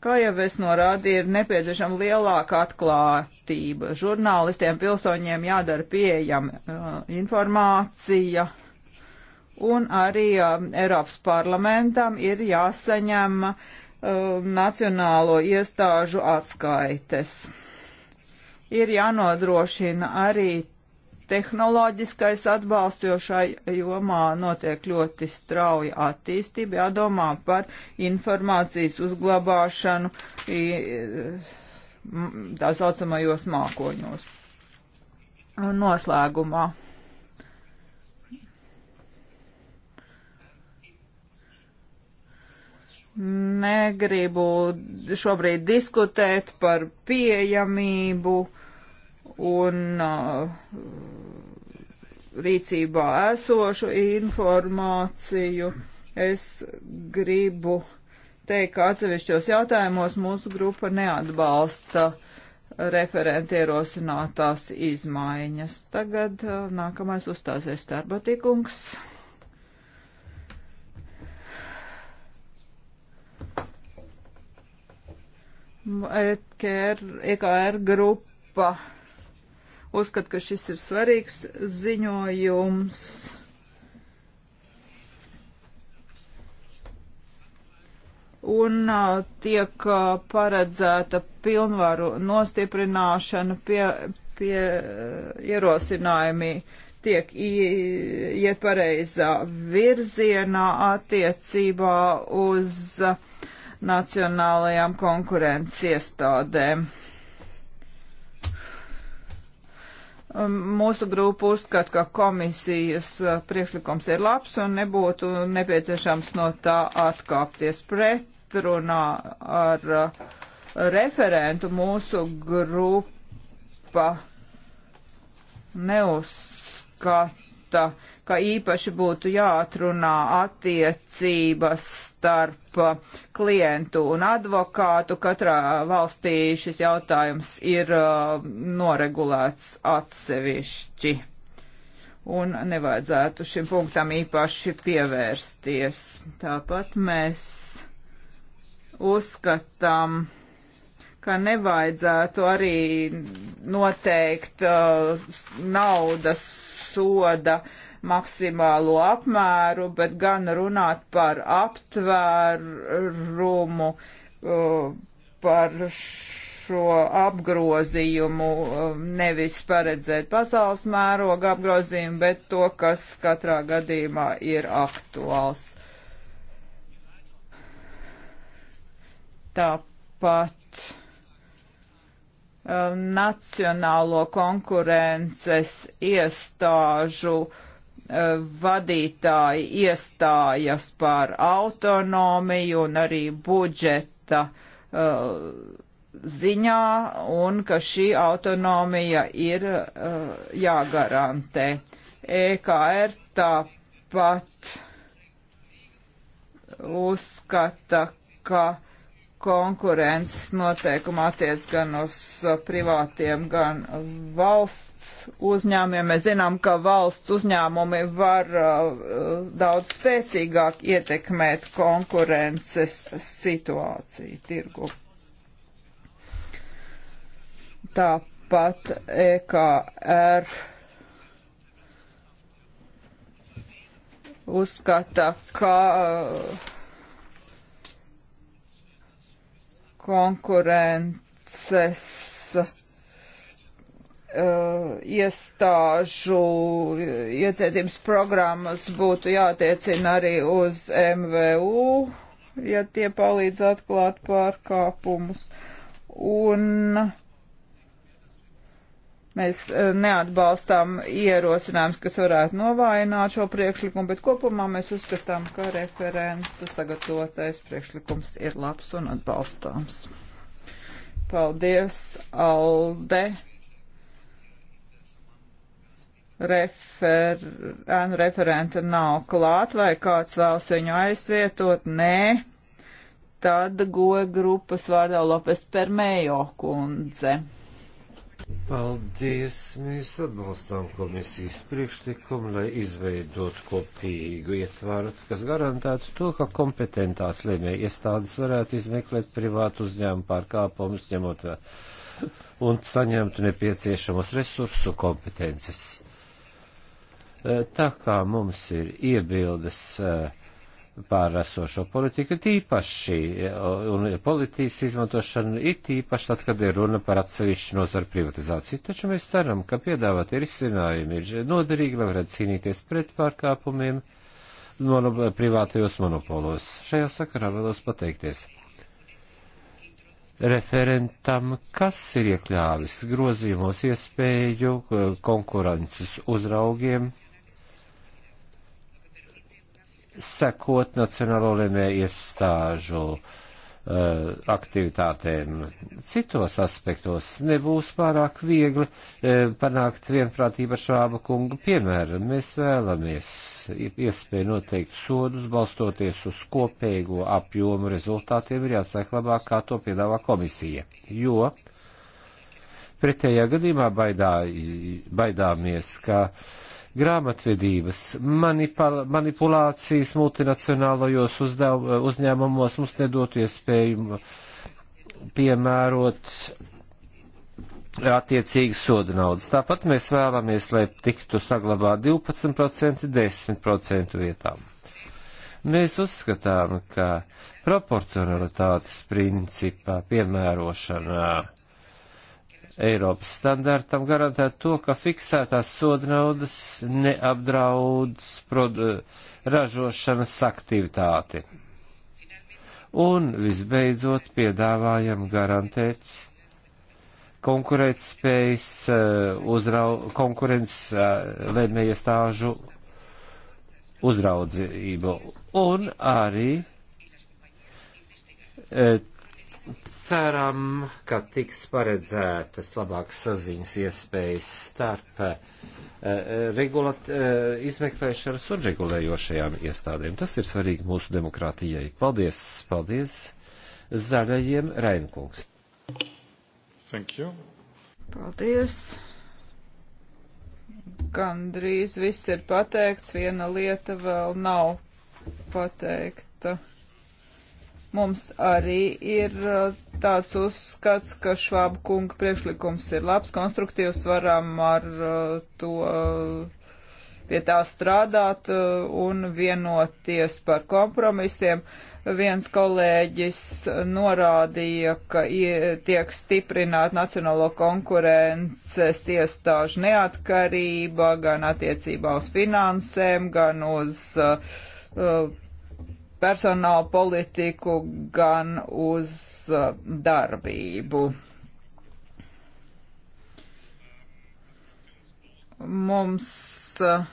Kā jau es norādīju, ir nepieciešama lielāka atklātība. Žurnālistiem, pilsoņiem jādara pieejama uh, informācija, un arī uh, Eiropas parlamentam ir jāsaņem uh, nacionālo iestāžu atskaites. Uh, ir jānodrošina arī tehnoloģiskais atbalsts, jo šai jomā notiek ļoti strauja attīstība, jādomā par informācijas uzglabāšanu tā saucamajos mākoņos. Un noslēgumā. Negribu šobrīd diskutēt par pieejamību un uh, rīcībā esošu informāciju. Es gribu teikt, ka atsevišķos jautājumos mūsu grupa neatbalsta referenti ierosinātās izmaiņas. Tagad uh, nākamais uzstāsies Starbatīkungs. EKR, EKR grupa Uzskat, ka šis ir svarīgs ziņojums. un a, tiek a, paredzēta pilnvaru nostiprināšana pie, pie ierosinājumi tiek iet pareizā virzienā attiecībā uz a, nacionālajām konkurences iestādēm. Um, mūsu grupa uzskata, ka komisijas uh, priekšlikums ir labs un nebūtu nepieciešams no tā atkāpties pretrunā ar uh, referentu. Mūsu grupa neuzskata, ka īpaši būtu jāatrunā attiecības starp klientu un advokātu. Katrā valstī šis jautājums ir uh, noregulēts atsevišķi. Un nevajadzētu šim punktam īpaši pievērsties. Tāpat mēs uzskatām, ka nevajadzētu arī noteikt uh, naudas soda uh, maksimālo apmēru, bet gan runāt par aptvērumu, uh, par šo apgrozījumu, uh, nevis paredzēt pasaules mēroga apgrozījumu, bet to, kas katrā gadījumā ir aktuāls. Tāpat uh, nacionālo konkurences iestāžu uh, vadītāji iestājas par autonomiju un arī budžeta uh, ziņā un ka šī autonomija ir uh, jāgarantē. EKR er tāpat uzskata, ka uh, konkurences noteikuma attiec gan uz uh, privātiem, gan valsts uzņēmumiem. Mēs zinām, ka valsts uzņēmumi var uh, daudz spēcīgāk ietekmēt konkurences situāciju tirgu. Tāpat EKR uzskata, ka uh, konkurences eh, iestāžu eh, iecietības programmas būtu jātiecina arī uz MVU, ja tie palīdz atklāt pārkāpumus. Un Mēs eh, neatbalstām ierosinājums, kas varētu novājināt šo priekšlikumu, bet kopumā mēs uzskatām, ka referents sagatavotais priekšlikums ir labs un atbalstāms. Paldies, Alde. Refer, referenta nav klāt, vai kāds vēlas viņu aizvietot? Nē. Tad goja grupas vārdā Lopes Permejo kundze. Paldies! Mēs atbalstām komisijas priekšlikumu, lai izveidotu kopīgu ietvaru, kas garantētu to, ka kompetentās lēmēja iestādes varētu izmeklēt privātu uzņēmumu pārkāpumus, ņemot un saņemtu nepieciešamos resursus un kompetences. Eh, tā kā mums ir iebildes uh, par esošo politiku, tīpaši, un politijas izmantošanu ir tīpaši tad, kad ir runa par atsevišķu nozaru privatizāciju. Taču mēs ceram, ka piedāvāti risinājumi ir noderīgi, lai varētu cīnīties pret pārkāpumiem mono, privātajos monopolos. Šajā sakarā vēlos pateikties referentam, kas ir iekļāvis grozījumos iespēju konkurences uzraugiem sekot Nacionālo lēmēju iestāžu eh, aktivitātēm. Citos aspektos nebūs pārāk viegli eh, panākt vienprātību ar šābu kungu. Piemēram, mēs vēlamies iespēju noteikt sodus, balstoties uz kopējo apjomu rezultātiem, ir jāsāk labāk, kā to piedāvā komisija. Jo pretējā gadījumā baidā, baidāmies, ka uh, grāmatvedības, manipulācijas multinacionālajos uzdev, uzņēmumos mums nedotu iespēju piemērot attiecīgi soda naudas. Tāpat mēs vēlamies, lai tiktu saglabāt 12% 10% vietām. Mēs uzskatām, ka proporcionalitātes principā piemērošanā Eiropas standartam garantētu to, ka fiksētās soda naudas neapdraudas ražošanas aktivitāti. Un visbeidzot piedāvājam garantēt konkurētspējas eh, uzrau, konkurences eh, lēmējiestāžu uzraudzību un arī eh, Ceram, ka tiks paredzētas labākas saziņas iespējas starp uh, regulat, uh, izmeklēšanas un regulējošajām iestādēm. Tas ir svarīgi mūsu demokrātijai. Paldies, paldies zaļajiem Raimkungs. Thank you. Paldies. Gandrīz viss ir pateikts, viena lieta vēl nav pateikta. Mums arī ir uh, tāds uzskats, ka Švāba kunga priekšlikums ir labs, konstruktīvs, varam ar uh, to uh, pie tā strādāt un vienoties par kompromisiem. Viens kolēģis norādīja, ka tiek stiprināt nacionālo konkurences iestāžu neatkarība gan attiecībā uz finansēm, gan uz uh, personāla politiku, gan uz uh, darbību. Mums uh,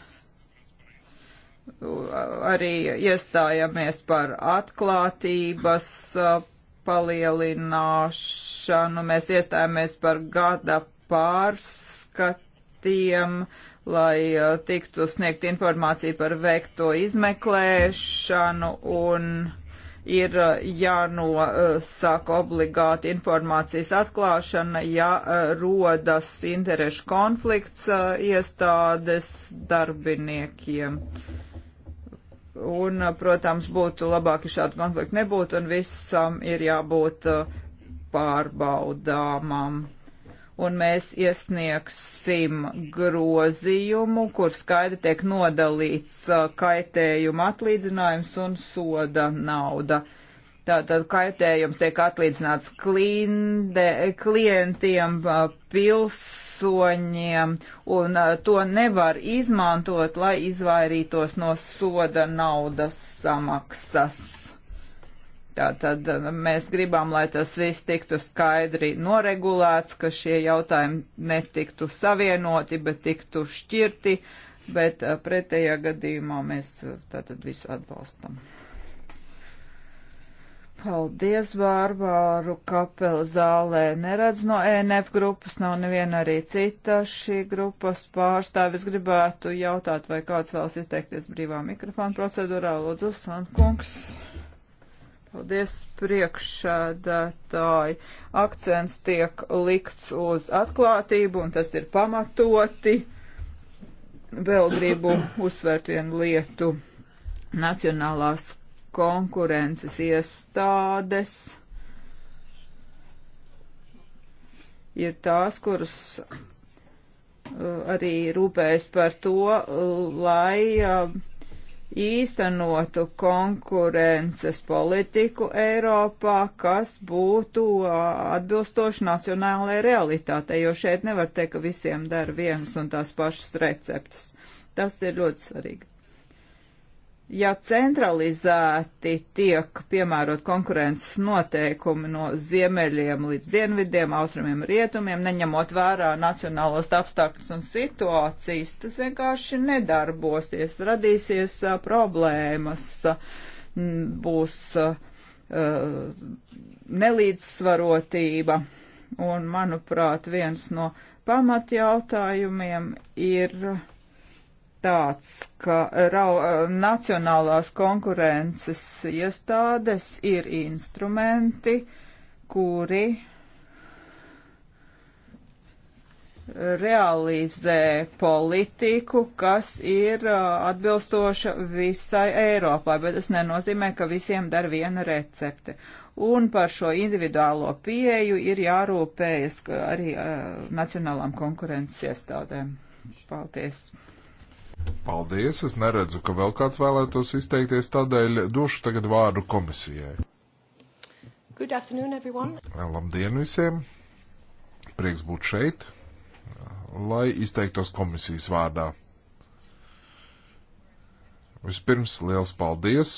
arī iestājamies par atklātības uh, palielināšanu, mēs iestājamies par gada pārskatiem, uh, lai uh, tiktu sniegt informāciju par veikto izmeklēšanu un ir uh, jānosaka obligāti informācijas atklāšana, ja uh, rodas interešu konflikts iestādes darbiniekiem. Un, protams, būtu labāk, ja šādu konfliktu nebūtu, un visam ir jābūt pārbaudāmam un mēs iesniegsim grozījumu, kur skaidri tiek nodalīts uh, kaitējuma atlīdzinājums un soda nauda. Tātad kaitējums tiek atlīdzināts klinde, klientiem, uh, pilsoņiem, un uh, to nevar izmantot, lai izvairītos no soda naudas samaksas. Tātad eh, mēs gribam, lai tas viss tiktu skaidri noregulēts, ka šie jautājumi netiktu savienoti, bet tiktu šķirti, bet eh, pretējā gadījumā mēs eh, tātad visu atbalstam. Paldies, Bārbāru Kapela zālē. Neredz no ENF grupas, nav neviena arī cita šī grupas pārstāvis. Gribētu jautāt, vai kāds vēlas izteikties brīvā mikrofona procedūrā. Lūdzu, Sandkungs. Paldies, priekšsēdētāji. Akcents tiek likts uz atklātību, un tas ir pamatoti. Vēl gribu uzsvērt vienu lietu. Nacionālās konkurences iestādes ir tās, kuras uh, arī rūpējas par to, lai uh, īstenotu konkurences politiku Eiropā, kas būtu atbilstoši nacionālajai realitātei, jo šeit nevar teikt, ka visiem dara vienas un tās pašas receptes. Tas ir ļoti svarīgi ja centralizēti tiek piemērot konkurences noteikumi no ziemeļiem līdz dienvidiem, austrumiem, rietumiem, neņemot vērā nacionālos apstākļus un situācijas, tas vienkārši nedarbosies, radīsies a, problēmas, a, būs a, nelīdzsvarotība. Un, manuprāt, viens no pamatjautājumiem ir tāds, ka rau, nacionālās konkurences iestādes ir instrumenti, kuri realizē politiku, kas ir atbilstoša visai Eiropai, bet tas nenozīmē, ka visiem dar viena recepte. Un par šo individuālo pieeju ir jārūpējas arī uh, nacionālām konkurences iestādēm. Paldies! Paldies, es neredzu, ka vēl kāds vēlētos izteikties, tādēļ došu tagad vārdu komisijai. Good afternoon, everyone. Labdien visiem! Prieks būt šeit, lai izteiktos komisijas vārdā. Vispirms liels paldies!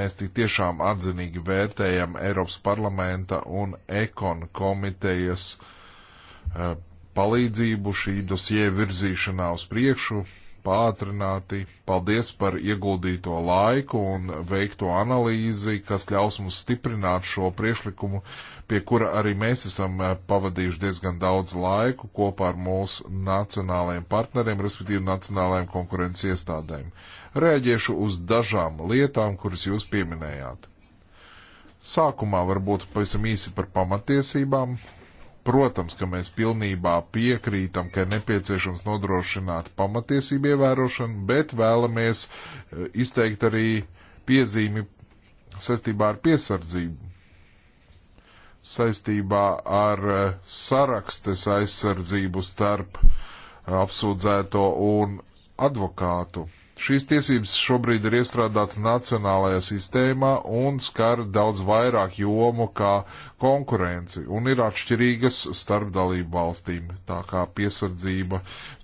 Mēs tik tiešām atzinīgi vērtējam Eiropas parlamenta un ekon komitejas eh, palīdzību šī dosie virzīšanā uz priekšu, pātrināti. Paldies par ieguldīto laiku un veikto analīzi, kas ļaus mums stiprināt šo priešlikumu, pie kura arī mēs esam eh, pavadījuši diezgan daudz laiku kopā ar mūsu nacionālajiem partneriem, respektīvi nacionālajiem konkurences iestādēm. Rēģiešu uz dažām lietām, kuras jūs pieminējāt. Sākumā varbūt pavisam īsi par pamatiesībām Protams, ka mēs pilnībā piekrītam, ka ir nepieciešams nodrošināt pamatiesību ievērošanu, bet vēlamies eh, izteikt arī piezīmi saistībā ar piesardzību, saistībā ar eh, sarakstes aizsardzību starp eh, apsūdzēto un advokātu. Šīs tiesības šobrīd ir iestrādātas nacionālajā sistēmā un skar daudz vairāk jomu kā konkurenci un ir atšķirīgas starp dalību valstīm, tā kā piesardzība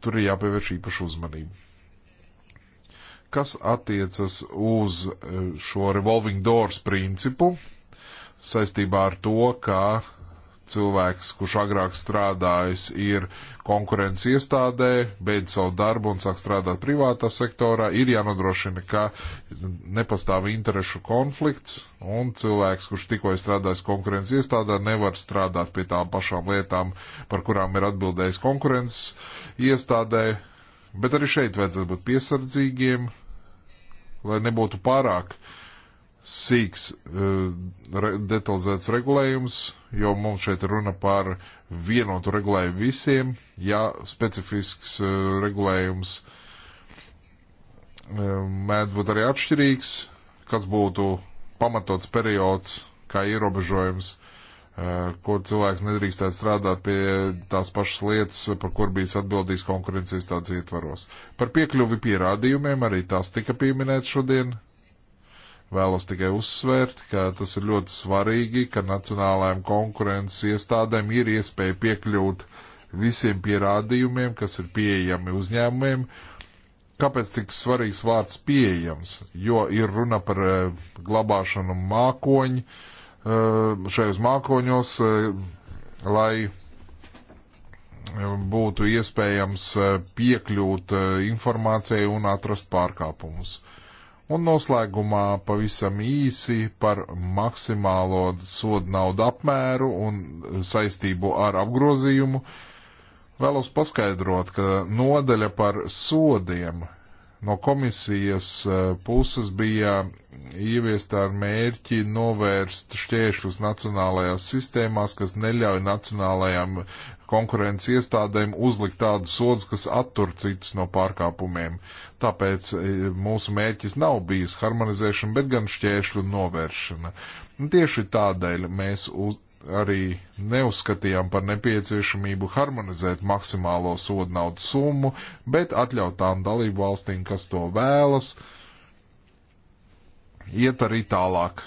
tur ir jāpievērš īpašu uzmanību. Kas attiecas uz eh, šo revolving doors principu saistībā ar to, ka cilvēks, kurš agrāk strādājis, ir konkurences iestādē, beidz savu darbu un sāk strādāt privātā sektorā, ir jānodrošina, ka nepastāv interešu konflikts, un cilvēks, kurš tikko ir strādājis konkurences iestādē, nevar strādāt pie tām pašām lietām, par kurām ir atbildējis konkurences iestādē. Bet arī šeit vajadzētu būt piesardzīgiem, lai nebūtu pārāk sīks, eh, detalizēts regulējums, jo mums šeit runa par vienotu regulējumu visiem, ja specifisks eh, regulējums eh, mēdz būt arī atšķirīgs, kas būtu pamatots periods, kā ierobežojums, eh, kur cilvēks nedrīkstētu strādāt pie tās pašas lietas, par kur bijis atbildīgs konkurences tāds ietvaros. Par piekļuvi pierādījumiem arī tās tika pieminēts šodien, Vēlos tikai uzsvērt, ka tas ir ļoti svarīgi, ka nacionālajām konkurences iestādēm ir iespēja piekļūt visiem pierādījumiem, kas ir pieejami uzņēmumiem. Kāpēc tik svarīgs vārds pieejams? Jo ir runa par eh, glabāšanu mākoņu, eh, šajos mākoņos, eh, lai būtu iespējams piekļūt informācijai un atrast pārkāpumus. Uh, Un noslēgumā pavisam īsi par maksimālo sodu naudu apmēru un saistību ar apgrozījumu. Vēlos paskaidrot, ka nodaļa par sodiem no komisijas e, puses bija ieviesta ar mērķi novērst šķēršļus nacionālajās sistēmās, kas neļauj nacionālajām konkurences iestādēm uzlikt tādas sodas, kas attur citus no pārkāpumiem. Tāpēc e, mūsu mērķis nav bijis harmonizēšana, bet gan šķēršļu novēršana. Un tieši tādēļ mēs uz, arī neuzskatījām par nepieciešamību harmonizēt maksimālo sodu naudas summu, bet atļaut tām dalību valstīm, kas to vēlas, iet arī tālāk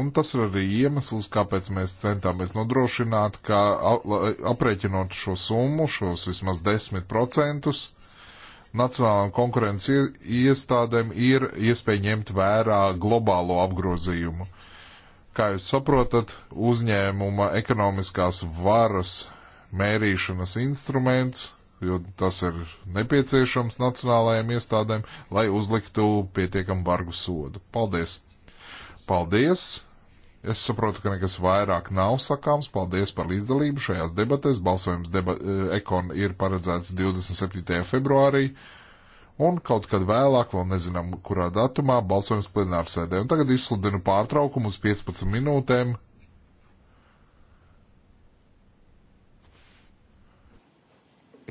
Un tas ir arī iemesls, kāpēc mēs centāmies nodrošināt, ka aprēķinot šo summu, šos vismaz 10%, nacionālām konkurences iestādēm ir iespēja ņemt vērā globālo apgrozījumu. Kā jūs saprotat, uzņēmuma ekonomiskās varas mērīšanas instruments, jo tas ir nepieciešams nacionālajiem iestādēm, lai uzliktu pietiekam bargu sodu. Paldies! Paldies! Es saprotu, ka nekas vairāk nav sakāms. Paldies par līdzdalību šajās debatēs. Balsojums deba e, ekon ir paredzēts 27. februārī. Un kaut kad vēlāk, vēl nezinām, kurā datumā, balsojums plenāra sēdē. Un tagad izsludinu pārtraukumu uz 15 minūtēm.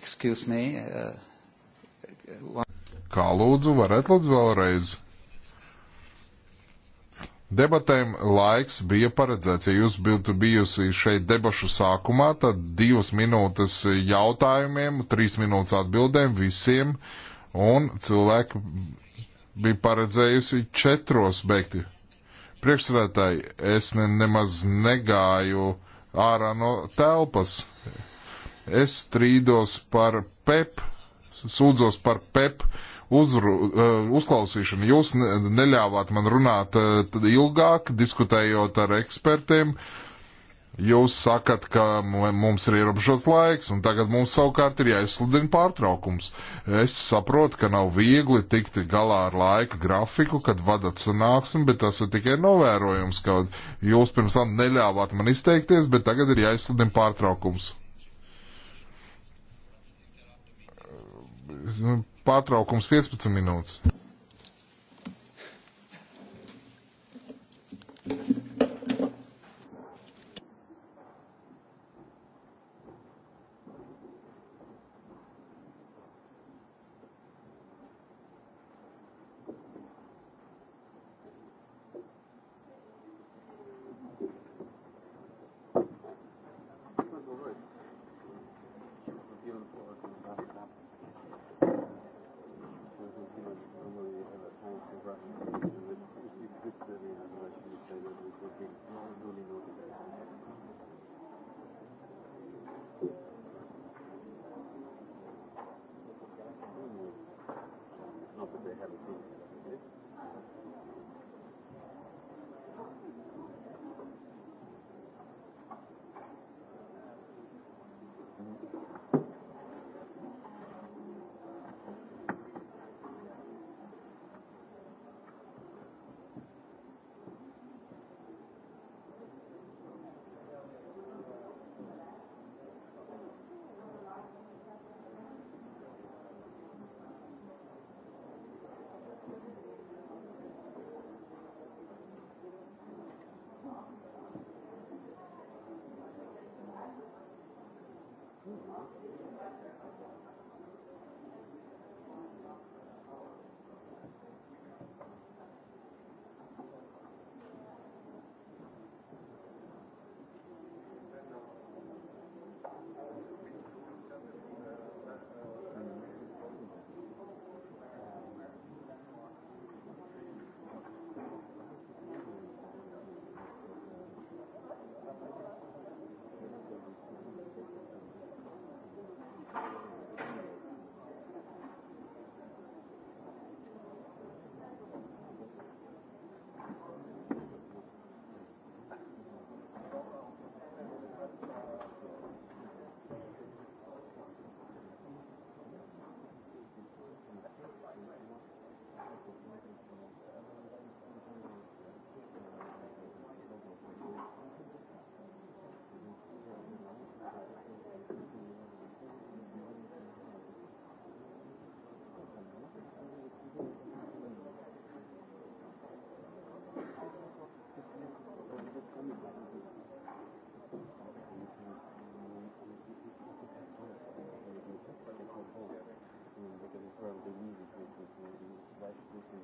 Excuse me. Uh, one... Kā lūdzu, varat lūdzu vēlreiz? Debatēm laiks bija paredzēts. Ja jūs būtu bijusi šeit debašu sākumā, tad divas minūtes jautājumiem, trīs minūtes atbildēm visiem, un cilvēki bija paredzējusi četros beigti. Priekšsēdētāji, es ne, nemaz negāju ārā no telpas. Es strīdos par PEP, sūdzos par PEP uzru, eh, uzklausīšanu. Jūs neļāvāt man runāt eh, ilgāk, diskutējot ar ekspertiem. Jūs sakat, ka mums ir ierobežots laiks, un tagad mums savukārt ir jāizsludina pārtraukums. Es saprotu, ka nav viegli tikt galā ar laika grafiku, kad vadat sanāksmi, bet tas ir tikai novērojums, ka jūs pirms tam neļāvāt man izteikties, bet tagad ir jāizsludina pārtraukums. Pārtraukums 15 minūtes. can confirm the need is right this is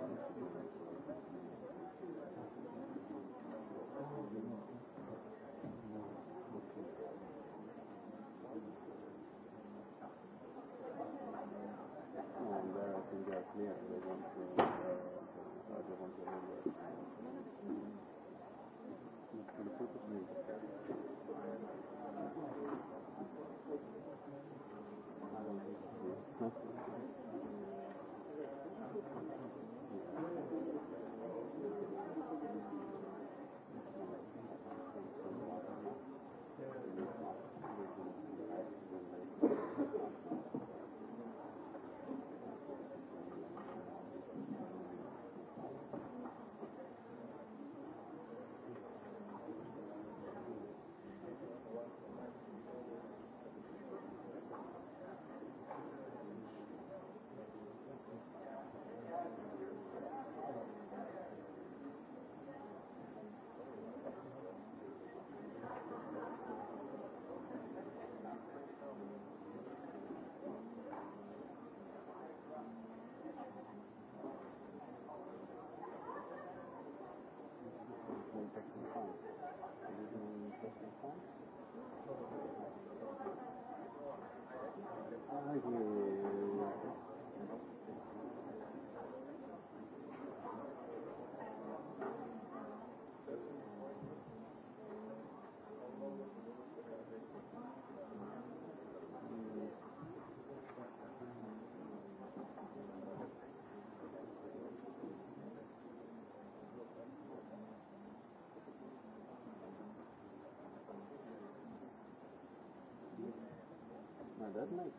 that make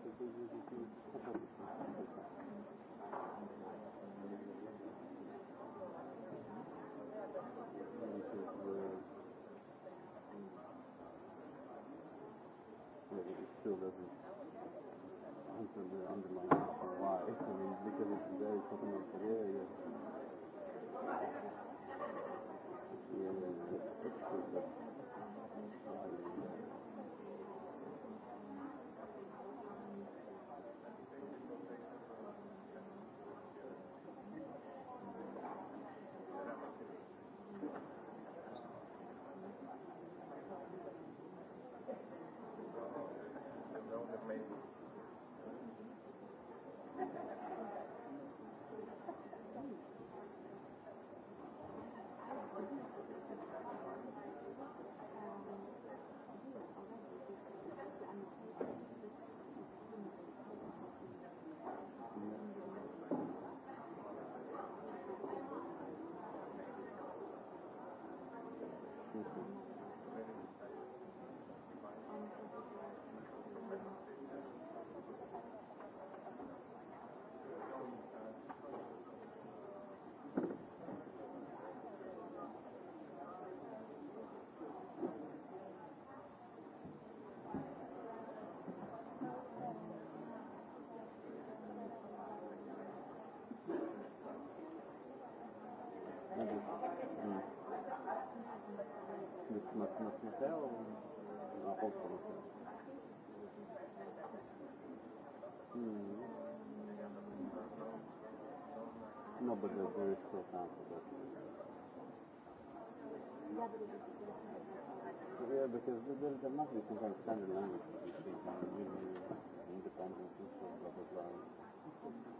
still doesn't answer the underlying for why. I mean, because it's very fundamental area. Yeah, yeah, yeah. на, на сначала, на полкруга. Но бы да знаешь, что там Yeah, because there, there must be some kind of standard language for these things, independent, blah, blah, blah.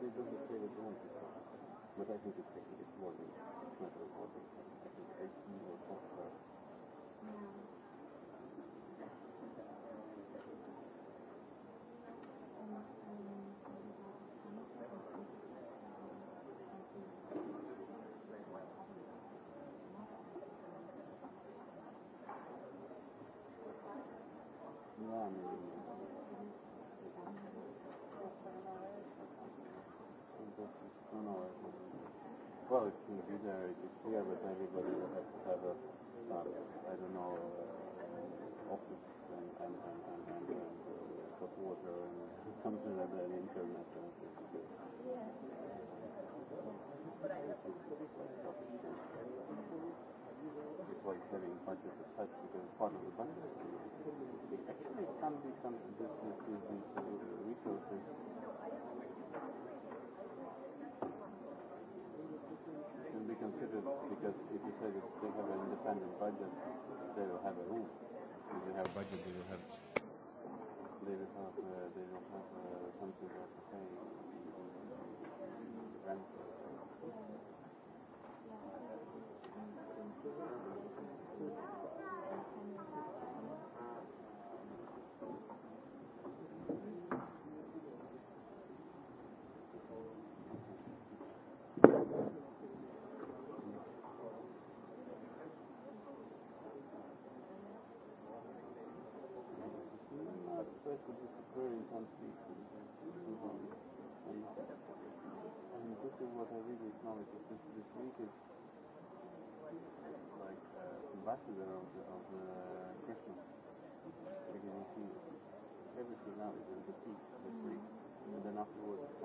they don't declare it wrong. But I think it's, it's more than it's not recorded. Can be considered because if you say that they have an independent budget, they will have a room. If they have budget, they will have. They will have. Uh, they will have uh, something to say.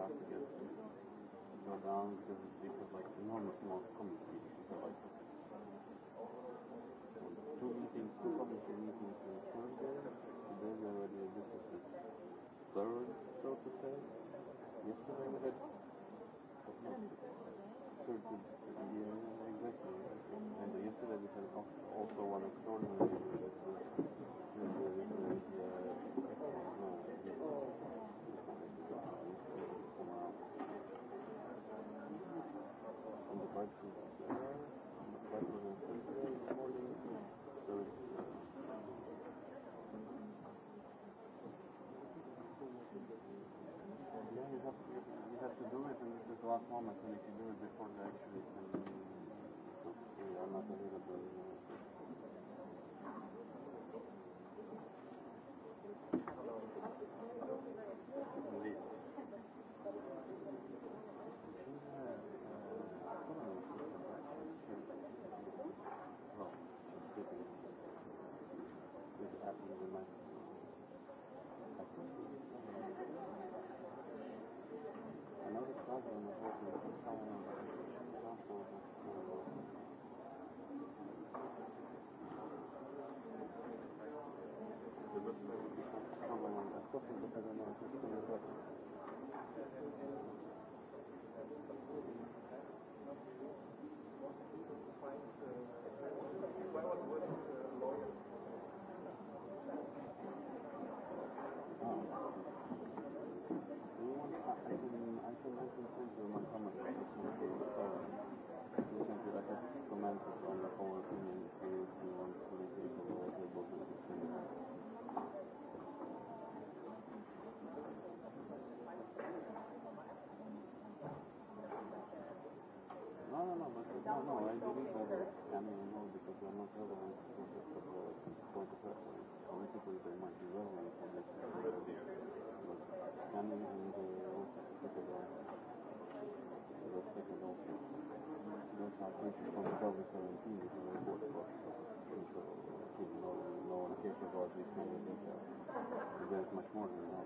start to get to go down because it's because like enormous amount of committee meetings are like two meetings, two committee meetings on Thursday. Today we already this is the third, so to say. Yesterday we had third, yeah, exactly. And uh, yesterday we had also one extraordinary last moment, and if you do it before the actually, then we are not available. Uh, No, no, I believe all that. I mean, no, because I'm not relevant to the point of reference. Politically, they might be relevant for this. But coming in the second or the second also. That's not preaching from the W17, which is a report for no, no indication about this kind of detail. There's much more than that.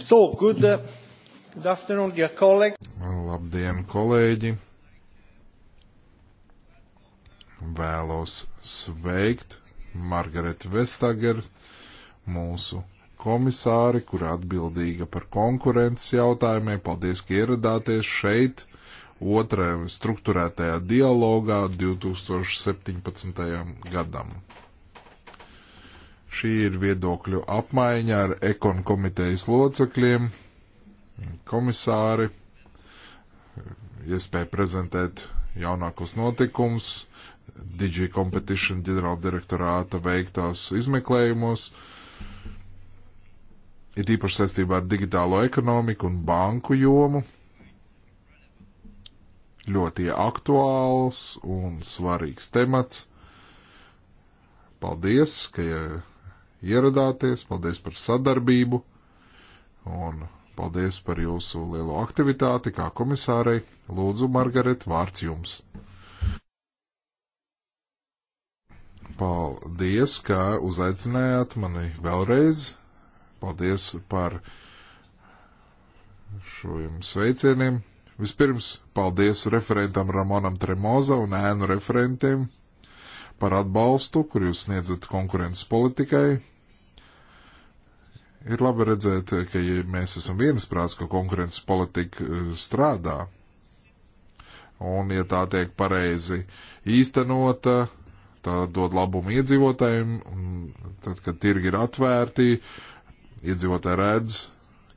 So, good, uh, good afternoon, dear colleagues. Labdien, kolēģi! Vēlos sveikt Margaretu Vestageru, mūsu komisāri, kur atbildīga par konkurences jautājumiem. Paldies, ka ieradāties šeit otrajā struktūrētajā dialogā 2017. gadam. Šī ir viedokļu apmaiņa ar ekon komitejas locekļiem, komisāri, iespēja prezentēt jaunākos notikumus, Digi Competition ģenerāla direktorāta veiktās izmeklējumos, it īpaši saistībā ar digitālo ekonomiku un banku jomu. Ļoti aktuāls un svarīgs temats. Paldies, ka ieradāties, paldies par sadarbību un paldies par jūsu lielo aktivitāti kā komisārei. Lūdzu, Margaret, vārds jums. Paldies, ka uzaicinājāt mani vēlreiz. Paldies par šiem sveicieniem. Vispirms paldies referentam Ramonam Tremoza un ēnu referentiem par atbalstu, kur jūs sniedzat konkurences politikai. Ir labi redzēt, ka ja mēs esam viensprāts, ka konkurences politika e, strādā. Un, ja tā tiek pareizi īstenota, tā dod labumu iedzīvotājiem, tad, kad tirgi ir atvērti, iedzīvotāji redz,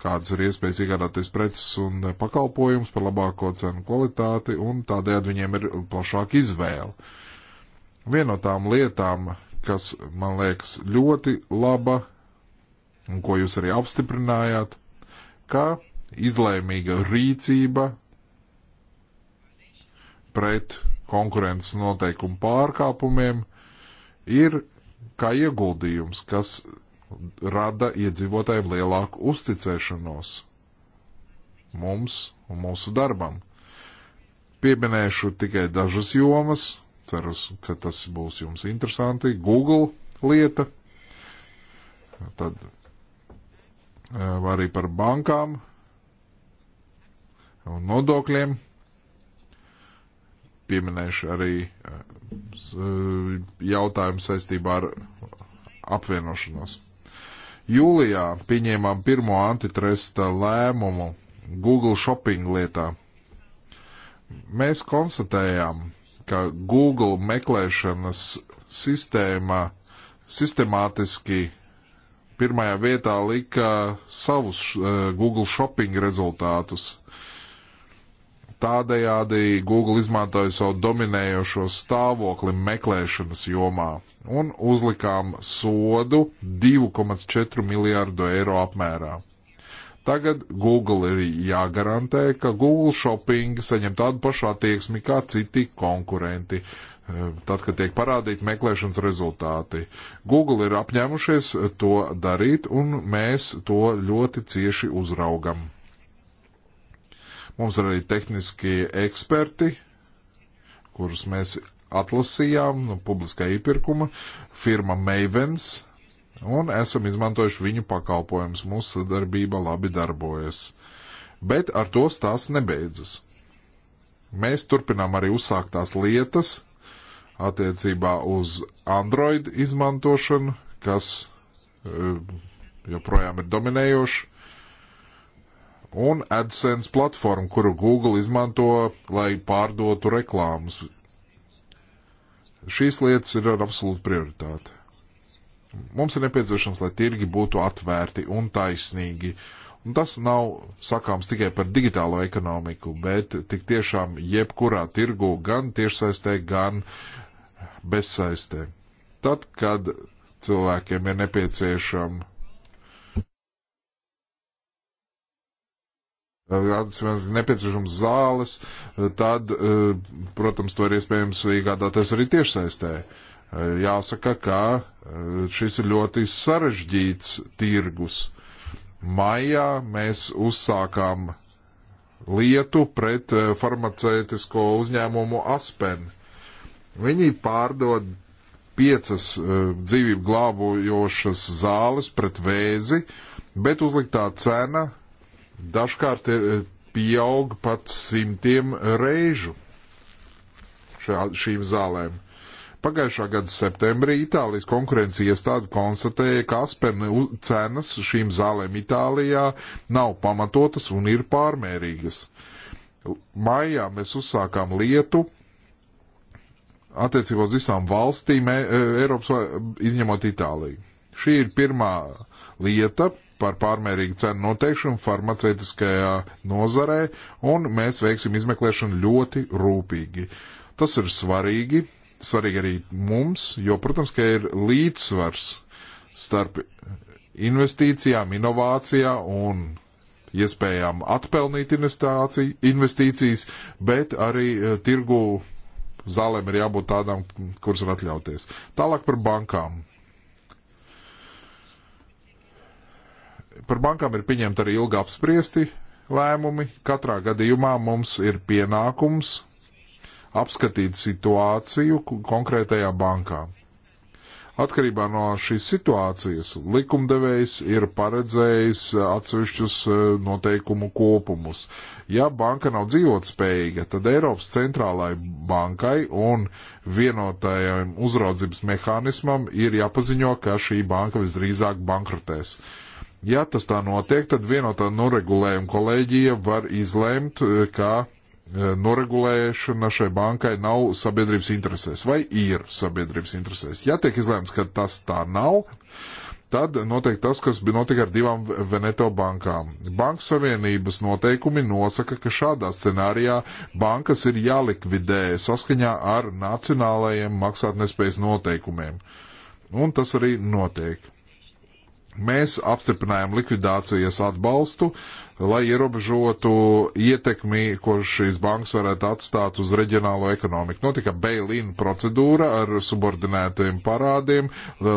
kādas ir iespējas iegādāties preces un pakalpojumus par labāko cenu kvalitāti, un tādējādi viņiem ir plašāka izvēle. Viena no tām lietām, kas man liekas ļoti laba, un ko jūs arī apstiprinājāt, ka izlēmīga rīcība pret konkurences noteikumu pārkāpumiem ir kā ieguldījums, kas rada iedzīvotājiem lielāku uzticēšanos mums un mūsu darbam. Pieminēšu tikai dažas jomas, Ceru, ka tas būs jums interesanti. Google lieta. Tad e, arī par bankām un nodokļiem. Pieminēšu arī e, e, jautājumu saistībā ar apvienošanos. Jūlijā pieņēmām pirmo antitresta lēmumu Google shopping lietā. Mēs konstatējām, ka Google meklēšanas sistēma sistemātiski pirmajā vietā lika savus eh, Google shopping rezultātus. Tādējādi Google izmantoja savu dominējošo stāvokli meklēšanas jomā un uzlikām sodu 2,4 miljārdu eiro apmērā. Tagad Google ir jāgarantē, ka Google Shopping saņem tādu pašu attieksmi kā citi konkurenti. Eh, tad, kad tiek parādīti meklēšanas rezultāti, Google ir apņēmušies to darīt, un mēs to ļoti cieši uzraugam. Mums ir arī tehniskie eksperti, kurus mēs atlasījām no publiskā iepirkuma. Firma Mavens un esam izmantojuši viņu pakalpojumus. Mūsu sadarbība labi darbojas. Bet ar to stāsts nebeidzas. Mēs turpinām arī uzsāktās lietas attiecībā uz Android izmantošanu, kas eh, joprojām ir dominējoša, un AdSense platformu, kuru Google izmanto, lai pārdotu reklāmas. Šīs lietas ir ar absolūtu prioritāti. Mums ir nepieciešams, lai tirgi būtu atvērti un taisnīgi. Un tas nav sakāms tikai par digitālo ekonomiku, bet tik tiešām jebkurā tirgu gan tiešsaistē, gan bezsaistē. Tad, kad cilvēkiem ir nepieciešama nepieciešams zāles, tad, eh, protams, to ir iespējams iegādāties arī tiešsaistē. Uh, jāsaka, ka eh, šis ir ļoti sarežģīts tirgus. Maijā mēs uzsākām lietu pret eh, farmaceitisko uzņēmumu Aspen. Viņi pārdod piecas eh, dzīvību glābojošas zāles pret vēzi, bet uzliktā cena dažkārt pieaug pat simtiem reižu šā, šīm zālēm. Pagājušā gada septembrī Itālijas konkurences iestāde konstatēja, ka aspernu cenas šīm zālēm Itālijā nav pamatotas un ir pārmērīgas. Maijā mēs uzsākām lietu attiecībā uz visām valstīm, e, e, Eiropas izņemot Itāliju. Šī ir pirmā lieta, par pārmērīgu cenu noteikšanu farmaceitiskajā nozarē, un mēs veiksim izmeklēšanu ļoti rūpīgi. Tas ir svarīgi, svarīgi arī mums, jo, protams, ka ir līdzsvars starp investīcijām, inovācijā un iespējām atpelnīt investīcijas, bet arī eh, tirgu zālēm ir jābūt tādām, kuras var atļauties. Tālāk par bankām. Par bankām ir pieņemti arī ilgi apspriesti lēmumi. Katrā gadījumā mums ir pienākums apskatīt situāciju konkrētajā bankā. Atkarībā no šīs situācijas likumdevējs ir paredzējis eh, atsevišķus eh, noteikumu kopumus. Ja banka nav dzīvotspējīga, tad Eiropas centrālai bankai un vienotajam uzraudzības mehānismam ir jāpaziņo, ka šī banka visdrīzāk bankrotēs. Ja tas tā notiek, tad vienotā noregulējuma kolēģija var izlemt, eh, ka E, noregulēšana šai bankai nav sabiedrības interesēs vai ir sabiedrības interesēs. Ja tiek izlēmts, ka tas tā nav, tad notiek tas, kas bija notika ar divām Veneto bankām. Banku savienības noteikumi nosaka, ka šādā scenārijā bankas ir jālikvidē saskaņā ar nacionālajiem maksātnespējas noteikumiem. Un tas arī notiek. Mēs apstiprinājām likvidācijas atbalstu, lai ierobežotu ietekmi, ko šīs bankas varētu atstāt uz reģionālo ekonomiku. Notika bail-in procedūra ar subordinētajiem parādiem,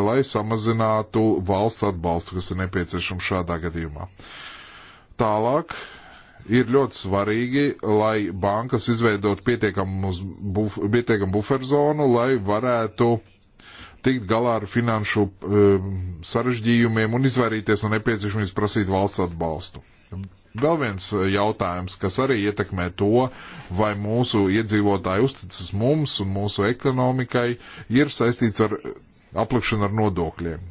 lai samazinātu valsts atbalstu, kas ir nepieciešams šādā gadījumā. Tālāk ir ļoti svarīgi, lai bankas izveidot pietiekamu buf, pietiekam buferzonu, lai varētu uh, tikt galā ar finanšu um, sarežģījumiem un izvairīties no nepieciešamības prasīt valsts atbalstu. Vēl viens uh, jautājums, kas arī ietekmē to, vai mūsu iedzīvotāji uzticas mums un mūsu ekonomikai, ir saistīts ar aplikšanu ar nodokļiem.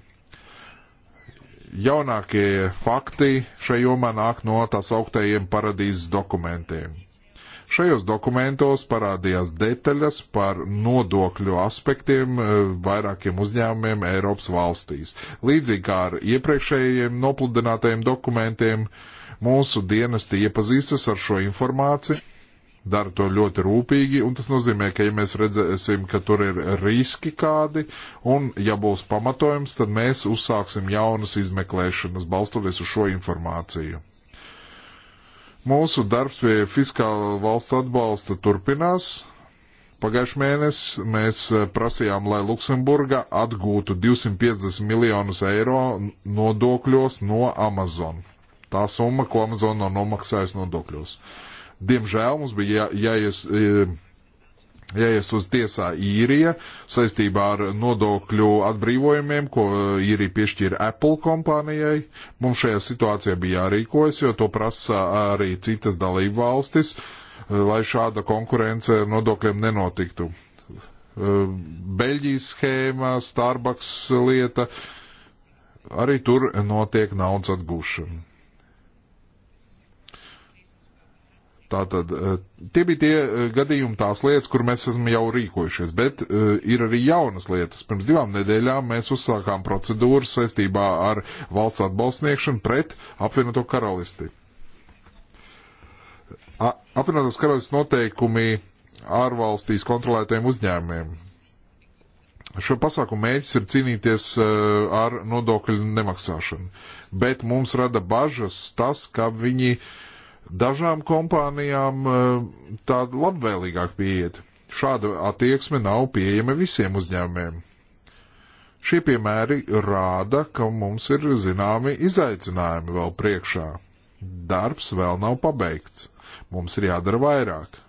Jaunākie fakti šajā jomā nāk no tās augtējiem paradīzes dokumentiem Šajos dokumentos parādījās detaļas par nodokļu aspektiem eh, vairākiem uzņēmumiem Eiropas valstīs. Līdzīgi kā ar iepriekšējiem nopludinātajiem dokumentiem, mūsu dienesti iepazīstas ar šo informāciju, dara to ļoti rūpīgi, un tas nozīmē, ka ja mēs redzēsim, ka tur ir riski kādi, un ja būs pamatojums, tad mēs uzsāksim jaunas izmeklēšanas, balstoties uz šo informāciju. Mūsu darbs pie fiskāla valsts atbalsta turpinās. Pagājušajā mēnesī mēs eh, prasījām, lai Luksemburga atgūtu 250 miljonus eiro nodokļos no Amazon. Tā summa, ko Amazon nav nomaksājusi nodokļos. Diemžēl mums bija jā, jāies, eh, jāies uz tiesā īrija saistībā ar nodokļu atbrīvojumiem, ko eh, īrija piešķīra Apple kompānijai. Mums šajā situācijā bija jārīkojas, jo to prasa arī citas dalību valstis, eh, lai šāda konkurence ar nodokļiem nenotiktu. Eh, Beļģijas schēma, Starbucks lieta, arī tur notiek naudas atgūšana. Tātad e, tie bija tie e, gadījumi, tās lietas, kur mēs esam jau rīkojušies, bet e, ir arī jaunas lietas. Pirms divām nedēļām mēs uzsākām procedūru saistībā ar valsts atbalstu sniegšanu pret apvienoto karalisti. Apvienotās karalistas noteikumi ārvalstīs kontrolētajiem uzņēmumiem. Šo pasākumu mērķis ir cīnīties ar nodokļu nemaksāšanu, bet mums rada bažas tas, ka viņi uh, Dažām kompānijām e, tāda labvēlīgāk pieiet. Šāda attieksme nav pieejama visiem uzņēmumiem. Šie piemēri rāda, ka mums ir zināmi izaicinājumi vēl priekšā. Darbs vēl nav pabeigts. Mums ir jādara vairāk.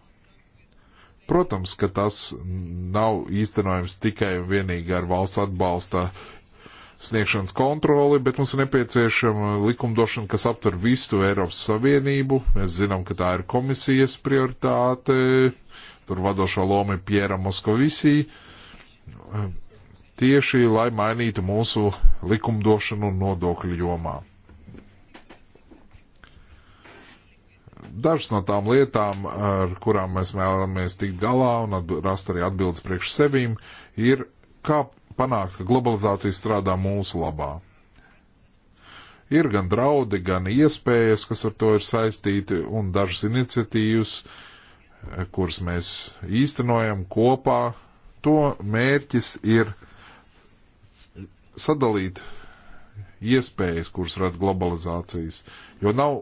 Protams, ka tas nav īstenojams tikai un vienīgi ar valsts atbalsta uh, sniegšanas kontroli, bet mums ir nepieciešama likumdošana, kas aptver visu Eiropas Savienību. Mēs zinām, ka tā ir komisijas prioritāte, tur vadošo lomu ir Piera Moskovisī, tieši lai mainītu mūsu likumdošanu nodokļu jomā. dažas no tām lietām, ar kurām mēs vēlamies tikt galā un rast arī atbildes priekš sevīm, ir kā panākt, ka globalizācija strādā mūsu labā. Ir gan draudi, gan iespējas, kas ar to ir saistīti, un dažas iniciatīvas, eh, kuras mēs īstenojam kopā. To mērķis ir sadalīt iespējas, kuras rada globalizācijas, jo nav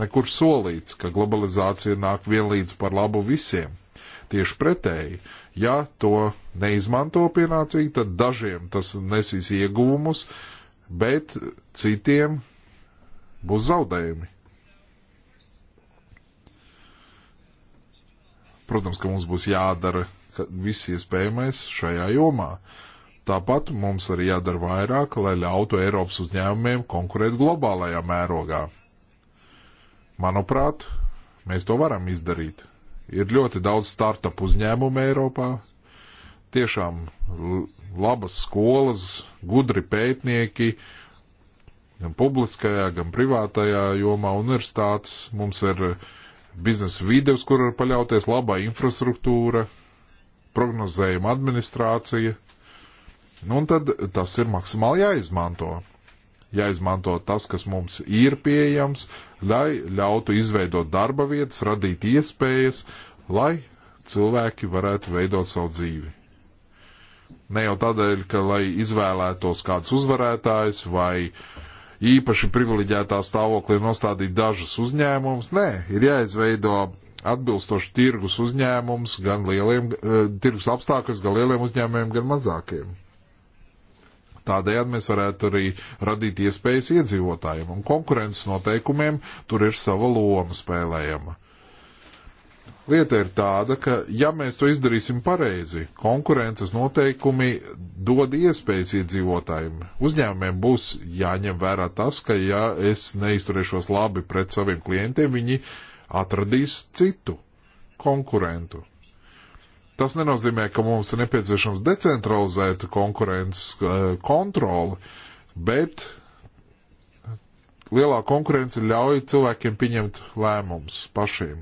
nekur solīts, ka globalizācija nāk vienlīdz par labu visiem. Tieši pretēji, Ja to neizmanto pienācīgi, tad dažiem tas nesīs ieguvumus, bet citiem būs zaudējumi. Protams, ka mums būs jādara viss iespējamais šajā jomā. Tāpat mums arī jādara vairāk, lai ļautu Eiropas uzņēmumiem konkurēt globālajā mērogā. Manuprāt, mēs to varam izdarīt. Ir ļoti daudz startup uzņēmumu Eiropā, tiešām labas skolas, gudri pētnieki, gan publiskajā, gan privātajā jomā universitātes. Mums ir biznesa vide, uz kuru var paļauties, labā infrastruktūra, prognozējuma administrācija. Nu, un tad tas ir maksimāli jāizmanto jāizmanto tas, kas mums ir pieejams, lai ļautu izveidot darba vietas, radīt iespējas, lai cilvēki varētu veidot savu dzīvi. Ne jau tādēļ, ka lai izvēlētos kāds uzvarētājs vai īpaši privileģētā stāvoklī nostādīt dažas uzņēmumus, nē, ir jāizveido atbilstoši tirgus uzņēmums, gan lieliem, eh, tirgus apstākļus, gan lieliem uzņēmumiem, gan mazākiem. Tādējādi mēs varētu arī radīt iespējas iedzīvotājiem, un konkurences noteikumiem tur ir sava loma spēlējama. Lieta ir tāda, ka ja mēs to izdarīsim pareizi, konkurences noteikumi dod iespējas iedzīvotājiem. Uzņēmumiem būs jāņem vērā tas, ka ja es neizturēšos labi pret saviem klientiem, viņi atradīs citu konkurentu. Tas nenozīmē, ka mums ir nepieciešams decentralizēta konkurences eh, kontrole, bet lielā konkurence ļauj cilvēkiem pieņemt lēmumus pašiem.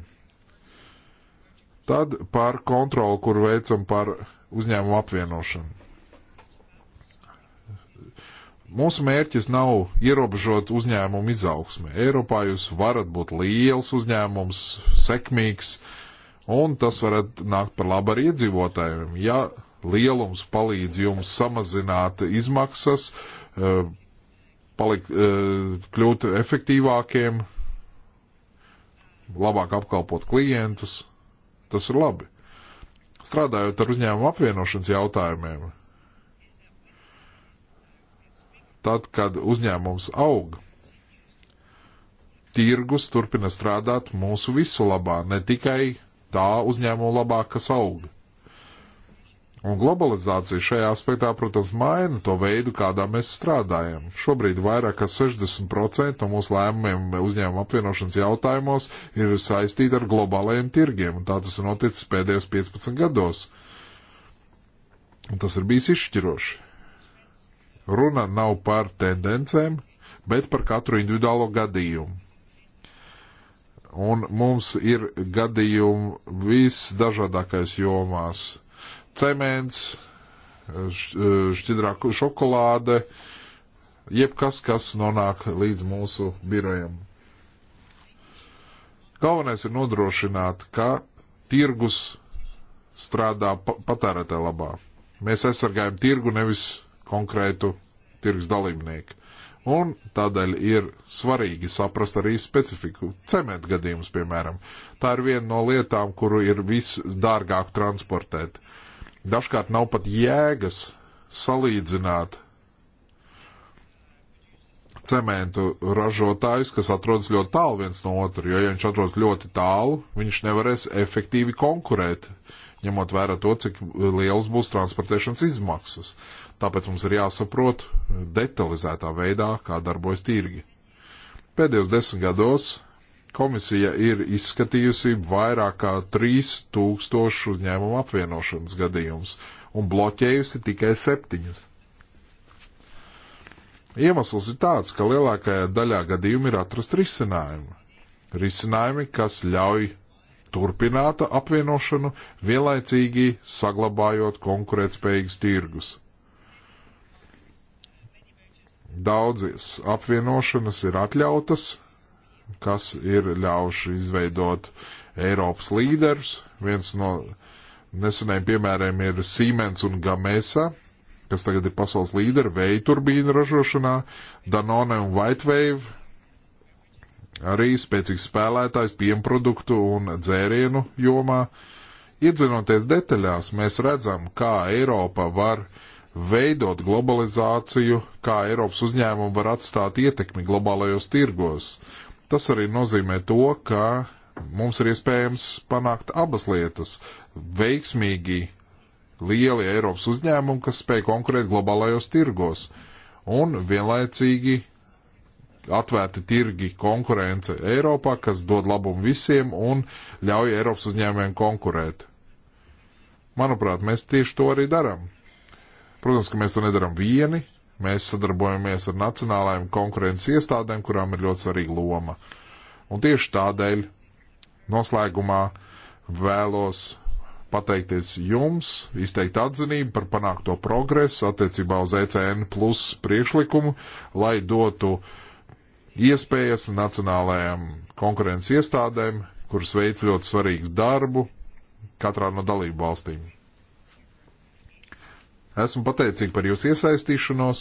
Tad par kontroli, kur veicam par uzņēmumu apvienošanu. Mūsu mērķis nav ierobežot uzņēmumu izaugsmi. Eiropā jūs varat būt liels uzņēmums, sekmīgs, uh, un tas varētu nākt par labu arī iedzīvotājiem. Ja lielums palīdz jums samazināt izmaksas, eh, palikt, eh, kļūt efektīvākiem, labāk apkalpot klientus, tas ir labi. Strādājot ar uzņēmumu apvienošanas jautājumiem, tad, kad uzņēmums aug, tirgus turpina strādāt mūsu visu labā, ne tikai tā uzņēmuma labāk, kas aug. Un globalizācija šajā aspektā, protams, maina to veidu, kādā mēs strādājam. Šobrīd vairāk kā 60% no mūsu lēmumiem uzņēmuma apvienošanas jautājumos ir saistīti ar globālajiem tirgiem, un tā tas ir noticis pēdējos 15 gados. Un tas ir bijis izšķiroši. Runa nav par tendencēm, bet par katru individuālo gadījumu. Un mums ir gadījumi visdažādākais jomās. Cements, šķidrā šokolāde, jebkas, kas nonāk līdz mūsu birojam. Galvenais ir nodrošināt, ka tirgus strādā patērētē labā. Mēs aizsargājam tirgu, nevis konkrētu tirgus dalībnieku. Un tādēļ ir svarīgi saprast arī specifiku. Cementa gadījums, piemēram, tā ir viena no lietām, kuru ir visdārgāk transportēt. Dažkārt nav pat jēgas salīdzināt cementu ražotājus, kas atrodas ļoti tālu viens no otru, jo, ja viņš atrodas ļoti tālu, viņš nevarēs efektīvi konkurēt, ņemot vērā to, cik liels būs transportēšanas izmaksas. Tāpēc mums ir jāsaprot detalizētā veidā, kā darbojas tirgi. Pēdējos desmit gados komisija ir izskatījusi vairāk kā 3000 uzņēmumu apvienošanas gadījumus un bloķējusi tikai septiņus. Iemesls ir tāds, ka lielākajā daļā gadījumu ir atrast risinājumu. Risinājumi, kas ļauj turpināt apvienošanu, vienlaicīgi saglabājot konkurētspējīgus tirgus. Daudzas apvienošanas ir atļautas, kas ir ļauši izveidot Eiropas līderus. Viens no nesenajiem piemēriem ir Siemens un Gamesa, kas tagad ir pasaules līderi vēja turbīnu ražošanā, Danone un Whitewave, arī spēcīgs spēlētājs piemproduktu un dzērienu jomā. Iedzinoties detaļās, mēs redzam, kā Eiropa var uh, veidot globalizāciju, kā Eiropas uzņēmumi var atstāt ietekmi globālajos tirgos. Tas arī nozīmē to, ka mums ir iespējams panākt abas lietas - veiksmīgi lieli Eiropas uzņēmumi, kas spēj konkurēt globālajos tirgos, un vienlaicīgi atvērti tirgi konkurence Eiropā, kas dod labumu visiem un ļauj Eiropas uzņēmējiem konkurēt. Manuprāt, mēs tieši to arī darām. Protams, ka mēs to nedaram vieni, mēs sadarbojamies ar nacionālajiem konkurences iestādēm, kurām ir ļoti svarīga loma. Un tieši tādēļ noslēgumā vēlos pateikties jums, izteikt atzinību par panākto progresu attiecībā uz ECN plus priekšlikumu, lai dotu iespējas nacionālajām konkurences iestādēm, kuras veic ļoti svarīgu darbu katrā no dalību valstīm. Esmu pateicīga par jūsu iesaistīšanos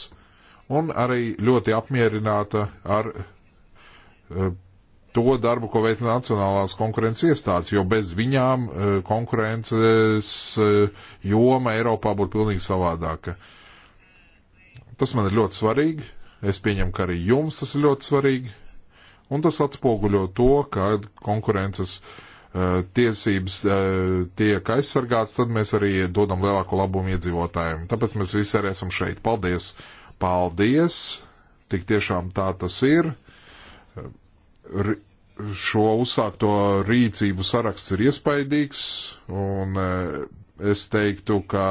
un arī ļoti apmierināta ar e, to darbu, ko veic Nacionālās konkurences iestādes, jo bez viņām e, konkurences e, joma Eiropā būtu pilnīgi savādāka. Tas man ir ļoti svarīgi. Es pieņemu, ka arī jums tas ir ļoti svarīgi. Un tas atspoguļo to, ka konkurences uh, Eh, tiesības eh, tiek aizsargāts, tad mēs arī dodam lielāku labumu iedzīvotājiem. Tāpēc mēs visi arī esam šeit. Paldies! Paldies! Tik tiešām tā tas ir. Eh, R šo uzsākto rīcību saraksts ir iespaidīgs, un es teiktu, ka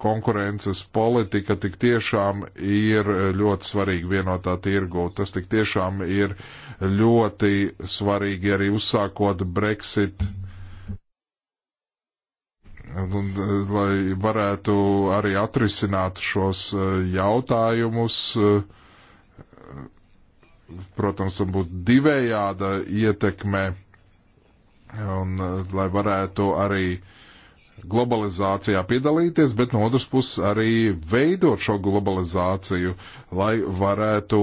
konkurences politika tik tiešām ir ļoti svarīga vienotā tirgu. Tas tik tiešām ir uh, ļoti svarīgi arī uzsākot Brexit, lai varētu arī atrisināt šos e, jautājumus. E, protams, tam būtu divējāda ietekme, un e, lai varētu arī globalizācijā piedalīties, bet no otras puses arī veidot šo globalizāciju, lai varētu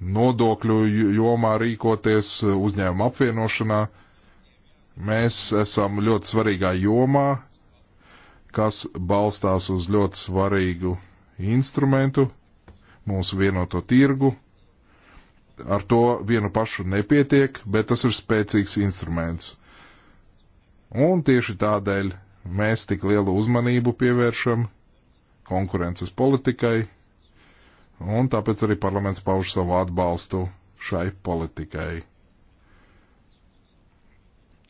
nodokļu jomā rīkoties, uzņēmuma apvienošanā. Mēs esam ļoti svarīgā jomā, kas balstās uz ļoti svarīgu instrumentu, mūsu vienoto tirgu. Ar to vienu pašu nepietiek, bet tas ir spēcīgs instruments. Un tieši tādēļ mēs tik lielu uzmanību pievēršam konkurences politikai, un tāpēc arī parlaments pauž savu atbalstu šai politikai.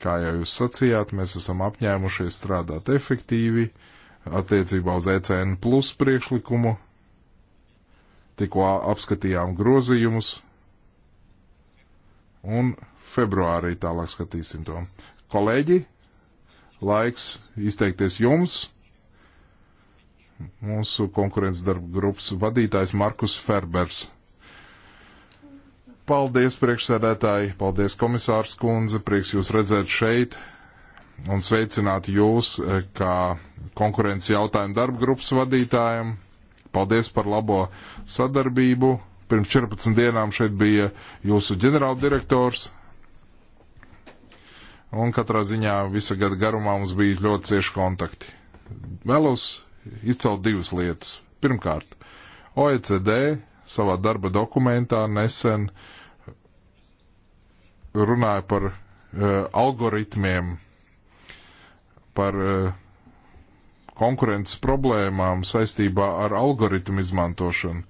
Kā jau jūs sacījāt, mēs esam apņēmušies strādāt efektīvi attiecībā uz ECN plus priekšlikumu, tikko apskatījām grozījumus, un februārī tālāk skatīsim to. Kolēģi, laiks izteikties jums! mūsu konkurences darba grupas vadītājs Markus Ferbers. Paldies, priekšsēdētāji, paldies, komisārs kundze, prieks jūs redzēt šeit un sveicināt jūs eh, kā konkurences jautājumu darba grupas vadītājiem. Paldies par labo sadarbību. Pirms 14 dienām šeit bija jūsu ģenerāldirektors. Un katrā ziņā visa gada garumā mums bija ļoti cieši kontakti. Vēlos izcelt divas lietas. Pirmkārt, OECD savā darba dokumentā nesen runāja par uh, algoritmiem, par uh, konkurences problēmām saistībā ar algoritmu izmantošanu.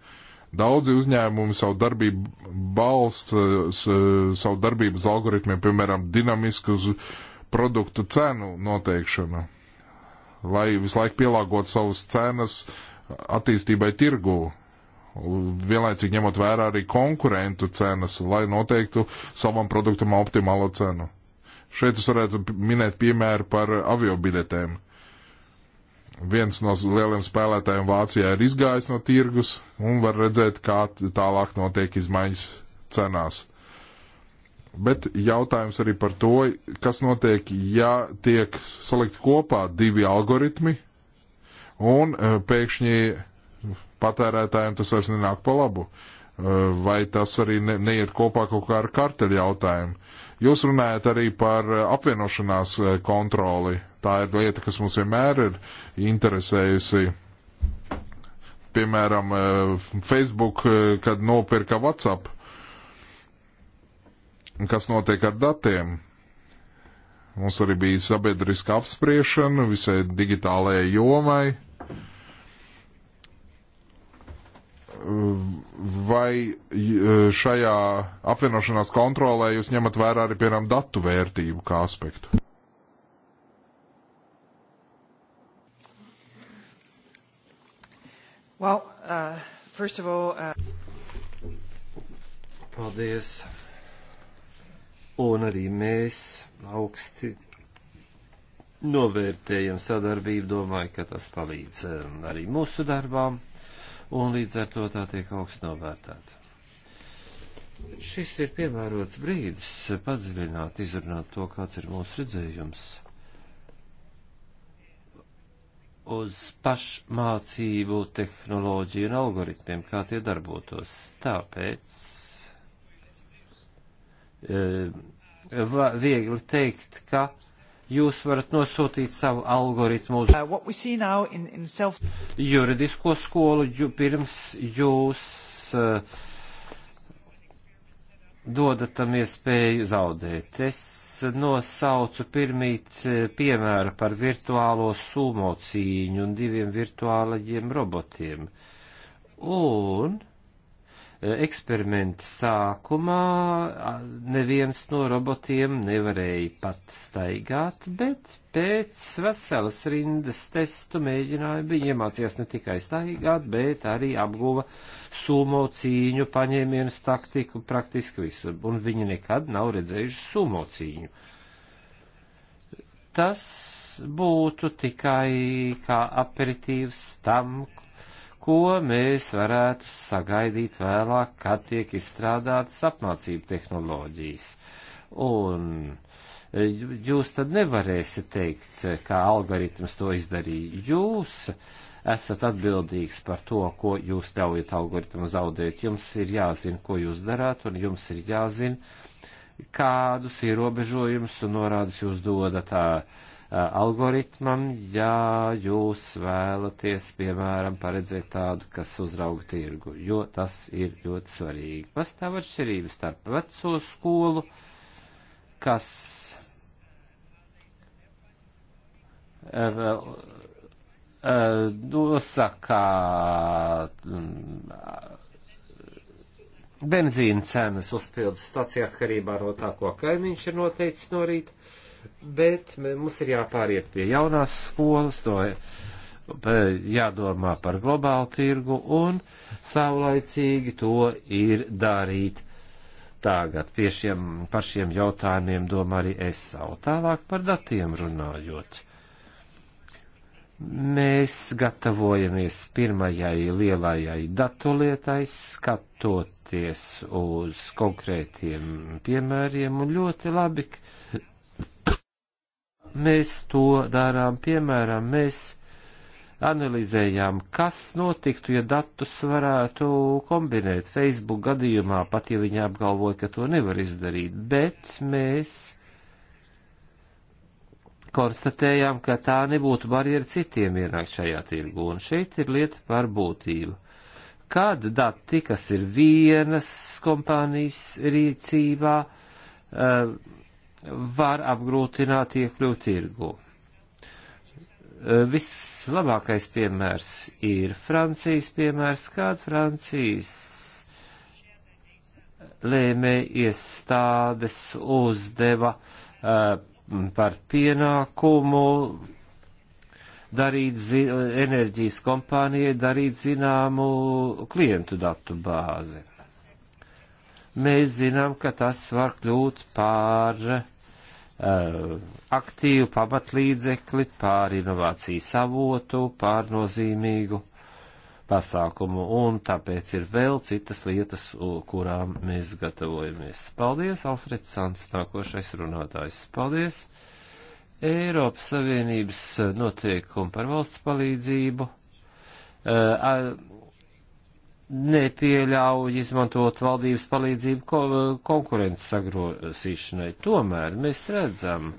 Daudzi uzņēmumi savu darbību balsts, eh, savu darbību uz algoritmiem, piemēram, dinamisku uz produktu cenu noteikšanu lai visu laiku pielāgotu savas cenas attīstībai tirgū. Vienlaicīgi ņemot vērā arī konkurentu cenas, lai noteiktu savam produktam optimālo cenu. Šeit es varētu minēt piemēru par avio biļetēm. Viens no lieliem spēlētājiem Vācijā ir izgājis no tirgus un var redzēt, kā tālāk notiek izmaiņas cenās. Uh, Bet jautājums arī par to, kas notiek, ja tiek salikt kopā divi algoritmi un e, pēkšņi patērētājiem tas vairs nenāk pa labu. E, vai tas arī ne, neiet kopā kaut kā ar karteļu jautājumu? Jūs runājat arī par apvienošanās e, kontroli. Tā ir lieta, kas mums vienmēr ir interesējusi. Piemēram, Facebook, kad nopirka WhatsApp kas notiek ar datiem. Mums arī bija sabiedriska apspriešana visai digitālajai jomai. Vai šajā apvienošanās kontrolē jūs ņemat vērā arī, piemēram, datu vērtību kā aspektu? Well, uh, first of all, uh... Paldies un arī mēs augsti novērtējam sadarbību, domāju, ka tas palīdz um, arī mūsu darbām, un līdz ar to tā tiek augsti novērtēta. Šis ir piemērots brīdis padziļināt, izrunāt to, kāds ir mūsu redzējums uz pašmācību tehnoloģiju un algoritmiem, kā tie darbotos. Tāpēc Eh, viegli teikt, ka jūs varat nosūtīt savu algoritmu uz uh, juridisko skolu, jo pirms jūs uh, dodat tam iespēju zaudēt. Es nosaucu pirmīt eh, piemēru par virtuālo sumo cīņu un diviem virtuālajiem robotiem. Un eksperimenta sākumā neviens no robotiem nevarēja pat staigāt, bet pēc veselas rindas testu mēģinājumi viņi iemācījās ne tikai staigāt, bet arī apguva sumo cīņu, paņēmienus taktiku praktiski visur, un viņi nekad nav redzējuši sumo cīņu. Tas būtu tikai kā aperitīvs tam, ko mēs varētu sagaidīt vēlāk, kad tiek izstrādātas apmācību tehnoloģijas. Un jūs tad nevarēsiet teikt, kā algoritms to izdarīja. Jūs esat atbildīgs par to, ko jūs ļaujat algoritmu zaudēt. Jums ir jāzina, ko jūs darāt, un jums ir jāzina, kādus ierobežojumus un norādes jūs dodat. Tā, uh, Eh, algoritmam, ja jūs vēlaties, piemēram, paredzēt tādu, kas uzrauga tirgu, jo tas ir ļoti svarīgi. Pastāv atšķirības starp veco skolu, kas eh, eh, nosaka mm, benzīna cenas uzpildes stācijā atkarībā no tā, ko kaimiņš ir noteicis no rīta bet mums ir jāpāriet pie jaunās skolas, to jādomā par globālu tirgu un savlaicīgi to ir darīt. Tagad pie šiem pašiem jautājumiem domā arī es savu. Tālāk par datiem runājot. Mēs gatavojamies pirmajai lielajai datulietai, skatoties uz konkrētiem piemēriem, un ļoti labi Mēs to darām, piemēram, mēs analizējām, kas notiktu, ja datus varētu kombinēt. Facebook gadījumā pat, ja viņi apgalvoja, ka to nevar izdarīt, bet mēs konstatējām, ka tā nebūtu barjera citiem ienākt šajā tirgu, un šeit ir lieta par būtību. Kad dati, kas ir vienas kompānijas rīcībā, uh, var apgrūtināt iekļūt tirgu. E, vislabākais piemērs ir Francijas piemērs, kad Francijas lēmē iestādes uzdeva uh, par pienākumu darīt zi enerģijas kompānijai darīt zināmu klientu datu bāzi mēs zinām, ka tas var kļūt par uh, aktīvu pamatlīdzekli, par inovāciju savotu, par nozīmīgu pasākumu, un tāpēc ir vēl citas lietas, kurām mēs gatavojamies. Paldies, Alfreds Sants, nākošais runātājs. Paldies! Eiropas Savienības noteikumi par valsts palīdzību. Uh, nepieļauj izmantot valdības palīdzību ko, konkurences sagrosīšanai. Tomēr mēs redzam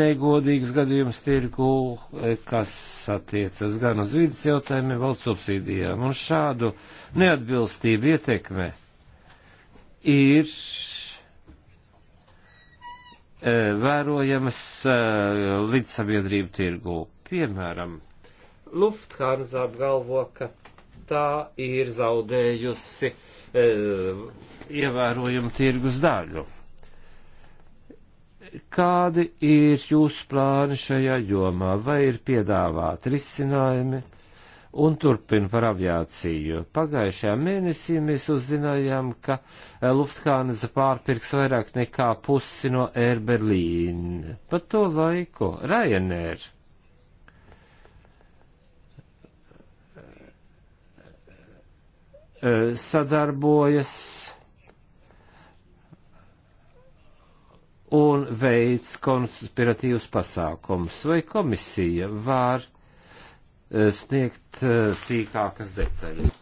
negodīgus gadījumus tirgu, eh, kas attiecas gan uz vidas jautājumiem, valsts subsīdijām, un šādu neatbilstību ietekme ir eh, vērojamas eh, līdz sabiedrību tirgu. Piemēram, Lufthansa apgalvo, ka tā ir zaudējusi e, ievērojumu tirgus daļu. Kādi ir jūsu plāni šajā jomā, vai ir piedāvāti risinājumi? Un turpin par aviāciju. Pagājušajā mēnesī mēs uzzinājām, ka e, Lufthansa pārpirks vairāk nekā pusi no Air Berlīna. Pat to laiku Ryanair E, sadarbojas un veids konspiratīvus pasākumus, vai komisija var e, sniegt e, sīkākas detaļas.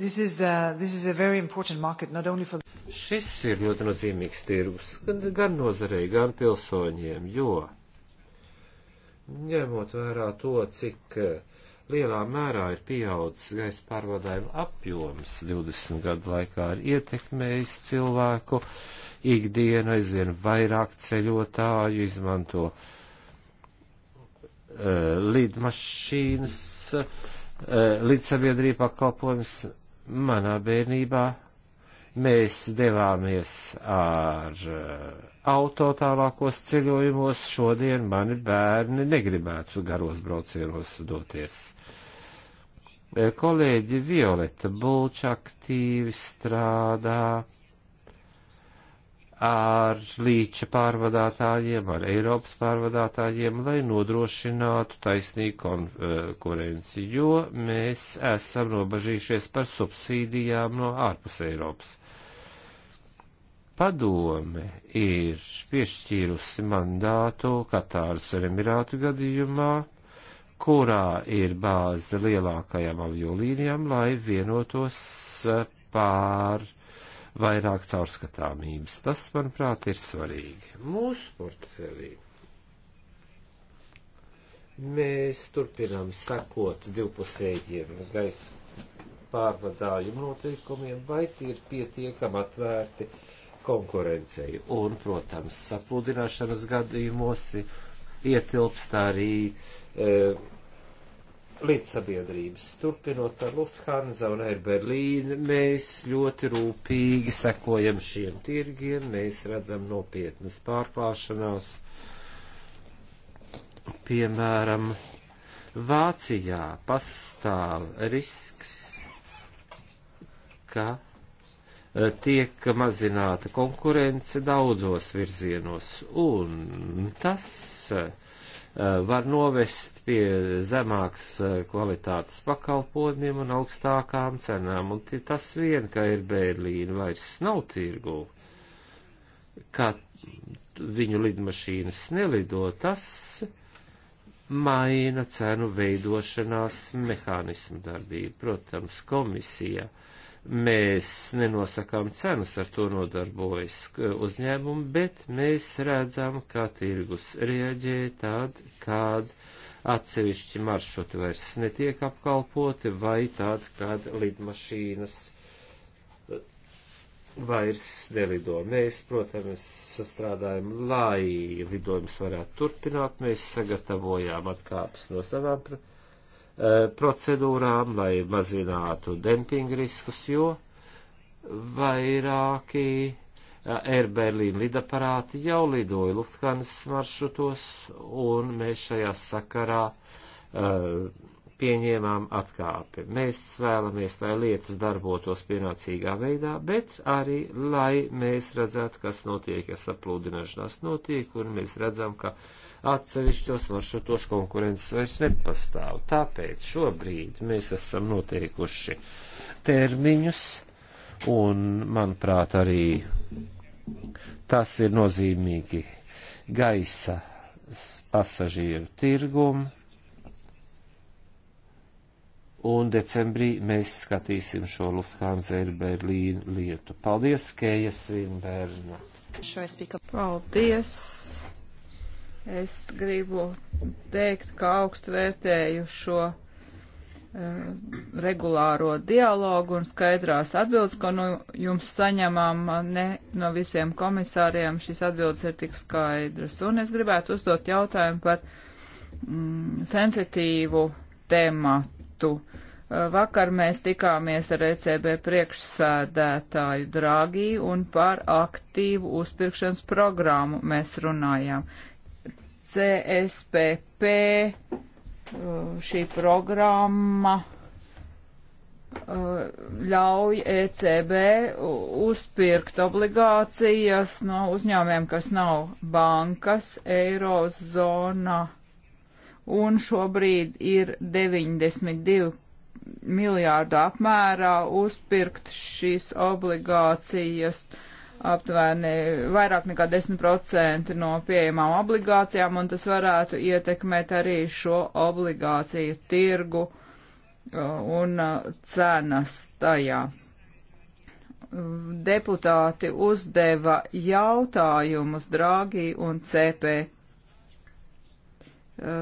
This is, uh, this is a very important market, not only for Šis ir ļoti nozīmīgs tirgus gan, gan nozarei, gan pilsoņiem, jo ņemot vērā to, cik uh, lielā mērā ir pieaudzis gaisa pārvadājuma apjoms 20 gadu laikā, ir ietekmējis cilvēku ikdienu, aizvien vairāk ceļotāju izmanto uh, lidmašīnas, uh, lidsabiedrība pakalpojums manā bērnībā Mēs devāmies ar eh, auto tālākos ceļojumos. Šodien mani bērni negribētu garos braucienos doties. Eh, kolēģi Violeta Bulč aktīvi strādā ar līča pārvadātājiem, ar Eiropas pārvadātājiem, lai nodrošinātu taisnīgu eh, konkurenci, jo mēs esam nobažījušies par subsīdijām no ārpus Eiropas. Padome ir piešķīrusi mandātu Katāras un Emirātu gadījumā, kurā ir bāze lielākajām aviolīnijām, lai vienotos eh, pār vairāk caurskatāmības. Tas, manuprāt, ir svarīgi. Mūsu portfelī mēs turpinām sakot divpusējiem gaisa pārvadājumu noteikumiem, vai tie ir pietiekami atvērti konkurencei. Un, protams, sapludināšanas gadījumos ietilpst arī e, līdzsabiedrības. Turpinot ar Lufthansa un Air Berlīnu, mēs ļoti rūpīgi sekojam šiem tirgiem, mēs redzam nopietnas pārklāšanās. Piemēram, Vācijā pastāv risks, ka tiek mazināta konkurence daudzos virzienos, un tas eh, var novest pie zemākas eh, kvalitātes pakalpojumiem un augstākām cenām, un tas vien, ka ir Berlīna vairs nav tirgu, kā viņu lidmašīnas nelido, tas maina cenu veidošanās mehānismu darbību. Protams, komisija uh, Mēs nenosakām cenas, ar to nodarbojas uzņēmumi, bet mēs redzam, kā tirgus rieģē tad, kad atsevišķi maršruti vairs netiek apkalpoti vai tad, kad lidmašīnas eh, vairs nelido. Mēs, protams, strādājam, lai lidojums varētu turpināt. Mēs sagatavojām atkāpes no savām Eh, procedūrām, lai mazinātu dempinga riskus, jo vairāki eh, Air Berlīna lidaparāti jau lidoja Lufthansa maršrutos, un mēs šajā sakarā uh, pieņēmām atkāpi. Mēs vēlamies, lai lietas darbotos pienācīgā veidā, bet arī, lai mēs redzētu, kas notiek, ja saplūdināšanās notiek, un mēs redzam, ka uh, atsevišķos maršrutos konkurences vairs nepastāv. Tāpēc šobrīd mēs esam noteikuši termiņus un, manuprāt, arī tas ir nozīmīgi gaisa pasažieru tirgumu. Un decembrī mēs skatīsim šo Lufthansa ir Berlīna lietu. Paldies, Kēja Svinbērna! Paldies! Es gribu teikt, ka augstu vērtēju šo eh, regulāro dialogu un skaidrās atbildes, ko nu jums saņemam ne no visiem komisāriem, šīs atbildes ir tik skaidras. Un es gribētu uzdot jautājumu par mm, sensitīvu tematu. Vakar mēs tikāmies ar ECB priekšsēdētāju Dragī un par aktīvu uzpirkšanas programmu mēs runājām. CSPP uh, šī programma uh, ļauj ECB uzpirkt obligācijas no uzņēmiem, kas nav bankas eirozonā. Un šobrīd ir 92 miljārdu apmērā uzpirkt šīs obligācijas uh, aptuveni vairāk nekā 10% no pieejamām obligācijām, un tas varētu ietekmēt arī šo obligāciju tirgu uh, un uh, cenas tajā. Deputāti uzdeva jautājumus Drāgī un CP uh,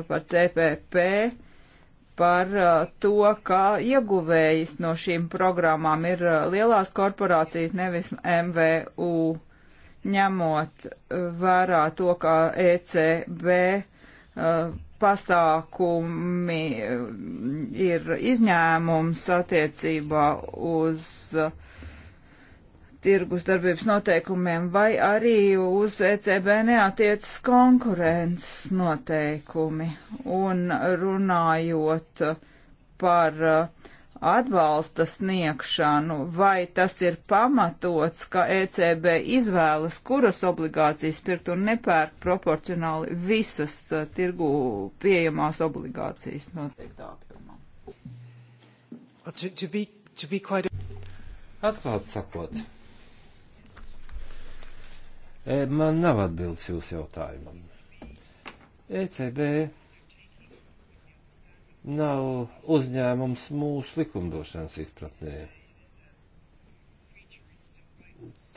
par CPP par uh, to, ka ieguvējis no šīm programmām ir uh, lielās korporācijas, nevis MVU, ņemot vērā to, ka ECB uh, pasākumi ir izņēmums attiecībā uz uh, tirgus darbības noteikumiem, vai arī uz ECB neatiecas konkurences noteikumi. Un runājot par uh, atbalsta sniegšanu, vai tas ir pamatots, ka ECB izvēlas, kuras obligācijas pirkt un nepērk proporcionāli visas uh, tirgu pieejamās obligācijas noteiktā apjomā. To, to be, to be quite... Atklāt sakot. Mm. E, man nav atbildes jūsu jautājumam. ECB nav uzņēmums mūsu likumdošanas izpratnē.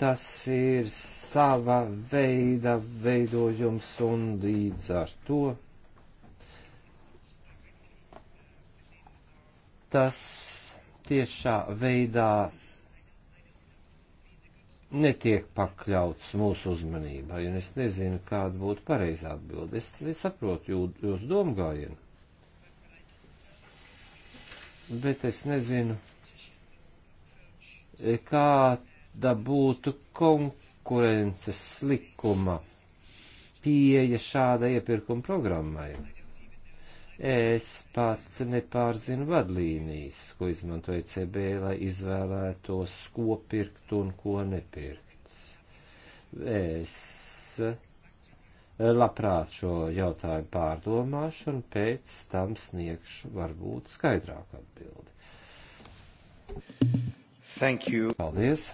Tas ir sava veida veidojums un līdz ar to tas tiešā veidā netiek pakļauts mūsu uzmanībai, un es nezinu, kāda būtu pareizā atbilde. Es, es saprotu jū, jūs domgājienu, bet es nezinu, kāda būtu konkurences likuma pieeja šādai iepirkuma programmai. Es pats nepārzinu vadlīnijas, ko izmanto ECB, lai izvēlētos, ko pirkt un ko nepirkt. Es eh, labprāt šo jautājumu pārdomāšu un pēc tam sniegšu varbūt skaidrāku atbildi. Thank you. Paldies.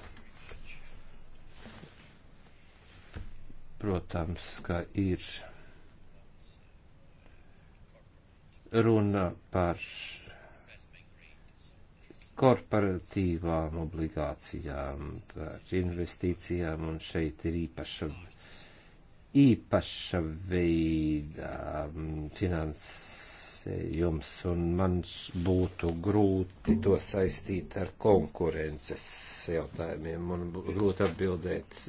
Protams, ka ir runa par korporatīvām obligācijām, par investīcijām, un šeit ir īpaša, īpaša veida um, finansējums, un man būtu grūti to saistīt ar konkurences jautājumiem, un grūti atbildēt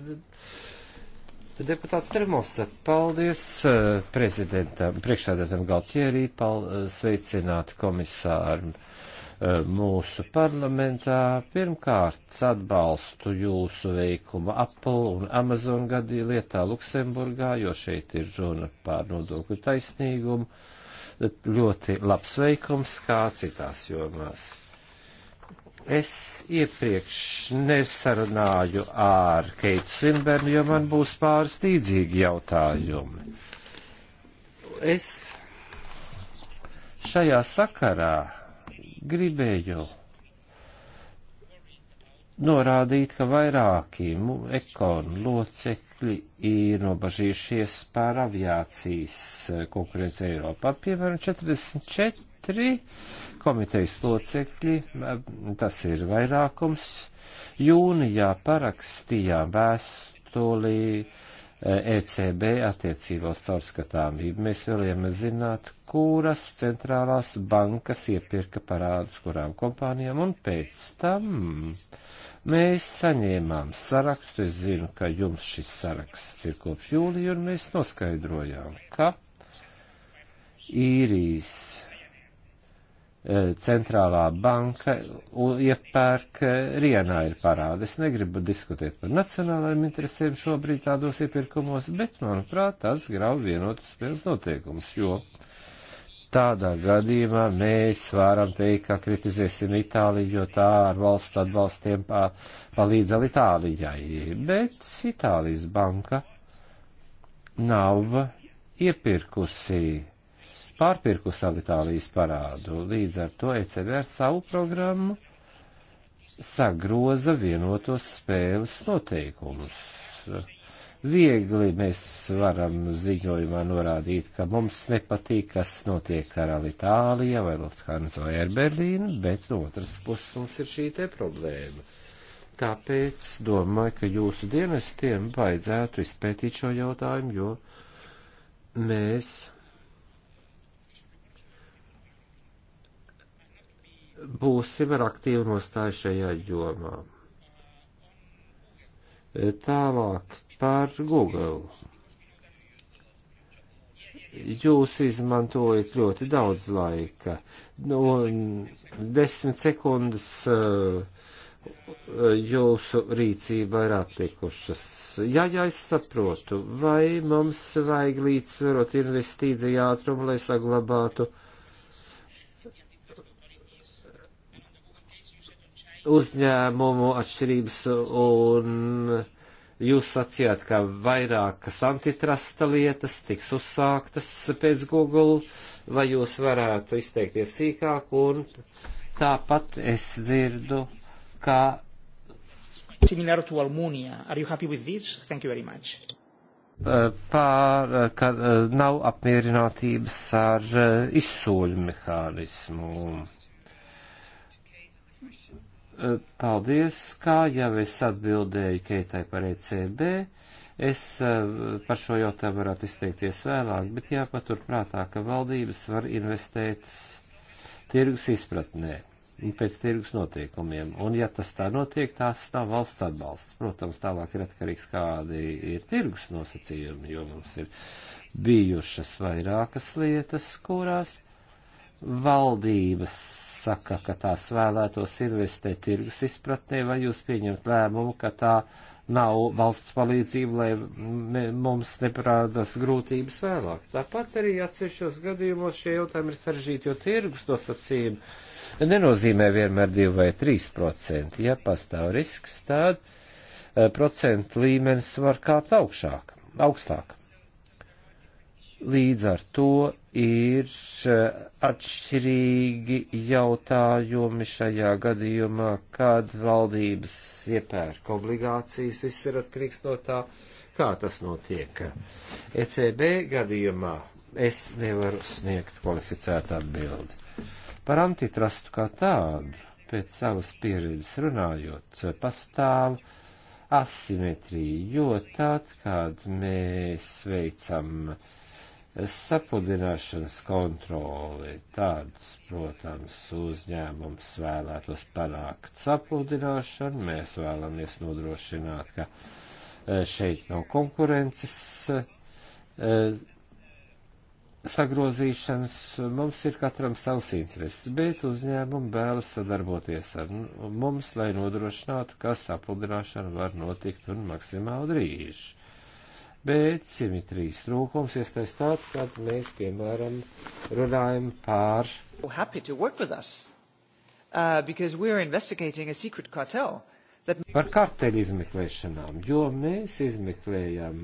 Deputāts Tremosa, paldies eh, prezidentam, priekšstādātam Galtierī, eh, sveicināt komisāru eh, mūsu parlamentā. Pirmkārt, atbalstu jūsu veikumu Apple un Amazon gadī lietā Luksemburgā, jo šeit ir runa par nodokļu taisnīgumu. Ļoti labs veikums kā citās jomās. Es iepriekš nesarunāju ar Keitu Simbernu, jo man būs pāris līdzīgi jautājumi. Es šajā sakarā gribēju norādīt, ka vairāki ekonu locekļi ir nobažījušies par aviācijas konkurence Eiropā. Piemēram, 44 četri komitejas locekļi, tas ir vairākums, jūnijā parakstījām vēstuli ECB eh, e attiecībos caurskatāmību. Mēs vēlamies zināt, kuras centrālās bankas iepirka parādus kurām kompānijām, un pēc tam mēs saņēmām sarakstu. Es zinu, ka jums šis saraksts ir kopš jūlija, un mēs noskaidrojām, ka īrijas centrālā banka iepērk e, rienā ir parādi. Es negribu diskutēt par nacionālajiem interesēm šobrīd tādos iepirkumos, bet, manuprāt, tas grauj vienotus spēles noteikumus, jo tādā gadījumā mēs varam teikt, ka kritizēsim Itāliju, jo tā ar valsts atbalstiem pā, palīdz al Itālijai. Bet Itālijas banka nav iepirkusi pārpirkusam Itālijas parādu. Līdz ar to ECB ar savu programmu sagroza vienotos spēles noteikumus. Viegli mēs varam ziņojumā norādīt, ka mums nepatīk, kas notiek ar Alitālija vai Lufthansa vai Erberlīnu, bet no otras puses mums ir šī te problēma. Tāpēc domāju, ka jūsu dienestiem vajadzētu izpētīt šo jautājumu, jo mēs būsim ar aktīvu nostāju šajā jomā. Tālāk par Google. Jūs izmantojat ļoti daudz laika, no nu, desmit sekundes uh, jūsu rīcība ir atlikušas. Jā, jā, es saprotu, vai mums vajag līdzsverot investīciju ātrumu, lai saglabātu uh, uzņēmumu atšķirības un jūs sacījāt, ka vairākas antitrasta lietas tiks uzsāktas pēc Google, vai jūs varētu izteikties sīkāk un tāpat es dzirdu, ka. Similar to Almunia. Are you happy with this? Thank you very much eh, pār, ka eh, nav apmierinātības ar eh, izsoļu mehānismu. Eh, paldies, kā jau es atbildēju Keitai par ECB. Es eh, par šo jautājumu varētu izteikties vēlāk, bet jāpatur prātā, ka valdības var investēt tirgus izpratnē un pēc tirgus noteikumiem. Un ja tas tā notiek, tās nav valsts atbalsts. Protams, tālāk ir atkarīgs, kādi ir tirgus nosacījumi, jo mums ir bijušas vairākas lietas, kurās valdības saka, ka tās vēlētos investēt tirgus izpratnē, vai jūs pieņemt lēmumu, ka tā nav valsts palīdzība, lai mums neparādās grūtības vēlāk. Tāpat arī atsevišķos gadījumos šie jautājumi ir saržīti, jo tirgus nosacījumi nenozīmē vienmēr 2 vai 3 procenti. Ja pastāv risks, tad eh, procentu līmenis var kāpt augšāk, augstāk. Līdz ar to ir eh, atšķirīgi jautājumi šajā gadījumā, kad valdības iepērk obligācijas, viss ir atkarīgs no tā, kā tas notiek. ECB gadījumā es nevaru sniegt kvalificētu atbildi. Par antitrustu kā tādu, pēc savas pieredzes runājot, pastāv asimetrija, jo tad, kad mēs veicam uh, sapludināšanas kontroli. Tāds, protams, uzņēmums vēlētos panākt sapludināšanu. Mēs vēlamies nodrošināt, ka e, šeit nav konkurences e, sagrozīšanas. Mums ir katram savs intereses, bet uzņēmumi vēlas sadarboties ar mums, lai nodrošinātu, ka sapludināšana var notikt un maksimāli drīz bet simetrijas trūkums iestājas tad, kad mēs, piemēram, runājam pār. Uh, par karteļu izmeklēšanām, jo mēs izmeklējam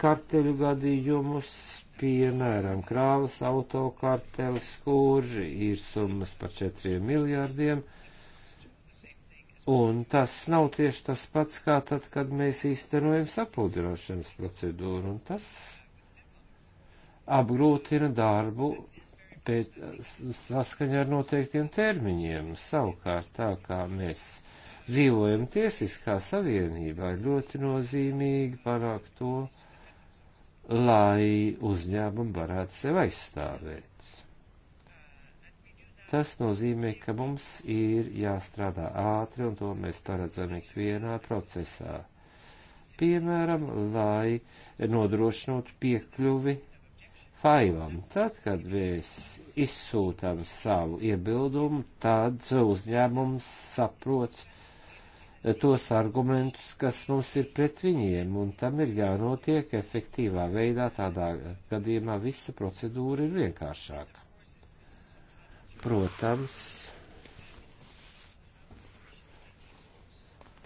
karteļu gadījumus piemēram, krāvas autokartelis, kur ir summas par 4 miljārdiem. Un tas nav tieši tas pats, kā tad, kad mēs īstenojam sapludināšanas procedūru, un tas apgrūtina darbu pēc saskaņā ar noteiktiem termiņiem. Savukārt, tā kā mēs dzīvojam tiesiskā savienībā, ļoti nozīmīgi panākt to, lai uzņēmumi varētu sev aizstāvēt. Tas nozīmē, ka mums ir jāstrādā ātri, un to mēs paredzam ikvienā procesā. Piemēram, lai nodrošinātu piekļuvi failam. Tad, kad mēs izsūtām savu iebildumu, tad uzņēmums saprot, uh, tos argumentus, kas mums ir pret viņiem, un tam ir jānotiek efektīvā veidā, tādā gadījumā visa procedūra ir vienkāršāka. Protams,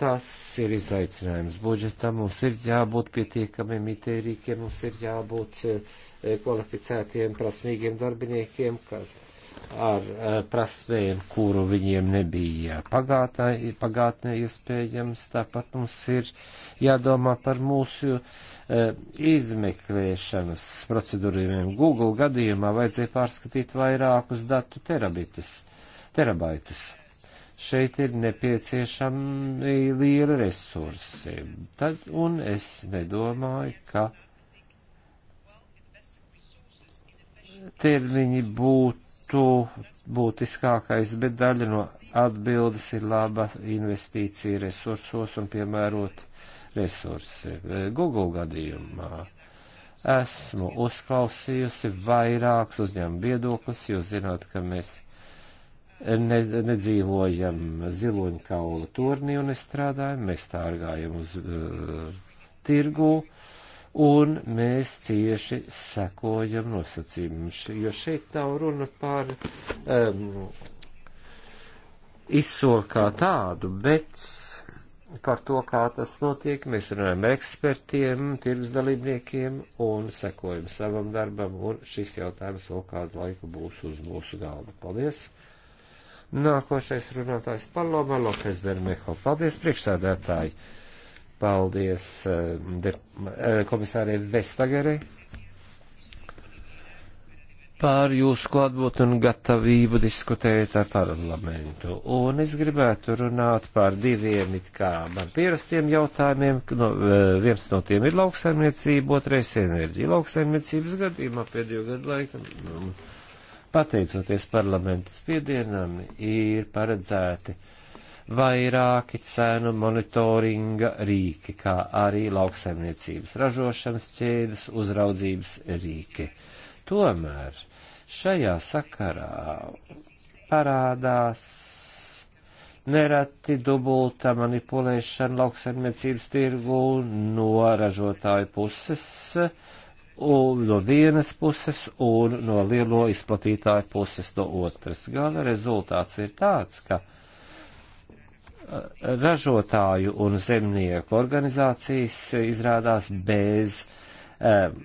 tas ir izaicinājums budžetam. Mums ir jābūt pietiekamiem itērīkiem, mums ir jābūt eh, kvalificētiem, prasmīgiem darbiniekiem, kas ar eh, prasmēm, kuru viņiem nebija pagātnē, pagātnē iespējams. Tāpat mums ir jādomā par mūsu eh, izmeklēšanas procedūriem. Google gadījumā vajadzēja pārskatīt vairākus datu terabitus, terabaitus. Šeit ir nepieciešami liela resursi. Tad, un es nedomāju, ka termiņi būtu būtu būtiskākais, bet daļa no atbildes ir laba investīcija resursos un piemērot resursi. Google gadījumā esmu uzklausījusi vairākus uzņēmumu viedokļus, jūs zināt, ka mēs ne, nedzīvojam ziloņkaula turnī un nestrādājam, mēs tārgājam uz uh, tirgu. Uh, un mēs cieši sekojam nosacījumiem, jo šeit nav runa par um, izsoli kā tādu, bet par to, kā tas notiek, mēs runājam ar ekspertiem, tirgus dalībniekiem un sekojam savam darbam, un šis jautājums vēl kādu laiku būs uz mūsu galda. Paldies! Nākošais runātājs Paloma Lopes Bermeho. Paldies, priekšsādētāji! Paldies eh, eh, komisārei Vestagerei par jūsu klātbūtni un gatavību diskutēt ar parlamentu. Un es gribētu runāt par diviem it kā man pierastiem jautājumiem. No, eh, viens no tiem ir lauksaimniecība, otrais enerģija. Lauksaimniecības gadījumā pēdējo gadu laikā, nu, pateicoties parlamentas spiedienam, ir paredzēti uh, vairāki cenu monitoringa rīki, kā arī lauksaimniecības ražošanas ķēdes uzraudzības rīki. Tomēr šajā sakarā parādās nereti dubulta manipulēšana lauksaimniecības tirgu no ražotāju puses, un no vienas puses un no lielo izplatītāju puses no otras. Gala rezultāts ir tāds, ka ražotāju un zemnieku organizācijas izrādās bez um,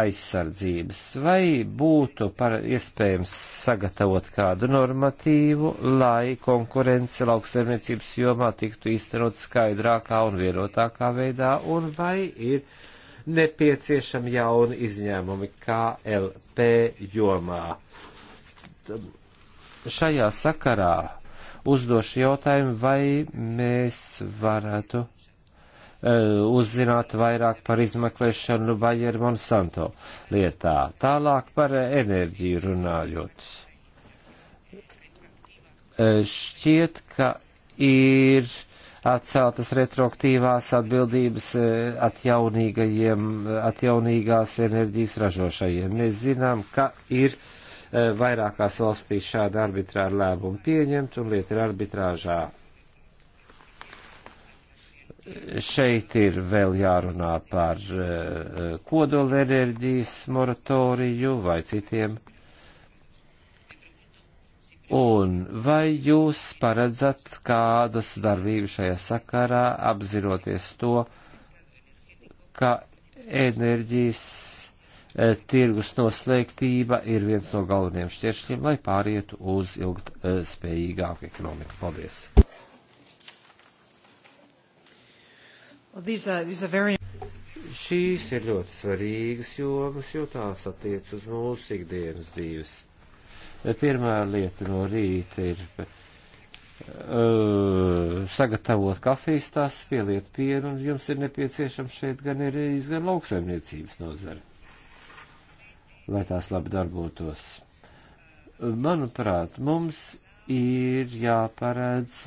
aizsardzības, vai būtu par iespējams sagatavot kādu normatīvu, lai konkurence lauksaimniecības jomā tiktu īstenot skaidrākā un vienotākā veidā, un vai ir nepieciešami jauni izņēmumi KLP jomā. Šajā sakarā uzdošu jautājumu, vai mēs varētu e, uzzināt vairāk par izmeklēšanu Bayer Monsanto lietā. Tālāk par enerģiju runājot. E, šķiet, ka ir atceltas retroaktīvās atbildības e, atjaunīgajiem, atjaunīgās enerģijas ražošajiem. Mēs zinām, ka ir uh, Eh, vairākās valstīs šāda arbitrāra lēmuma pieņemt un lieta ir arbitrāžā. Šeit ir vēl jārunā par eh, kodolenerģijas moratoriju vai citiem Un vai jūs paredzat kādas darbības šajā sakarā, apzinoties to, ka enerģijas E, tirgus noslēgtība ir viens no galvenajiem šķēršļiem, lai pārietu uz ilgspējīgāku e, ekonomiku. Paldies! Well, these are, these are very... Šīs ir ļoti svarīgas jomas, jo tās attiec uz mūsu ikdienas dzīves. E, pirmā lieta no rīta ir Uh, sagatavot kafijas tās, pieliet pienu, un jums ir nepieciešams šeit gan ir gan lauksaimniecības nozara lai tās labi darbotos. Manuprāt, mums ir jāparedz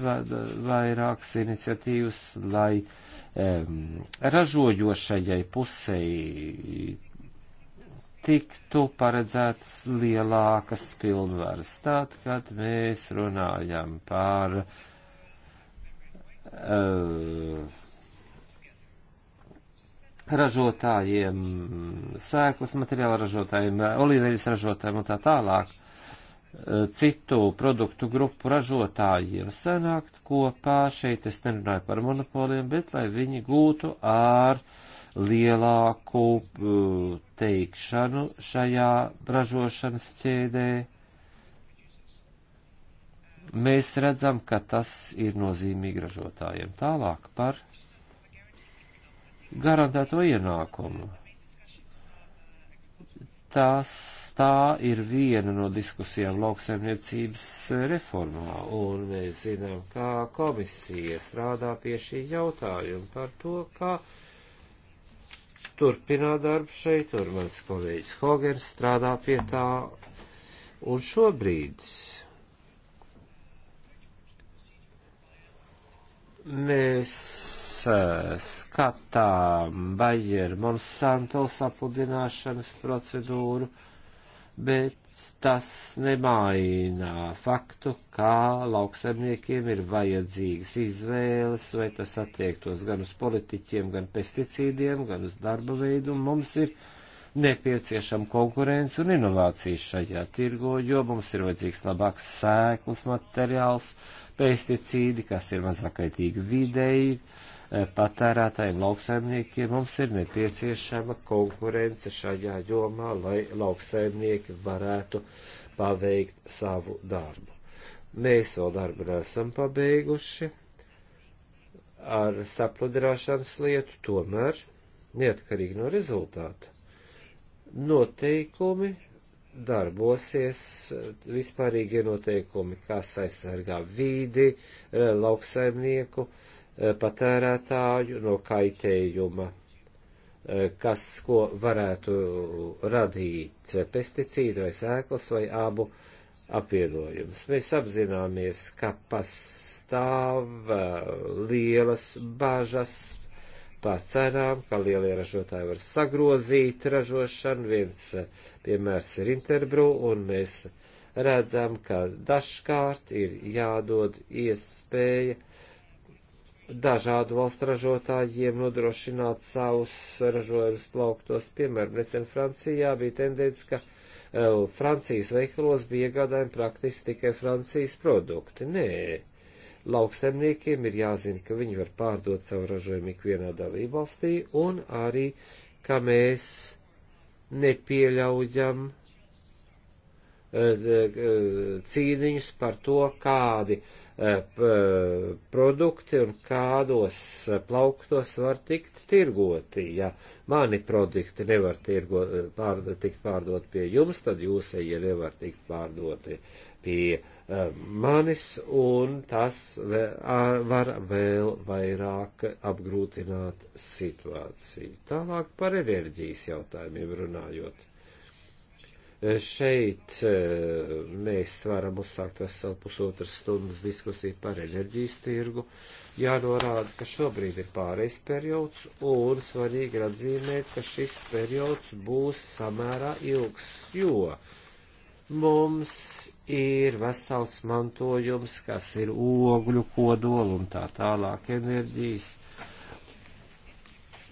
vairākas iniciatīvas, lai um, ražojošajai pusei tiktu paredzētas lielākas pilnvaras. Tad, kad mēs runājam par uh, ražotājiem, sēklas materiāla ražotājiem, olīveļas ražotājiem un tā tālāk, citu produktu grupu ražotājiem sanākt kopā, šeit es nerunāju par monopoliem, bet lai viņi gūtu ar lielāku uh, teikšanu šajā ražošanas ķēdē. Mēs redzam, ka tas ir nozīmīgi ražotājiem. Tālāk par garantēto ienākumu. Tās, tā ir viena no diskusijām lauksaimniecības reformā, un mēs zinām, kā komisija strādā pie šī jautājuma par to, kā turpināt darbu šeit, un mans kolēģis Hogers strādā pie tā, un šobrīd mēs skatām Bayer Monsanto sapludināšanas procedūru, bet tas nemaina faktu, kā lauksaimniekiem ir vajadzīgas izvēles, vai tas attiektos gan uz politiķiem, gan pesticīdiem, gan uz darba veidu, un mums ir nepieciešama konkurence un inovācijas šajā tirgo, jo mums ir vajadzīgs labāks sēklas materiāls, pesticīdi, kas ir mazākaitīgi videi, Eh, patērētājiem, lauksaimniekiem. Mums ir nepieciešama konkurence šajā jomā, lai lauksaimnieki varētu paveikt savu darbu. Mēs vēl darbu nesam pabeiguši ar sapludināšanas lietu, tomēr, neatkarīgi no rezultāta, noteikumi darbosies vispārīgie noteikumi, kas aizsargā vīdi, eh, lauksaimnieku, uh, Eh, patērētāju no kaitējuma, eh, kas ko varētu radīt eh, pesticīdu vai sēklas vai abu apvienojums. Mēs apzināmies, ka pastāv lielas bažas par cenām, ka lielie ražotāji var sagrozīt ražošanu. Viens piemērs ir Interbru, un mēs redzam, ka dažkārt ir jādod iespēja dažādu valstu ražotājiem nodrošināt savus ražojumus plauktos. Piemēram, nesen Francijā bija tendence, ka uh, Francijas veikalos bija iegādājumi praktiski tikai Francijas produkti. Nē, lauksemniekiem ir jāzina, ka viņi var pārdot savu ražojumu ikvienā dalībvalstī un arī, ka mēs nepieļaujam uh, cīniņus par to, kādi eh, produkti un kādos eh, plauktos var tikt tirgoti. Ja mani produkti nevar tirgo, eh, pār, tikt pārdot pie jums, tad jūsējie nevar tikt pārdoti pie manis, un tas var vēl vairāk apgrūtināt situāciju. Tālāk par enerģijas jautājumiem runājot Šeit eh, mēs varam uzsākt veselu pusotras stundas diskusiju par enerģijas tirgu. Jānorāda, ka šobrīd ir pārejas periods un svarīgi ir atzīmēt, ka šis periods būs samērā ilgs, jo mums ir vesels mantojums, kas ir ogļu kodoli un tā tālāk enerģijas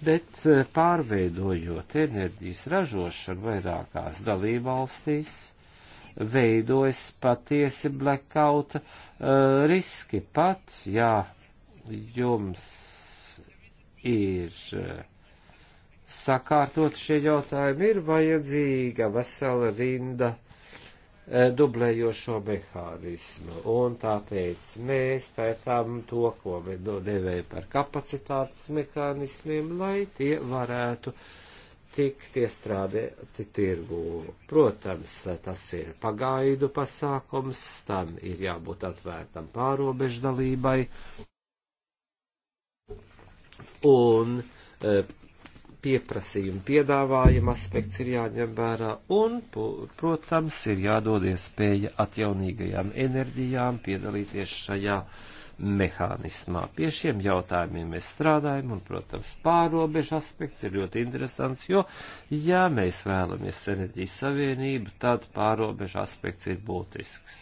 bet eh, pārveidojot enerģijas ražošanu vairākās dalībvalstīs, veidojas patiesi blackout uh, riski pats, jā, jums ir eh, sakārtot šie jautājumi, ir vajadzīga vesela rinda uh, E, dublējošo mehānismu, un tāpēc mēs pētām to, ko devēja par kapacitātes mehānismiem, lai tie varētu tikt iestrādēti tirgū. Protams, tas ir pagaidu pasākums, tam ir jābūt atvērtam pārobežu dalībai, un e, pieprasījuma piedāvājuma aspekts ir jāņem vērā un, protams, ir jādod iespēja atjaunīgajām enerģijām piedalīties šajā mehānismā. Pie šiem jautājumiem mēs strādājam, un, protams, pārobežu aspekts ir ļoti interesants, jo, ja mēs vēlamies enerģijas savienību, tad pārobežu aspekts ir būtisks.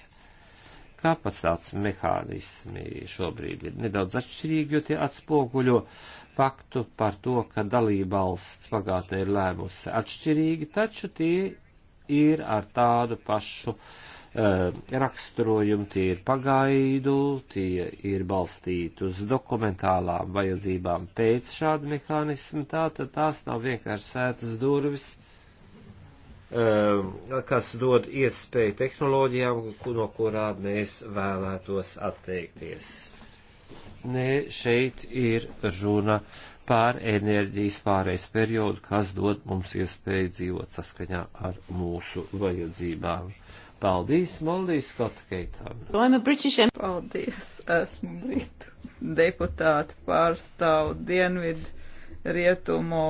Kapacitātes mehānismi šobrīd ir nedaudz atšķirīgi, jo tie atspoguļo uh, faktu par to, ka dalībvalsts pagātnē ir lēmusi atšķirīgi, taču tie ir ar tādu pašu uh, raksturojumu, tie ir pagaidu, tie ir balstīti uz dokumentālām vajadzībām pēc šāda mehānisma, tātad tās nav vienkārši sētas durvis, uh, kas dod iespēju tehnoloģijām, no kurām mēs vēlētos atteikties. Nē, šeit ir runa pār enerģijas pārējais periodu, kas dod mums iespēju dzīvot saskaņā ar mūsu vajadzībām. Paldies, Maldīs Skotkeitām! Paldies, esmu Britu deputāti, pārstāvu Dienvidu rietumu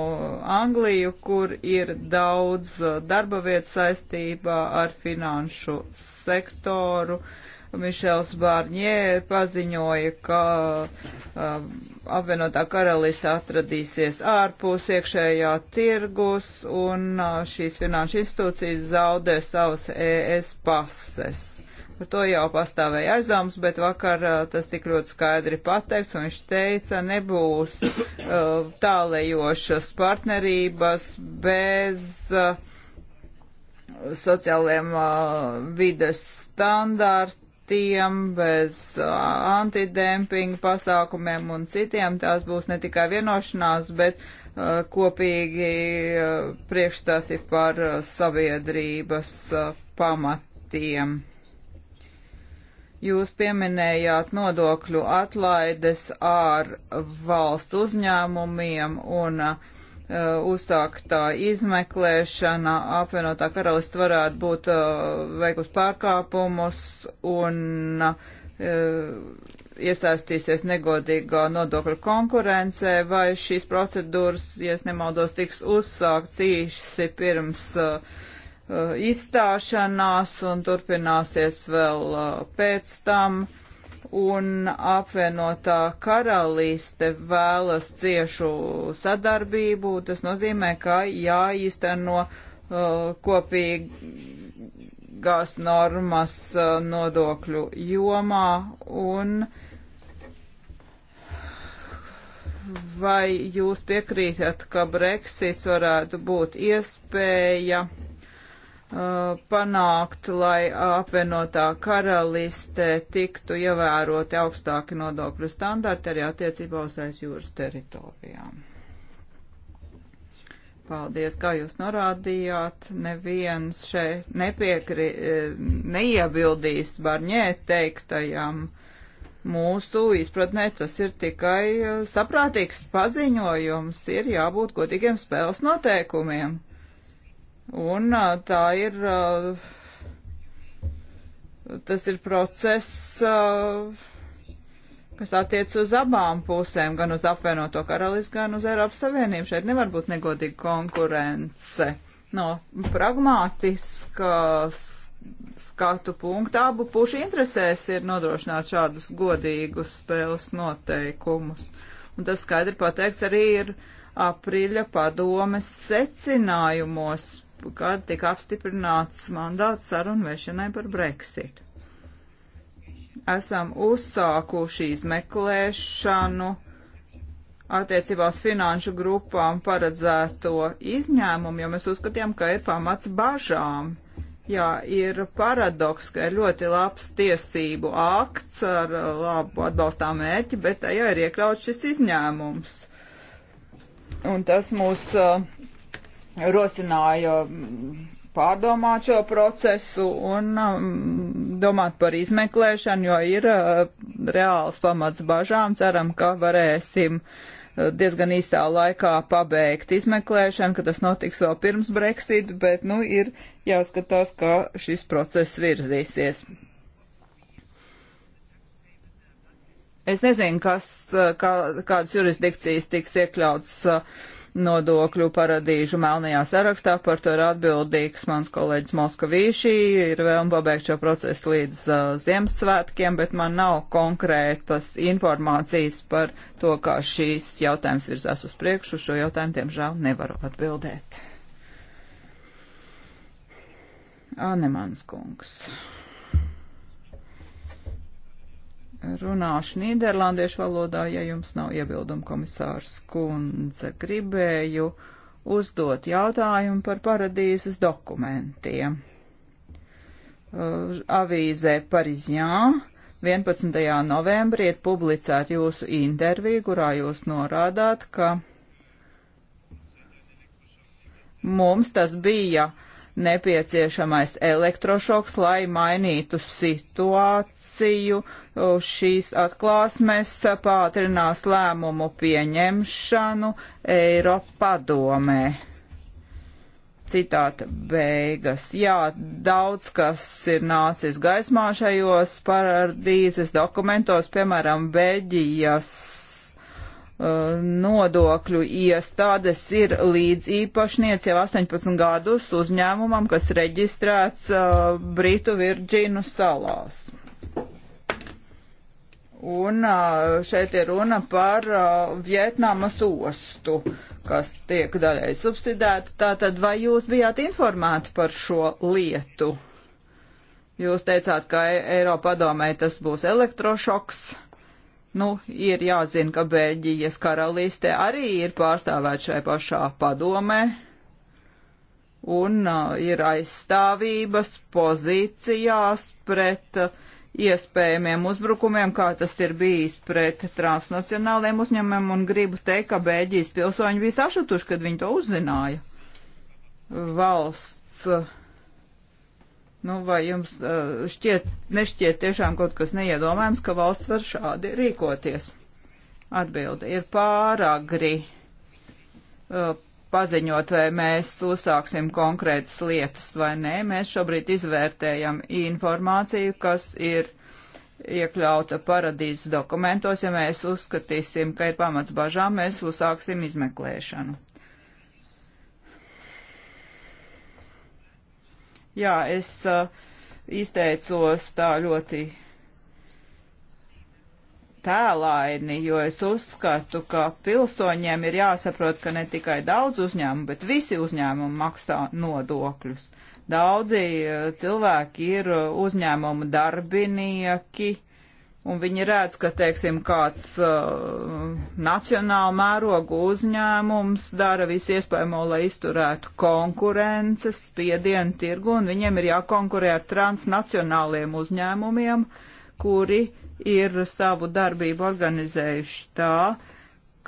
Angliju, kur ir daudz darba vietu saistībā ar finanšu sektoru. Uh, Mišels Bārņē paziņoja, ka um, apvienotā karalista atradīsies ārpus iekšējā tirgus un uh, šīs finanšu institūcijas zaudē savas ES pases. Par to jau pastāvēja aizdoms, bet vakar uh, tas tik ļoti skaidri pateikts, un viņš teica, nebūs uh, tālējošas partnerības bez uh, sociāliem uh, vides standārtiem aktiem, bez antidempinga pasākumiem un citiem. Tās būs ne tikai vienošanās, bet uh, kopīgi uh, priekšstati par uh, sabiedrības pamatiem. Jūs pieminējāt nodokļu atlaides ar valstu uzņēmumiem un uh, Eh, uzsāktā izmeklēšana apvienotā karalista varētu būt eh, veikus pārkāpumus un eh, iesaistīsies negodīgā nodokļa konkurencē, vai šīs procedūras, ja es nemaldos, tiks uzsākts īsi pirms izstāšanās un turpināsies vēl pēc tam. Uh, un apvienotā karalīste vēlas ciešu sadarbību, tas nozīmē, ka jāīsteno uh, kopīgās normas uh, nodokļu jomā un vai jūs piekrītat, ka Brexits varētu būt iespēja? Uh, panākt, lai apvienotā karalistē tiktu ievēroti augstāki nodokļu standarti arī attiecībā uz aizjūras teritorijām. Paldies, kā jūs norādījāt, neviens šeit nepiekri, eh, neiebildīs barņē teiktajam. Mūsu izpratnē tas ir tikai eh, saprātīgs paziņojums, ir jābūt godīgiem spēles noteikumiem Un tā ir, tas ir process, kas attiec uz abām pusēm, gan uz apvienoto karalis, gan uz Eiropas Savienību. Šeit nevar būt negodīga konkurence. No pragmātiskas skatu punkta abu pušu interesēs ir nodrošināt šādus godīgus spēles noteikumus. Un tas skaidri pateikts arī ir aprīļa padomes secinājumos kad tika apstiprināts mandāts sarunvešanai par Brexitu. Esam uzsākuši izmeklēšanu attiecībā uz finanšu grupām paredzēto izņēmumu, jo mēs uzskatījām, ka ir pamats bažām. Jā, ir paradoks, ka ir ļoti labs tiesību akts ar labu atbalstām mērķi, bet tajā ir iekļauts šis izņēmums. Un tas mūs uh, rosināja pārdomāt šo procesu un um, domāt par izmeklēšanu, jo ir uh, reāls pamats bažām. Ceram, ka varēsim uh, diezgan īstā laikā pabeigt izmeklēšanu, ka tas notiks vēl pirms Brexit, bet, nu, ir jāskatās, kā šis process virzīsies. Es nezinu, kas, uh, kā, kādas jurisdikcijas tiks iekļauts uh, nodokļu paradīžu melnajā sarakstā. Par to ir atbildīgs mans kolēģis Moskavīši. Ir vēlme pabeigt šo procesu līdz uh, Ziemassvētkiem, bet man nav konkrētas informācijas par to, kā šīs jautājums virzās uz priekšu. Šo jautājumu, diemžēl, nevaru atbildēt. Anemans kungs runāšu nīderlandiešu valodā, ja jums nav iebildumu komisārs kundze. Gribēju uzdot jautājumu par paradīzes dokumentiem. Uh, avīzē Parizjā 11. novembrī ir publicēta jūsu intervija, kurā jūs norādāt, ka mums tas bija nepieciešamais elektrošoks, lai mainītu situāciju. Šīs atklāsmes pātrinās lēmumu pieņemšanu Eiropadomē. Citāta beigas. Jā, daudz kas ir nācis gaismā šajos paradīzes dokumentos, piemēram, Beļģijas Uh, nodokļu iestādes ir līdz īpašniec jau 18 gadus uzņēmumam, kas reģistrēts uh, Britu Virģīnu salās. Un uh, šeit ir runa par uh, Vietnamas ostu, kas tiek daļai subsidēta. Tātad vai jūs bijāt informēti par šo lietu? Jūs teicāt, ka Eiropa domē tas būs elektrošoks. Uh, Nu, ir jāzina, ka Bēļģijas karalīste arī ir pārstāvēta šai pašā padomē un uh, ir aizstāvības pozīcijās pret uh, iespējamiem uzbrukumiem, kā tas ir bijis pret transnacionāliem uzņēmumiem, un gribu teikt, ka Bēļģijas pilsoņi bija sašutuši, kad viņi to uzzināja. Valsts uh, Nu, vai jums šķiet, nešķiet tiešām kaut kas neiedomājams, ka valsts var šādi rīkoties? Atbilde ir pāragri paziņot, vai mēs uzsāksim konkrētas lietas vai nē. Mēs šobrīd izvērtējam informāciju, kas ir iekļauta paradīzes dokumentos. Ja mēs uzskatīsim, ka ir pamats bažām, mēs uzsāksim izmeklēšanu. Jā, es uh, izteicos tā ļoti tēlaini, jo es uzskatu, ka pilsoņiem ir jāsaprot, ka ne tikai daudz uzņēmumu, bet visi uzņēmumi maksā nodokļus. Daudzi uh, cilvēki ir uh, uzņēmumu darbinieki, Un viņi redz, ka, teiksim, kāds uh, nacionāla mēroga uzņēmums dara visu iespējamo, lai izturētu konkurences, spiedienu tirgu, un viņiem ir jākonkurē ar transnacionāliem uzņēmumiem, kuri ir savu darbību organizējuši tā,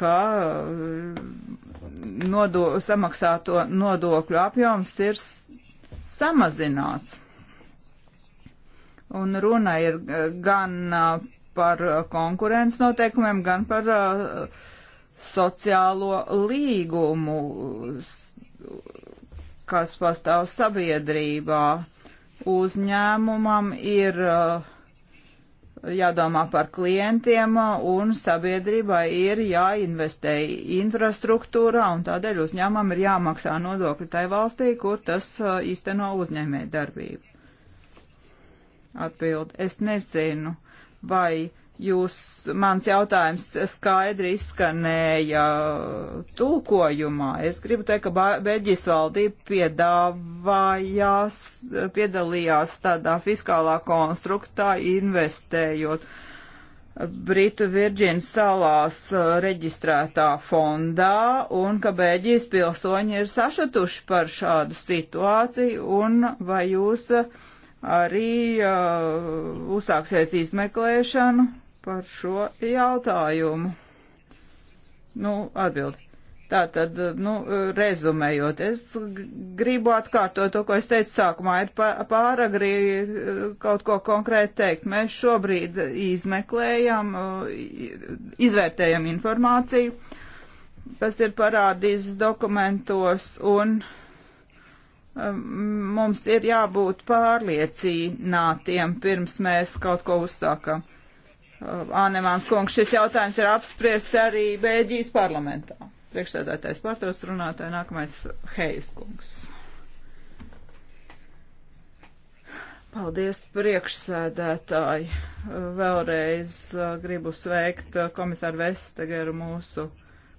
ka uh, nodo, samaksāto nodokļu apjoms ir samazināts. Un runa ir eh, gan eh, par eh, konkurences noteikumiem, gan par sociālo līgumu, kas pastāv sabiedrībā. Uzņēmumam ir uh, jādomā par klientiem un sabiedrībai ir jāinvestē infrastruktūrā un tādēļ uzņēmumam ir jāmaksā nodokļi tai valstī, kur tas īsteno uzņēmē darbību. Atbild. Es nezinu, vai jūs, mans jautājums skaidri izskanēja tulkojumā. Es gribu teikt, ka Beļģijas valdība piedāvājās, piedalījās tādā fiskālā konstruktā investējot Britu Virģīnas salās uh, reģistrētā fondā un ka Beļģijas pilsoņi ir sašatuši par šādu situāciju un vai jūs uh, arī uh, uzsāksiet izmeklēšanu par šo jautājumu. Nu, atbildi. Tātad, nu, rezumējot, es gribu atkārtot to, ko es teicu sākumā, ir pāragri uh, kaut ko konkrēti teikt. Mēs šobrīd izmeklējam, uh, izvērtējam informāciju, kas ir parādījis dokumentos un. Uh, mums ir jābūt pārliecinātiem pirms mēs kaut ko uzsākam. Ānemāns kungs, šis jautājums ir apspriests arī Bēļģijas parlamentā. Priekšsēdētājs pārtrauc runātāju, nākamais Heijas kungs. Paldies, priekšsēdētāji. Vēlreiz eh, gribu sveikt eh, komisāru Vestegeru mūsu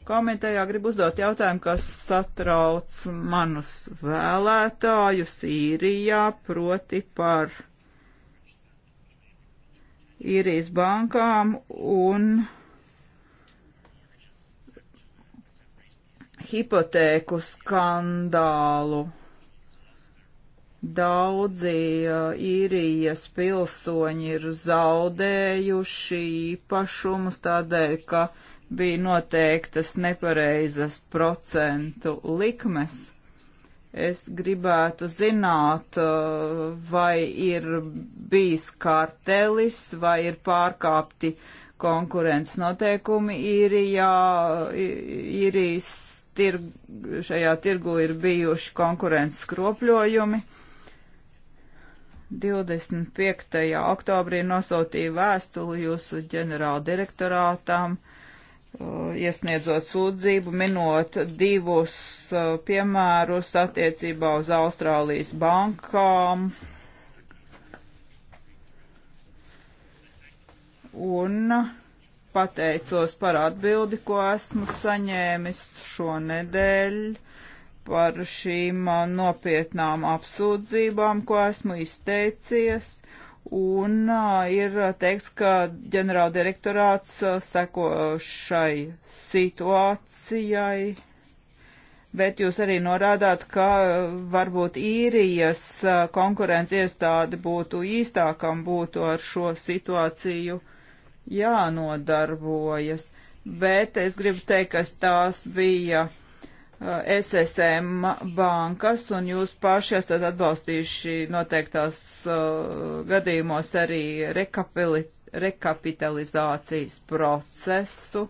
komitejā gribu uzdot jautājumu, kas satrauc manus vēlētājus īrijā, proti par īrijas bankām un hipotēku skandālu. Daudzi īrijas pilsoņi ir zaudējuši īpašumus tādēļ, ka uh, bija noteiktas nepareizas procentu likmes. Es gribētu zināt, uh, vai ir bijis kartelis, vai ir pārkāpti konkurences noteikumi īrijā, īrijas tirg, šajā tirgu ir bijuši konkurences kropļojumi. 25. oktobrī nosūtīja vēstuli jūsu ģenerāldirektorātām. direktorātām Uh, iesniedzot sūdzību, minot divus uh, piemērus attiecībā uz Austrālijas bankām. Un pateicos par atbildi, ko esmu saņēmis šonedēļ par šīm uh, nopietnām apsūdzībām, ko esmu izteicies Un uh, ir teikts, ka ģenerāldirektorāts uh, seko šai situācijai, bet jūs arī norādāt, ka uh, varbūt īrijas uh, konkurence iestāde būtu īstākam būtu ar šo situāciju jānodarbojas. Bet es gribu teikt, ka tās bija uh, SSM bankas, un jūs paši esat atbalstījuši noteiktās uh, gadījumos arī rekapitalizācijas procesu.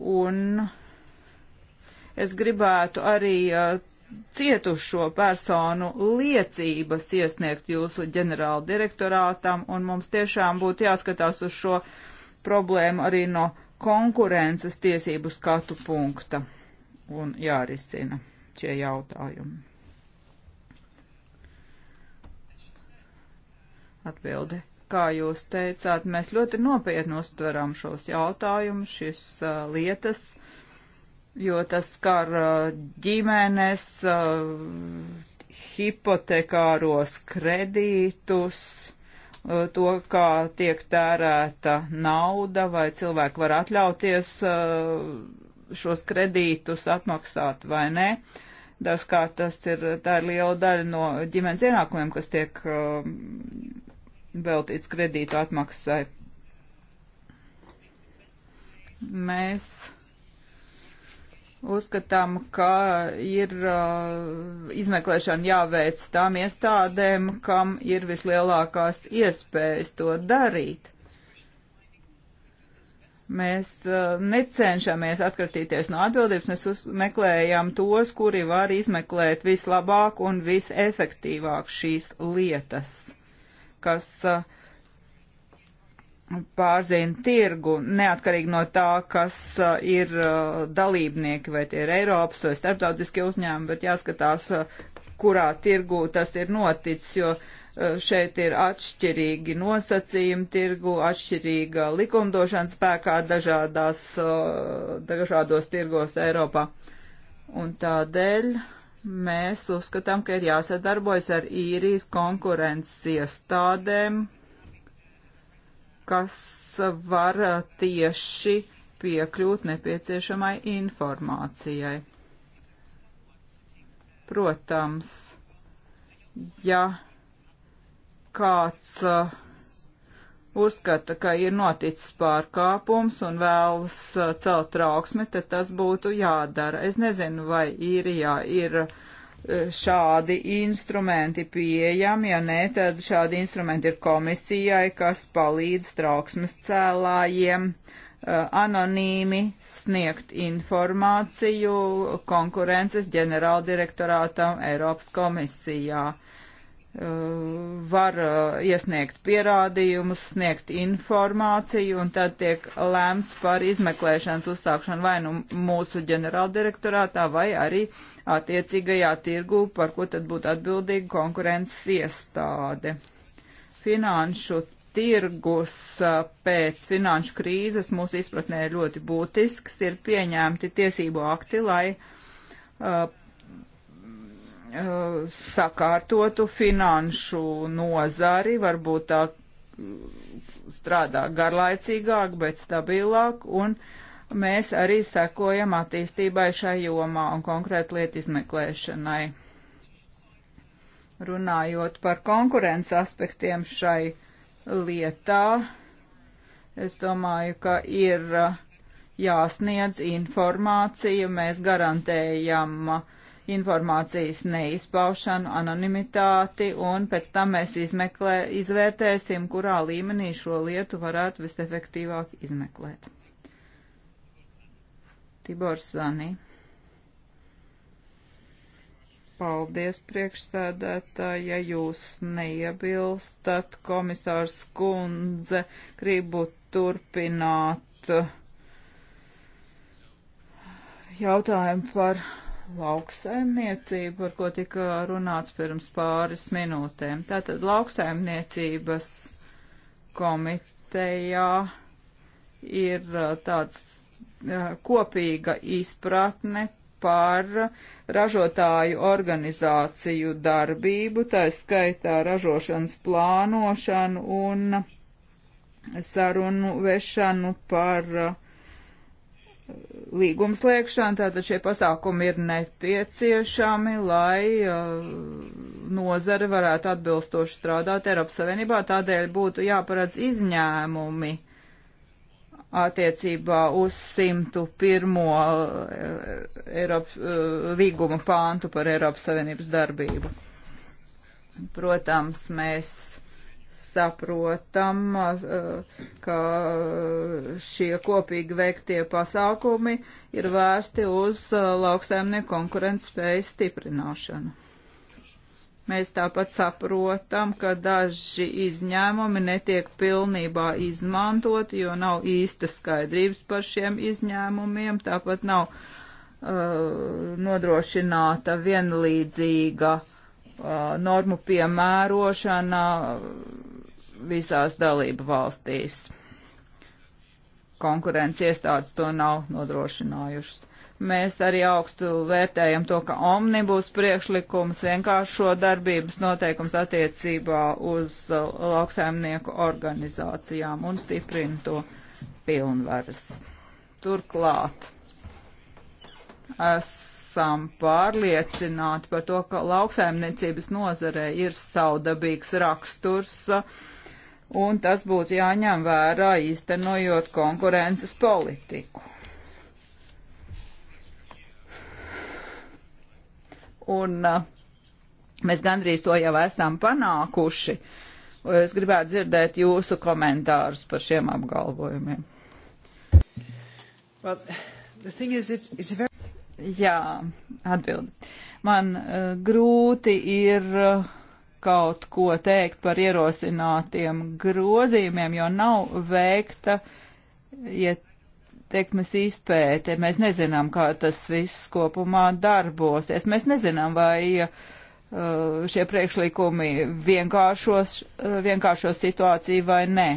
Un es gribētu arī uh, cietušo personu liecības iesniegt jūsu ģenerāla direktorātam, un mums tiešām būtu jāskatās uz šo problēmu arī no konkurences tiesību skatu punkta un jārisina šie jautājumi. Atbildi. Kā jūs teicāt, mēs ļoti nopietni uztveram šos jautājumus, šis uh, lietas, jo tas skar uh, ģimenes, uh, hipotekāros kredītus, uh, to, kā tiek tērēta nauda, vai cilvēki var atļauties uh, šos kredītus atmaksāt vai nē. Dažkārt tas ir, tā ir liela daļa no ģimenes ienākumiem, kas tiek uh, veltīts kredītu atmaksai. Mēs uzskatām, ka ir uh, izmeklēšana jāveic tām iestādēm, kam ir vislielākās iespējas to darīt. Mēs uh, necenšamies atkartīties no atbildības, mēs uzmeklējam tos, kuri var izmeklēt vislabāk un visefektīvāk šīs lietas, kas uh, pārzina tirgu, neatkarīgi no tā, kas uh, ir uh, dalībnieki, vai tie ir Eiropas vai starptautiskie uzņēmumi, bet jāskatās, uh, kurā tirgu tas ir noticis, jo uh, Eh, šeit ir atšķirīgi nosacījumi tirgu, atšķirīga likumdošana spēkā dažādās, eh, dažādos tirgos Eiropā. Un tādēļ mēs uzskatām, ka ir jāsadarbojas ar īrijas konkurences iestādēm, kas var eh, tieši piekļūt nepieciešamai informācijai. Protams, ja kāds uh, uzskata, ka ir noticis pārkāpums un vēlas uh, celt trauksmi, tad tas būtu jādara. Es nezinu, vai īrijā ir, jā, uh, ir šādi instrumenti pieejami, ja nē, tad šādi instrumenti ir komisijai, kas palīdz trauksmes cēlājiem uh, anonīmi sniegt informāciju konkurences ģenerāldirektorātam Eiropas komisijā var uh, iesniegt pierādījumus, sniegt informāciju, un tad tiek lēmts par izmeklēšanas uzsākšanu vai nu mūsu ģenerāldirektorātā, vai arī attiecīgajā tirgū, par ko tad būtu atbildīga konkurences iestāde. Finanšu tirgus uh, pēc finanšu krīzes mūsu izpratnē ir ļoti būtisks, ir pieņemti tiesību akti, lai uh, sakārtotu finanšu nozari, varbūt tā strādā garlaicīgāk, bet stabilāk, un mēs arī sekojam attīstībai šai jomā un konkrēti lietu izmeklēšanai. Runājot par konkurences aspektiem šai lietā, es domāju, ka ir uh, jāsniedz informācija, mēs garantējam uh, informācijas neizpaušanu, anonimitāti, un pēc tam mēs izmeklē, izvērtēsim, kurā līmenī šo lietu varētu visefektīvāk izmeklēt. Tibors Zani. Paldies, priekšsēdētāji, ja jūs neiebilstat, komisārs Kundze, gribu turpināt jautājumu par lauksaimniecību, par ko tika runāts pirms pāris minūtēm. Tātad lauksaimniecības komitejā ir uh, tāds uh, kopīga izpratne par ražotāju organizāciju darbību, tā skaitā ražošanas plānošanu un sarunu vešanu par uh, līgums liekšana, tātad šie pasākumi ir nepieciešami, lai uh, nozare varētu atbilstoši strādāt Eiropas Savienībā, tādēļ būtu jāparedz izņēmumi attiecībā uz 101. Uh, Eiropas, uh, līguma pāntu par Eiropas Savienības darbību. Protams, mēs saprotam, ka šie kopīgi veiktie pasākumi ir vērsti uz lauksaimnieku konkurences spējas stiprināšanu. Mēs tāpat saprotam, ka daži izņēmumi netiek pilnībā izmantoti, jo nav īsta skaidrības par šiem izņēmumiem, tāpat nav uh, nodrošināta vienlīdzīga uh, normu piemērošana visās dalību valstīs. Konkurences iestādes to nav nodrošinājušas. Mēs arī augstu vērtējam to, ka omnibus priekšlikums vienkāršo darbības noteikums attiecībā uz uh, lauksaimnieku organizācijām un stiprina to pilnvaras. Turklāt esam pārliecināti par to, ka lauksaimniecības nozarē ir saudabīgs raksturs. Uh, un tas būtu jāņem vērā īstenojot konkurences politiku. Un uh, mēs gandrīz to jau esam panākuši. Es gribētu dzirdēt jūsu komentārus par šiem apgalvojumiem. Well, is, it's, it's very... Jā, atbildi. Man uh, grūti ir uh, kaut ko teikt par ierosinātiem grozījumiem, jo nav veikta ietekmes ja izpēte. Mēs nezinām, kā tas viss kopumā darbosies. Mēs nezinām, vai uh, šie priekšlikumi vienkāršos, uh, vienkāršos situāciju vai nē.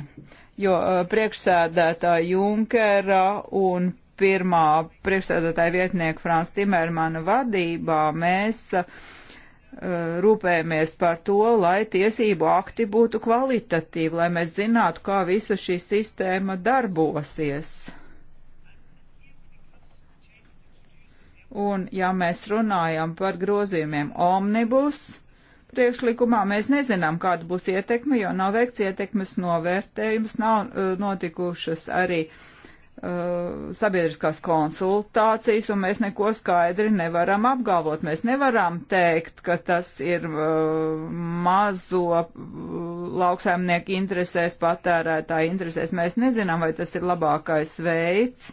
Jo uh, priekšsēdētāja Junkera un pirmā priekšsēdētāja vietnieka Frans Timermana vadībā mēs uh, Eh, rūpējamies par to, lai tiesību akti būtu kvalitatīvi, lai mēs zinātu, kā visa šī sistēma darbosies. Un, ja mēs runājam par grozījumiem omnibus priekšlikumā, mēs nezinām, kāda būs ietekme, jo nav veikts ietekmes novērtējums, nav eh, notikušas arī uh, Uh, sabiedriskās konsultācijas, un mēs neko skaidri nevaram apgalvot. Mēs nevaram teikt, ka tas ir uh, mazo uh, lauksaimnieku interesēs, patērētāju interesēs. Mēs nezinām, vai tas ir labākais veids,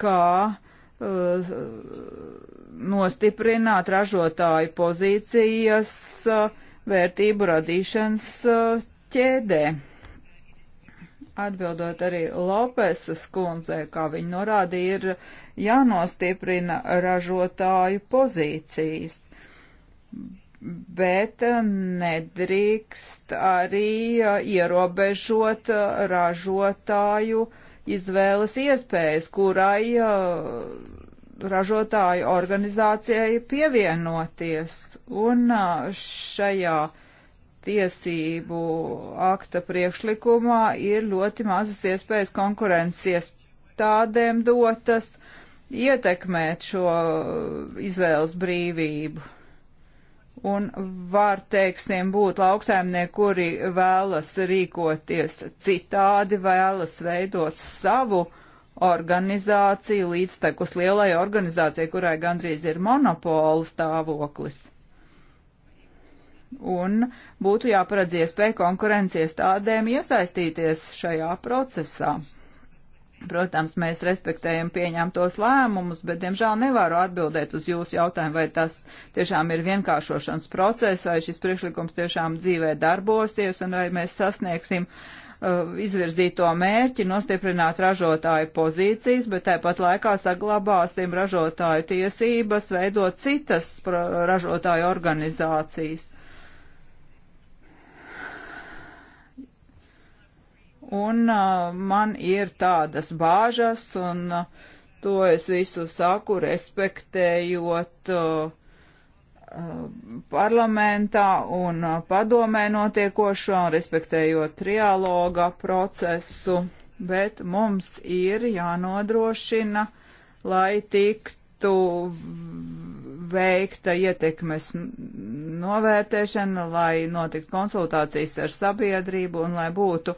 kā uh, nostiprināt ražotāju pozīcijas uh, vērtību radīšanas uh, ķēdē. Atbildot arī Lopesas kundzei, kā viņa norādīja, ir jānostiprina ražotāju pozīcijas, bet nedrīkst arī uh, ierobežot uh, ražotāju izvēles iespējas, kurai uh, ražotāju organizācijai pievienoties. Un šajā tiesību akta priekšlikumā ir ļoti mazas iespējas konkurences iestādēm dotas ietekmēt šo izvēles brīvību. Un var, teiksim, būt lauksaimnieki, kuri vēlas rīkoties citādi, vēlas veidot savu organizāciju līdztekus lielai organizācijai, kurai gandrīz ir monopola stāvoklis un būtu jāparedz iespēja konkurences tādēm iesaistīties šajā procesā. Protams, mēs respektējam pieņemtos lēmumus, bet, diemžēl, nevaru atbildēt uz jūsu jautājumu, vai tas tiešām ir vienkāršošanas process, vai šis priekšlikums tiešām dzīvē darbosies, un vai mēs sasniegsim uh, izvirzīto mērķi, nostiprināt ražotāju pozīcijas, bet tāpat laikā saglabāsim ražotāju tiesības, veidot citas ražotāju organizācijas un uh, man ir tādas bāžas, un uh, to es visu saku respektējot uh, uh parlamentā un uh, padomē notiekošo, un respektējot trialoga procesu, bet mums ir jānodrošina, lai tiktu veikta ietekmes novērtēšana, lai notiktu konsultācijas ar sabiedrību un lai būtu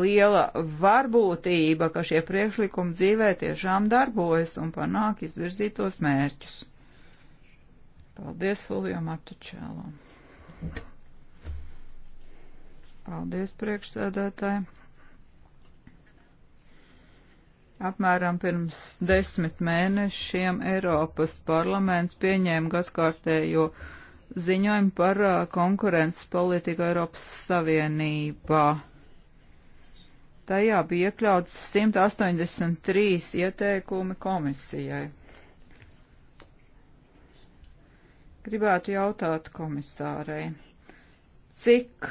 liela varbūtība, ka šie priekšlikumi dzīvē tiešām darbojas un panāk izvirzītos mērķus. Paldies Fulijam Artučēlam. Paldies priekšsēdētājiem. Apmēram pirms desmit mēnešiem Eiropas parlaments pieņēma gaskārtējo ziņojumu par konkurences politiku Eiropas Savienībā. Tajā bija iekļauts 183 ieteikumi komisijai. Gribētu jautāt komisārei, cik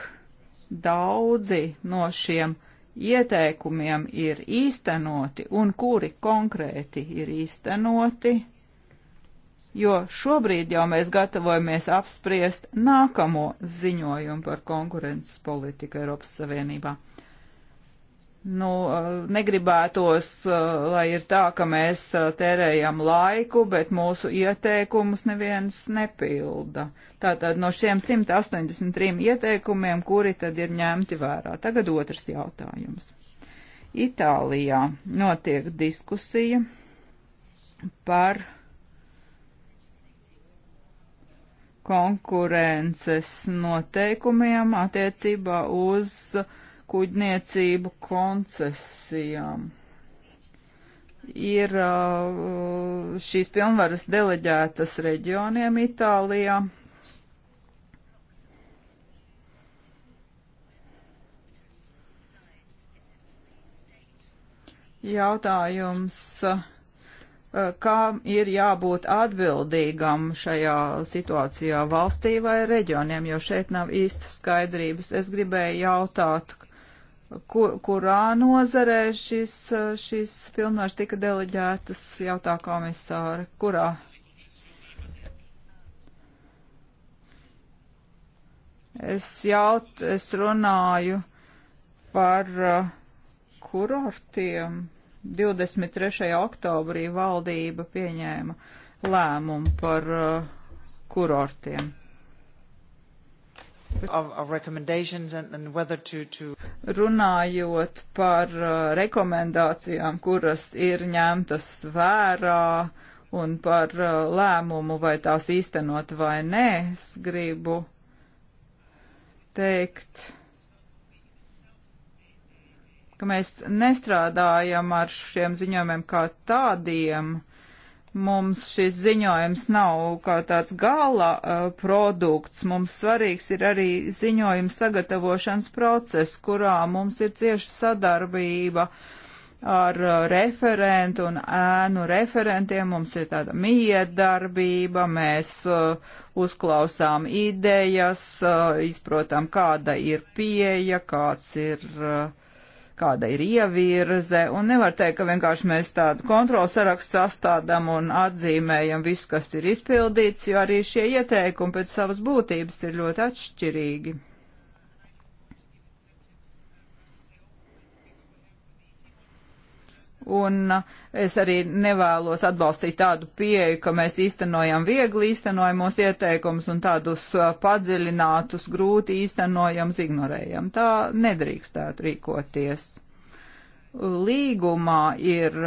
daudzi no šiem ieteikumi ieteikumiem ir īstenoti un kuri konkrēti ir īstenoti, jo šobrīd jau mēs gatavojamies apspriest nākamo ziņojumu par konkurences politiku Eiropas Savienībā. Nu, eh, negribētos, eh, lai ir tā, ka mēs eh, tērējam laiku, bet mūsu ieteikumus neviens nepilda. Tātad no šiem 183 ieteikumiem, kuri tad ir ņemti vērā. Tagad otrs jautājums. Itālijā notiek diskusija par konkurences noteikumiem attiecībā uz uh, kuģniecību koncesijām. Ir uh, šīs pilnvaras deleģētas reģioniem Itālijā. Jautājums, uh, kā ir jābūt atbildīgam šajā situācijā valstī vai reģioniem, jo šeit nav īsta skaidrības. Es gribēju jautāt, kur, kurā nozarē šis, šis pilnvars tika deleģētas, jautā komisāri, kurā? Es jaut, es runāju par uh, kurortiem. 23. oktobrī valdība pieņēma lēmumu par uh, kurortiem. Runājot par uh, rekomendācijām, kuras ir ņemtas vērā un par uh, lēmumu, vai tās īstenot vai nē, es gribu teikt, ka mēs nestrādājam ar šiem ziņojumiem kā tādiem Mums šis ziņojums nav kā tāds gala uh, produkts. Mums svarīgs ir arī ziņojuma sagatavošanas process, kurā mums ir cieša sadarbība ar uh, referentu un ēnu referentiem. Mums ir tāda miedarbība, mēs uh, uzklausām idejas, uh, izprotam, kāda ir pieeja, kāds ir. Uh, kāda ir ievirze, un nevar teikt, ka vienkārši mēs tādu kontrols sarakstu sastādām un atzīmējam visu, kas ir izpildīts, jo arī šie ieteikumi pēc savas būtības ir ļoti atšķirīgi. un es arī nevēlos atbalstīt tādu pieeju, ka mēs īstenojam viegli īstenojamos ieteikumus un tādus padziļinātus, grūti īstenojams ignorējam. Tā nedrīkstētu rīkoties. Līgumā ir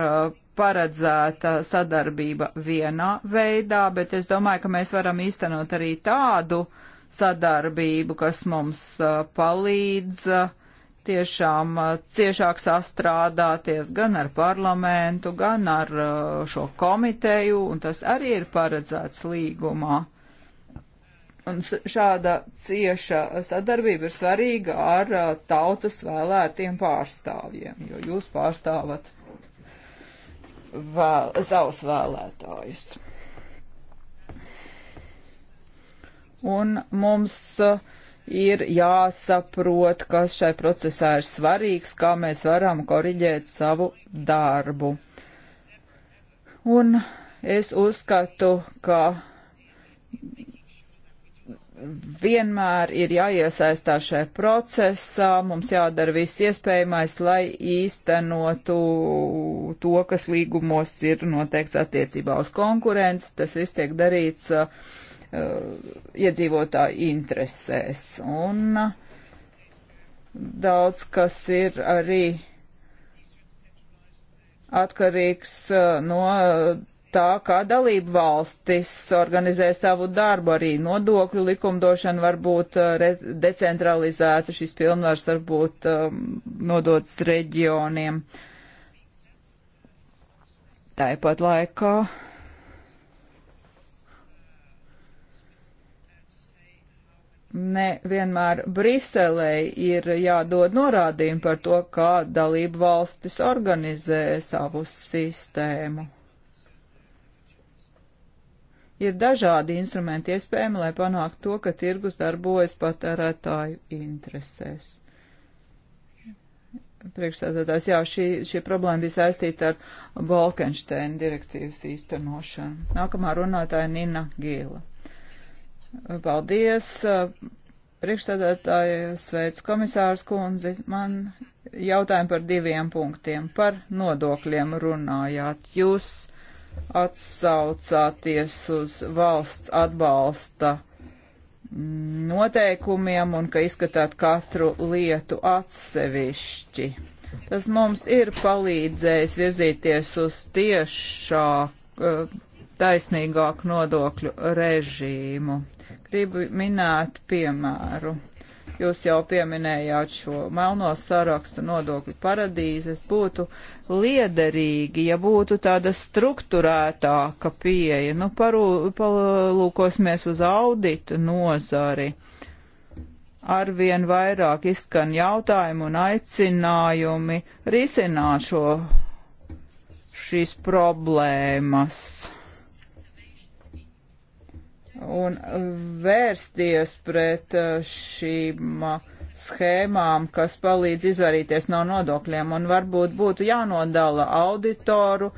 paredzēta sadarbība vienā veidā, bet es domāju, ka mēs varam īstenot arī tādu sadarbību, kas mums palīdz uh, tiešām uh, ciešāk sastrādāties gan ar parlamentu, gan ar uh, šo komiteju, un tas arī ir paredzēts līgumā. Un šāda cieša sadarbība ir svarīga ar uh, tautas vēlētiem pārstāvjiem, jo jūs pārstāvat vēl, savus vēlētājus. Un mums uh, ir jāsaprot, kas šai procesā ir svarīgs, kā mēs varam koriģēt savu darbu. Un es uzskatu, ka vienmēr ir jāiesaistās šajā procesā, mums jādara viss iespējamais, lai īstenotu to, kas līgumos ir noteikts attiecībā uz konkurenci. Tas viss tiek darīts uh, Uh, iedzīvotāju interesēs. Un uh, daudz kas ir arī atkarīgs uh, no tā, kā dalību valstis organizē savu darbu, arī nodokļu likumdošana var būt decentralizēta, šis pilnvars var būt um, nodots reģioniem. Tāpat laikā ne vienmēr Briselei ir jādod norādījumi par to, kā dalību valstis organizē savu sistēmu. Ir dažādi instrumenti iespējami, lai panāktu to, ka tirgus darbojas patērētāju interesēs. Priekšstādātājs, jā, šī, šī problēma bija saistīta ar Balkensteina direktīvas īstenošanu. Nākamā runātāja Nina Gīla. Paldies! Priekšstādātāji sveicu komisārs kundzi. Man jautājumi par diviem punktiem. Par nodokļiem runājāt. Jūs atsaucāties uz valsts atbalsta noteikumiem un ka izskatāt katru lietu atsevišķi. Tas mums ir palīdzējis virzīties uz tiešāk, eh, taisnīgāku nodokļu režīmu gribu minēt piemēru. Jūs jau pieminējāt šo melno sarakstu nodokļu paradīzes. Būtu liederīgi, ja būtu tāda struktūrētāka pieeja. Nu, parū, palūkosimies uz audita nozari. Arvien vairāk izskan jautājumi un aicinājumi risināt šo, šīs problēmas un vērsties pret uh, šīm uh, schēmām, kas palīdz izvairīties no nodokļiem, un varbūt būtu jānodala auditoru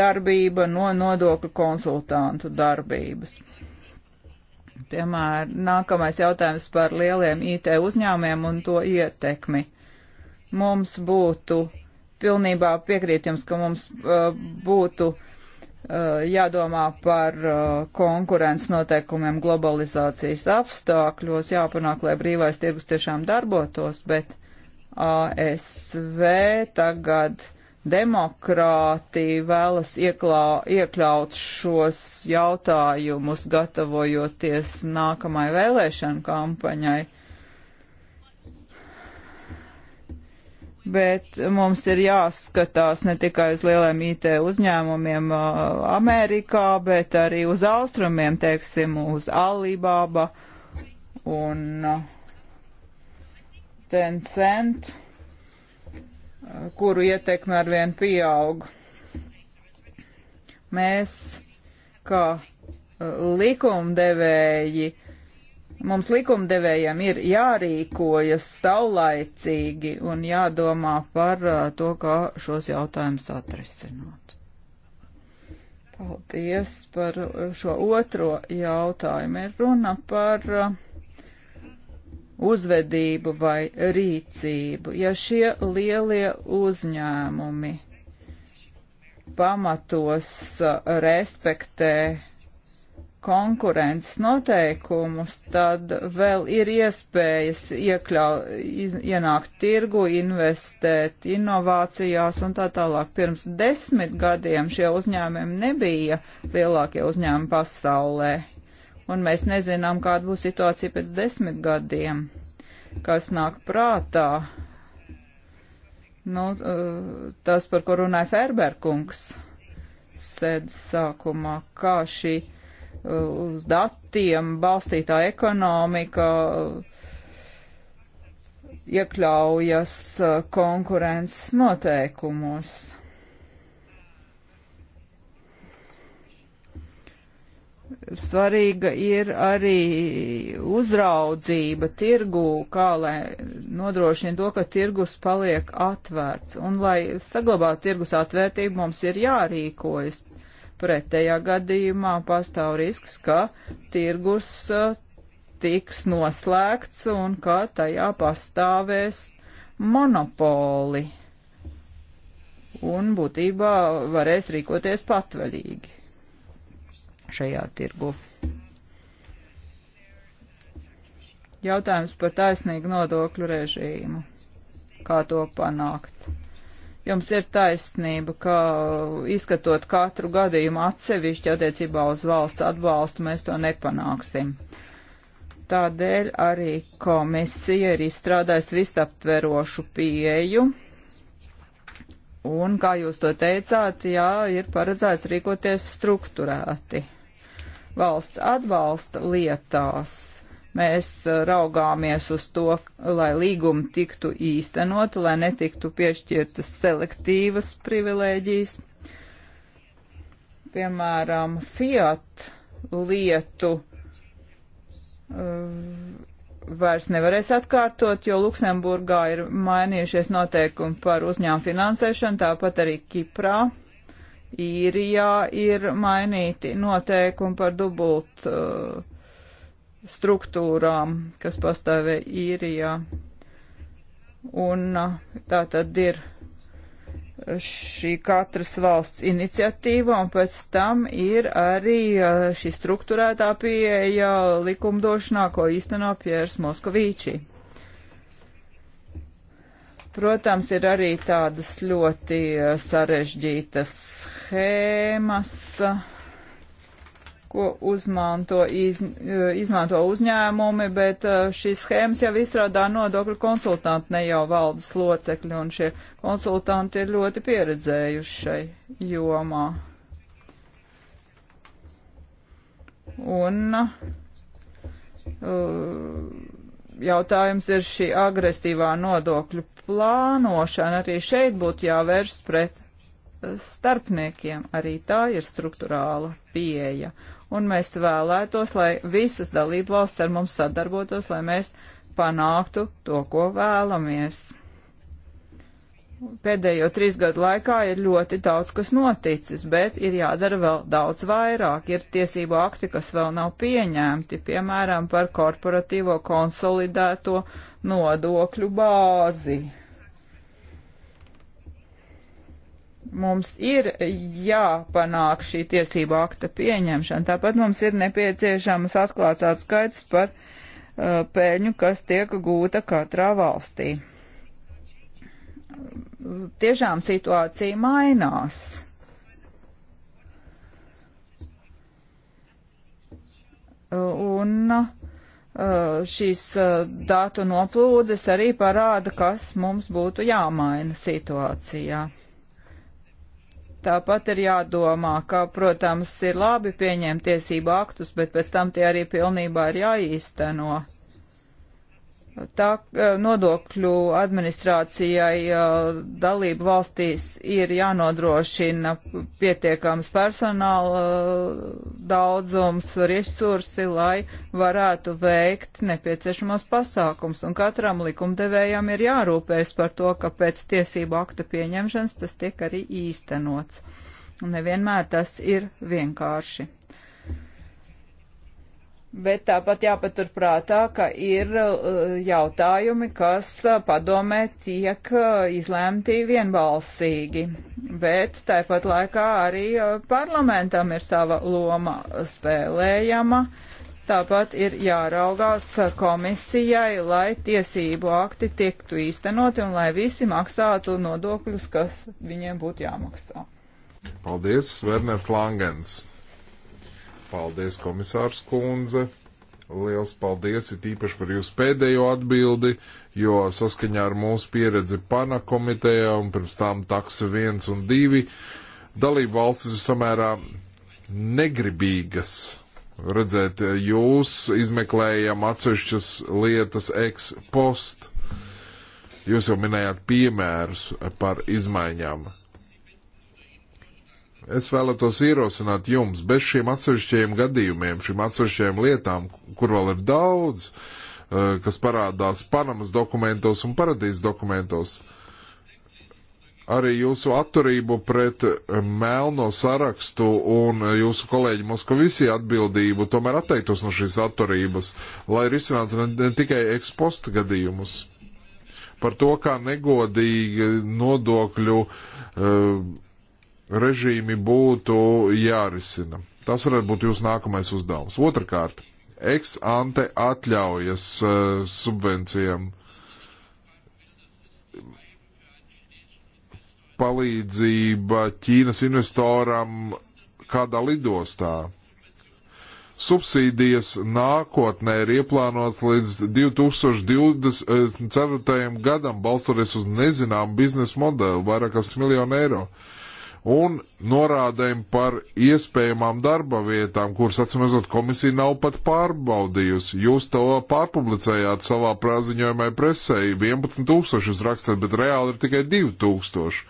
darbība no nodokļu konsultantu darbības. Piemēram, nākamais jautājums par lieliem IT uzņēmiem un to ietekmi. Mums būtu, pilnībā piekrīt jums, ka mums uh, būtu uh, Eh, jādomā par eh, konkurences noteikumiem globalizācijas apstākļos, jāpanāk, lai brīvais tirgus tiešām darbotos, bet ASV tagad demokrāti vēlas ieklā, iekļaut šos jautājumus, gatavojoties nākamai vēlēšanu kampaņai. Uh, bet mums ir jāskatās ne tikai uz lieliem IT uzņēmumiem Amerikā, bet arī uz austrumiem, teiksim, uz Alibaba un Tencent, kuru ietekme arvien pieaug. Mēs, kā likumdevēji, Mums likumdevējiem ir jārīkojas saulaicīgi un jādomā par to, kā šos jautājumus atrisināt. Paldies par šo otro jautājumu. Ir runa par uzvedību vai rīcību. Ja šie lielie uzņēmumi pamatos respektē konkurences noteikumus, tad vēl ir iespējas iekļau, iz, ienākt tirgu, investēt inovācijās un tā tālāk. Pirms desmit gadiem šie uzņēmumi nebija lielākie uzņēmumi pasaulē, un mēs nezinām, kāda būs situācija pēc desmit gadiem, kas nāk prātā. Nu, eh, tas, par ko runāja Ferberkungs sēdes sākumā, kā šī uz datiem balstītā ekonomika iekļaujas uh, konkurences noteikumos. Svarīga ir arī uzraudzība tirgū, kā lai nodrošina to, ka tirgus paliek atvērts. Un, lai saglabātu tirgus atvērtību, mums ir jārīkojas Pretējā gadījumā pastāv risks, ka tirgus uh, tiks noslēgts un ka tajā pastāvēs monopoli un būtībā varēs rīkoties patvaļīgi šajā tirgu. Jautājums par taisnīgu nodokļu režīmu. Kā to panākt? Jums ir taisnība, ka uh, izskatot katru gadījumu atsevišķi attiecībā uz valsts atbalstu, mēs to nepanāksim. Tādēļ arī komisija ir izstrādājusi visaptverošu pieeju. Un, kā jūs to teicāt, jā, ir paredzēts rīkoties struktūrēti. Valsts atbalsta lietās mēs uh, raugāmies uz to, lai līgumi tiktu īstenoti, lai netiktu piešķirtas selektīvas privilēģijas. Piemēram, Fiat lietu uh, vairs nevarēs atkārtot, jo Luksemburgā ir mainījušies noteikumi par uzņēmumu finansēšanu, tāpat arī Kiprā. Īrijā ir mainīti noteikumi par dubult uh, struktūrām, kas pastāvēja īrijā. Un tā tad ir šī katras valsts iniciatīva, un pēc tam ir arī šī struktūrētā pieeja likumdošanā, ko īsteno Piers Moskavīči. Protams, ir arī tādas ļoti sarežģītas schēmas, uh, ko uzmanto, iz, eh, izmanto uzņēmumi, bet eh, šīs schēmas jau izstrādā nodokļu konsultanti, ne jau valdes locekļi, un šie konsultanti ir ļoti pieredzējuši šai jomā. Un eh, jautājums ir šī agresīvā nodokļu plānošana. Arī šeit būtu jāvērst pret starpniekiem. Arī tā ir struktūrāla pieeja. Uh, un mēs vēlētos, lai visas dalību valsts ar mums sadarbotos, lai mēs panāktu to, ko vēlamies. Pēdējo trīs gadu laikā ir ļoti daudz, kas noticis, bet ir jādara vēl daudz vairāk. Ir tiesību akti, kas vēl nav pieņemti, piemēram, par korporatīvo konsolidēto nodokļu bāzi. mums ir jāpanāk šī tiesība akta pieņemšana. Tāpat mums ir nepieciešamas atklāts atskaits par uh, pēļņu, kas tiek gūta katrā valstī. Tiešām situācija mainās. Un uh, šīs uh, datu noplūdes arī parāda, kas mums būtu jāmaina situācijā. Tāpat ir jādomā, ka, protams, ir labi pieņemt tiesību aktus, bet pēc tam tie arī pilnībā ir jāīsteno tā eh, nodokļu administrācijai eh, dalību valstīs ir jānodrošina pietiekams personāla eh, daudzums, resursi, lai varētu veikt nepieciešamos pasākums. Un katram likumdevējam ir jārūpējas par to, ka pēc tiesību akta pieņemšanas tas tiek arī īstenots. Un nevienmēr tas ir vienkārši. Bet tāpat jāpaturprātā, ka ir uh, jautājumi, kas uh, padomē tiek uh, izlēmti vienbalsīgi, bet tāpat laikā arī parlamentam ir sava loma spēlējama. Tāpat ir jāraugās komisijai, lai tiesību akti tiktu īstenoti un lai visi maksātu nodokļus, kas viņiem būtu jāmaksā. Paldies, Verners Langens! Paldies, komisārs kundze! Liels paldies, it īpaši par jūsu pēdējo atbildi, jo saskaņā ar mūsu pieredzi PANA komitejā un pirms tām taksa 1 un 2 dalību valstis ir samērā negribīgas redzēt, jūs izmeklējam atsevišķas lietas ex post. Jūs jau minējāt piemērus par izmaiņām. Es vēlētos ierosināt jums, bez šiem atsevišķiem gadījumiem, šīm atsevišķiem lietām, kur vēl ir daudz, eh, kas parādās Panamas dokumentos un paradīzes dokumentos, arī jūsu atturību pret eh, melno sarakstu un eh, jūsu kolēģi Moskavisī atbildību, tomēr atteiktos no šīs atturības, lai risinātu ne tikai eksposta gadījumus par to, kā negodīgi nodokļu uh, režīmi būtu jārisina. Tas varētu būt jūsu nākamais uzdevums. Otrakārt, ex ante atļaujas uh, subvencijām palīdzība Ķīnas investoram kādā lidostā. Subsīdijas nākotnē ir ieplānots līdz 2024. Eh, gadam, balstoties uz nezināmu biznesa modeli - vairākas miljonu eiro. Uh, un norādēm par iespējamām darba vietām, kuras, atcīmredzot, komisija nav pat pārbaudījusi. Jūs to pārpublicējāt savā prāziņojumai presē, 11 tūkstošus rakstat, bet reāli ir tikai 2 tūkstoši.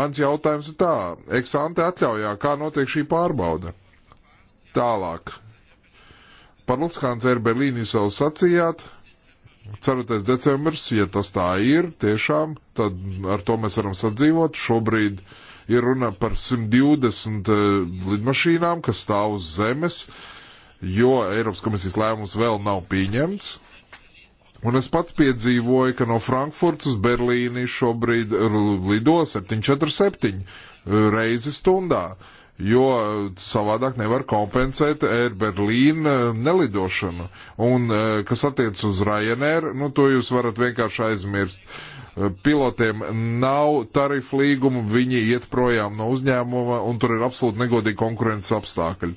Mans jautājums ir tā, eksante atļaujā, kā notiek šī pārbauda? Tālāk. Par Lufthansa Air Berlīni jau sacījāt, Ceturtais decembris, ja tas tā ir, tiešām, tad ar to mēs varam sadzīvot. Šobrīd uh, Ir runa par 120 eh, lidmašīnām, kas stāv uz zemes, jo Eiropas komisijas lēmums vēl nav pieņemts. Un es pats piedzīvoju, ka no Frankfurts uz Berlīni šobrīd lido 747 eh, reizi stundā. Uh, jo eh, savādāk nevar kompensēt Air Berlīna eh, nelidošanu. Un eh, kas attiec uz Ryanair, nu to jūs varat vienkārši aizmirst. Pilotiem nav tarifu līgumu, viņi iet projām no uzņēmuma un tur ir absolūti negodīgi konkurences apstākļi.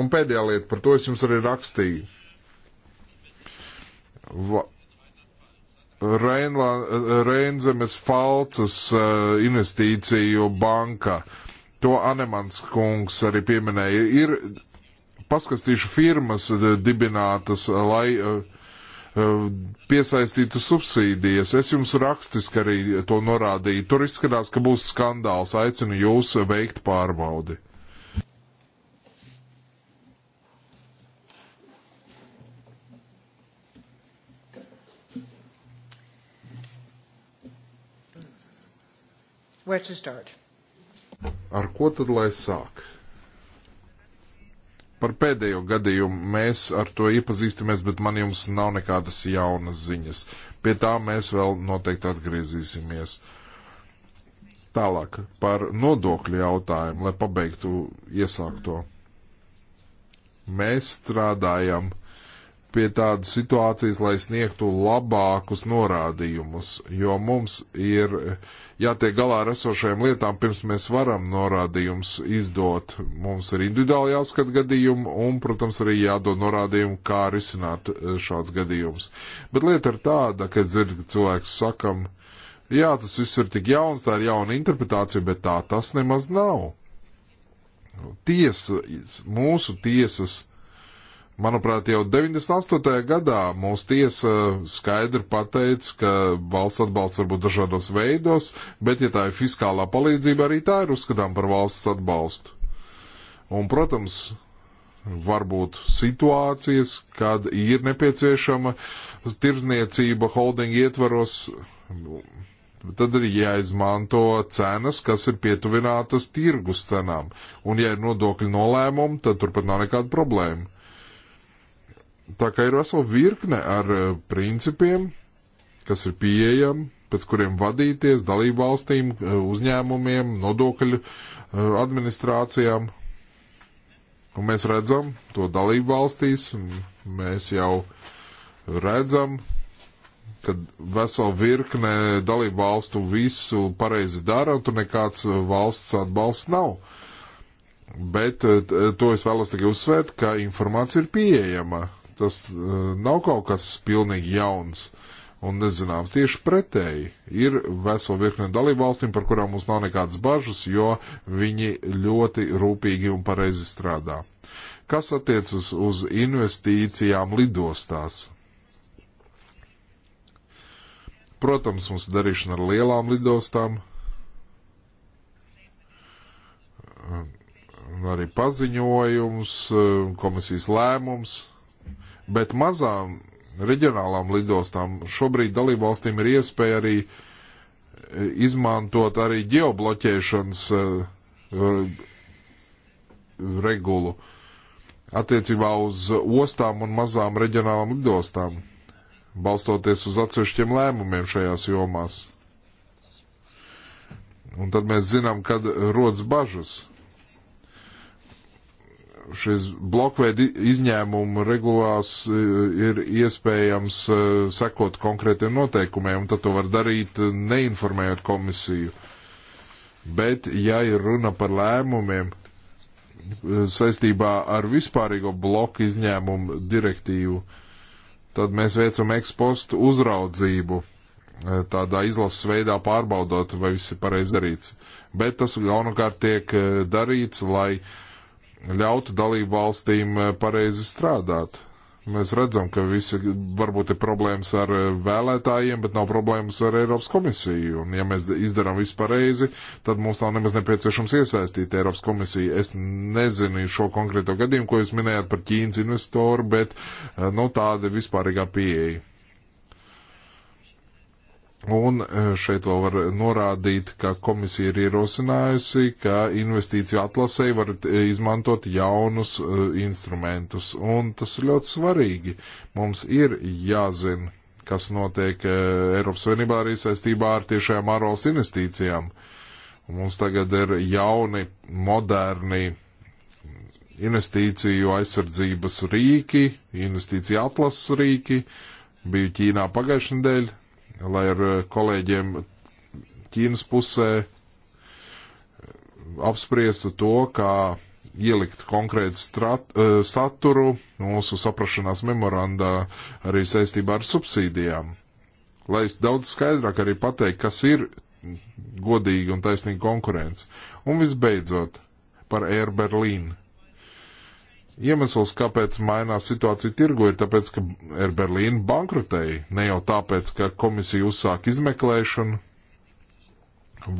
Un pēdējā lieta, par to es jums arī rakstīju. Va Reinzemes Falcas investīciju banka. Uh, To Anemans kungs arī pieminēja. Ir paskastīšu firmas eh, dibinātas, eh, lai eh, piesaistītu subsīdijas. Es jums rakstiski arī to norādīju. Tur izskatās, ka būs skandāls. Aicinu jūs veikt pārbaudi. Where to start? Ar ko tad lai sāk? Par pēdējo gadījumu mēs ar to iepazīstamies, bet man jums nav nekādas jaunas ziņas. Pie tā mēs vēl noteikti atgriezīsimies. Tālāk par nodokļu jautājumu, lai pabeigtu iesākto. Mēs strādājam pie tādas situācijas, lai sniegtu labākus norādījumus, jo mums ir jātiek galā ar esošajām lietām, pirms mēs varam norādījumus izdot. Mums ir individuāli jāskat gadījumi un, protams, arī jādod norādījumi, kā risināt eh, šāds gadījums. Bet lieta ir tāda, ka es dzirdu, ka cilvēks sakam, jā, tas viss ir tik jauns, tā ir jauna interpretācija, bet tā tas nemaz nav. Tiesa, mūsu tiesas Manuprāt, jau 98. gadā mūsu tiesa skaidri pateica, ka valsts atbalsts var būt dažādos veidos, bet, ja tā ir fiskālā palīdzība, arī tā ir uzskatām par valsts atbalstu. Un, protams, var būt situācijas, kad ir nepieciešama tirzniecība holdinga ietvaros, tad ir jāizmanto cenas, kas ir pietuvinātas tirgus cenām. Un, ja ir nodokļu nolēmumi, tad turpat nav nekāda problēma. Tā kā ir vesela virkne ar eh, principiem, kas ir pieejami, pēc kuriem vadīties dalību valstīm, eh, uzņēmumiem, nodokļu eh, administrācijām. Un mēs redzam to dalību valstīs, un mēs jau redzam, ka vesela virkne dalību valstu visu pareizi dara, un tur nekāds valsts atbalsts nav. Bet to es vēlos tikai uzsvērt, ka informācija ir pieejama Tas eh, nav kaut kas pilnīgi jauns un nezināms. Tieši pretēji ir vesela virkne dalībvalstīm, par kurām mums nav nekādas bažas, jo viņi ļoti rūpīgi un pareizi strādā. Kas attiecas uz investīcijām lidostās? Protams, mums ir darīšana ar lielām lidostām. Eh, arī paziņojums, eh, komisijas lēmums Bet mazām reģionālām lidostām šobrīd dalībvalstīm ir iespēja arī e, izmantot arī ģeobloķēšanas e, e, regulu attiecībā uz ostām un mazām reģionālām lidostām, balstoties uz atsevišķiem lēmumiem šajās jomās. Un tad mēs zinām, kad rodas bažas šis blokveida izņēmumu regulās e, ir iespējams e, sekot konkrētiem noteikumiem, un tad to var darīt e, neinformējot komisiju. Bet, ja ir runa par lēmumiem saistībā ar vispārīgo bloku izņēmumu direktīvu, tad mēs veicam ekspostu uzraudzību tādā izlases veidā pārbaudot, vai viss ir pareizi darīts. Bet tas galvenokārt tiek darīts, lai uh, ļautu dalību valstīm eh, pareizi strādāt. Mēs redzam, ka visi varbūt ir problēmas ar eh, vēlētājiem, bet nav problēmas ar Eiropas komisiju. Un ja mēs izdarām visu pareizi, tad mums nav nemaz nepieciešams iesaistīt Eiropas komisiju. Es nezinu šo konkrēto gadījumu, ko jūs minējāt par Ķīnas investoru, bet eh, nu, tāda vispārīgā pieeja. Un e, šeit vēl var norādīt, ka komisija ir ierosinājusi, ka investīciju atlasēji var e, izmantot jaunus e, instrumentus. Un tas ir ļoti svarīgi. Mums ir jāzina, kas notiek Eiropas Savienībā arī saistībā ar tiešajām ārvalstu investīcijām. Mums tagad ir jauni, moderni investīciju aizsardzības rīki, investīciju atlases rīki. Biju Ķīnā pagājušajā nedēļā, lai ar eh, kolēģiem Ķīnas pusē eh, apspriestu to, kā ielikt konkrētu strat, eh, saturu mūsu saprašanās memorandā arī saistībā ar subsīdijām. Lai es daudz skaidrāk arī pateiktu, kas ir godīga un taisnīga konkurence. Un visbeidzot, par Air Berlīnu Iemesls, kāpēc mainās situācija tirgu, ir tāpēc, ka Air Berlīna bankrotēja, ne jau tāpēc, ka komisija uzsāk izmeklēšanu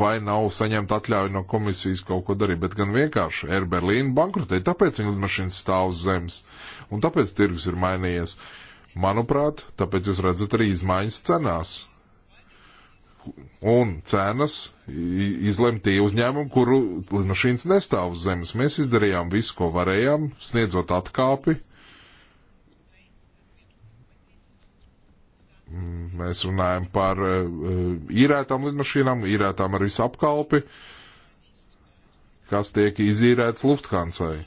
vai nav saņemta atļauja no komisijas kaut ko darīt, bet gan vienkārši Air Berlīna bankrotēja, tāpēc viņa lidmašīna stāv uz zemes un tāpēc tirgus ir mainījies. Manuprāt, tāpēc jūs redzat arī izmaiņas cenās un cenas izlem tie uzņēmumi, kuru lidmašīnas nestāv uz zemes. Mēs izdarījām visu, ko varējām, sniedzot atkāpi. Mēs runājam par eh, īrētām lidmašīnām, īrētām ar visu apkalpi, kas tiek izīrēts Lufthansai,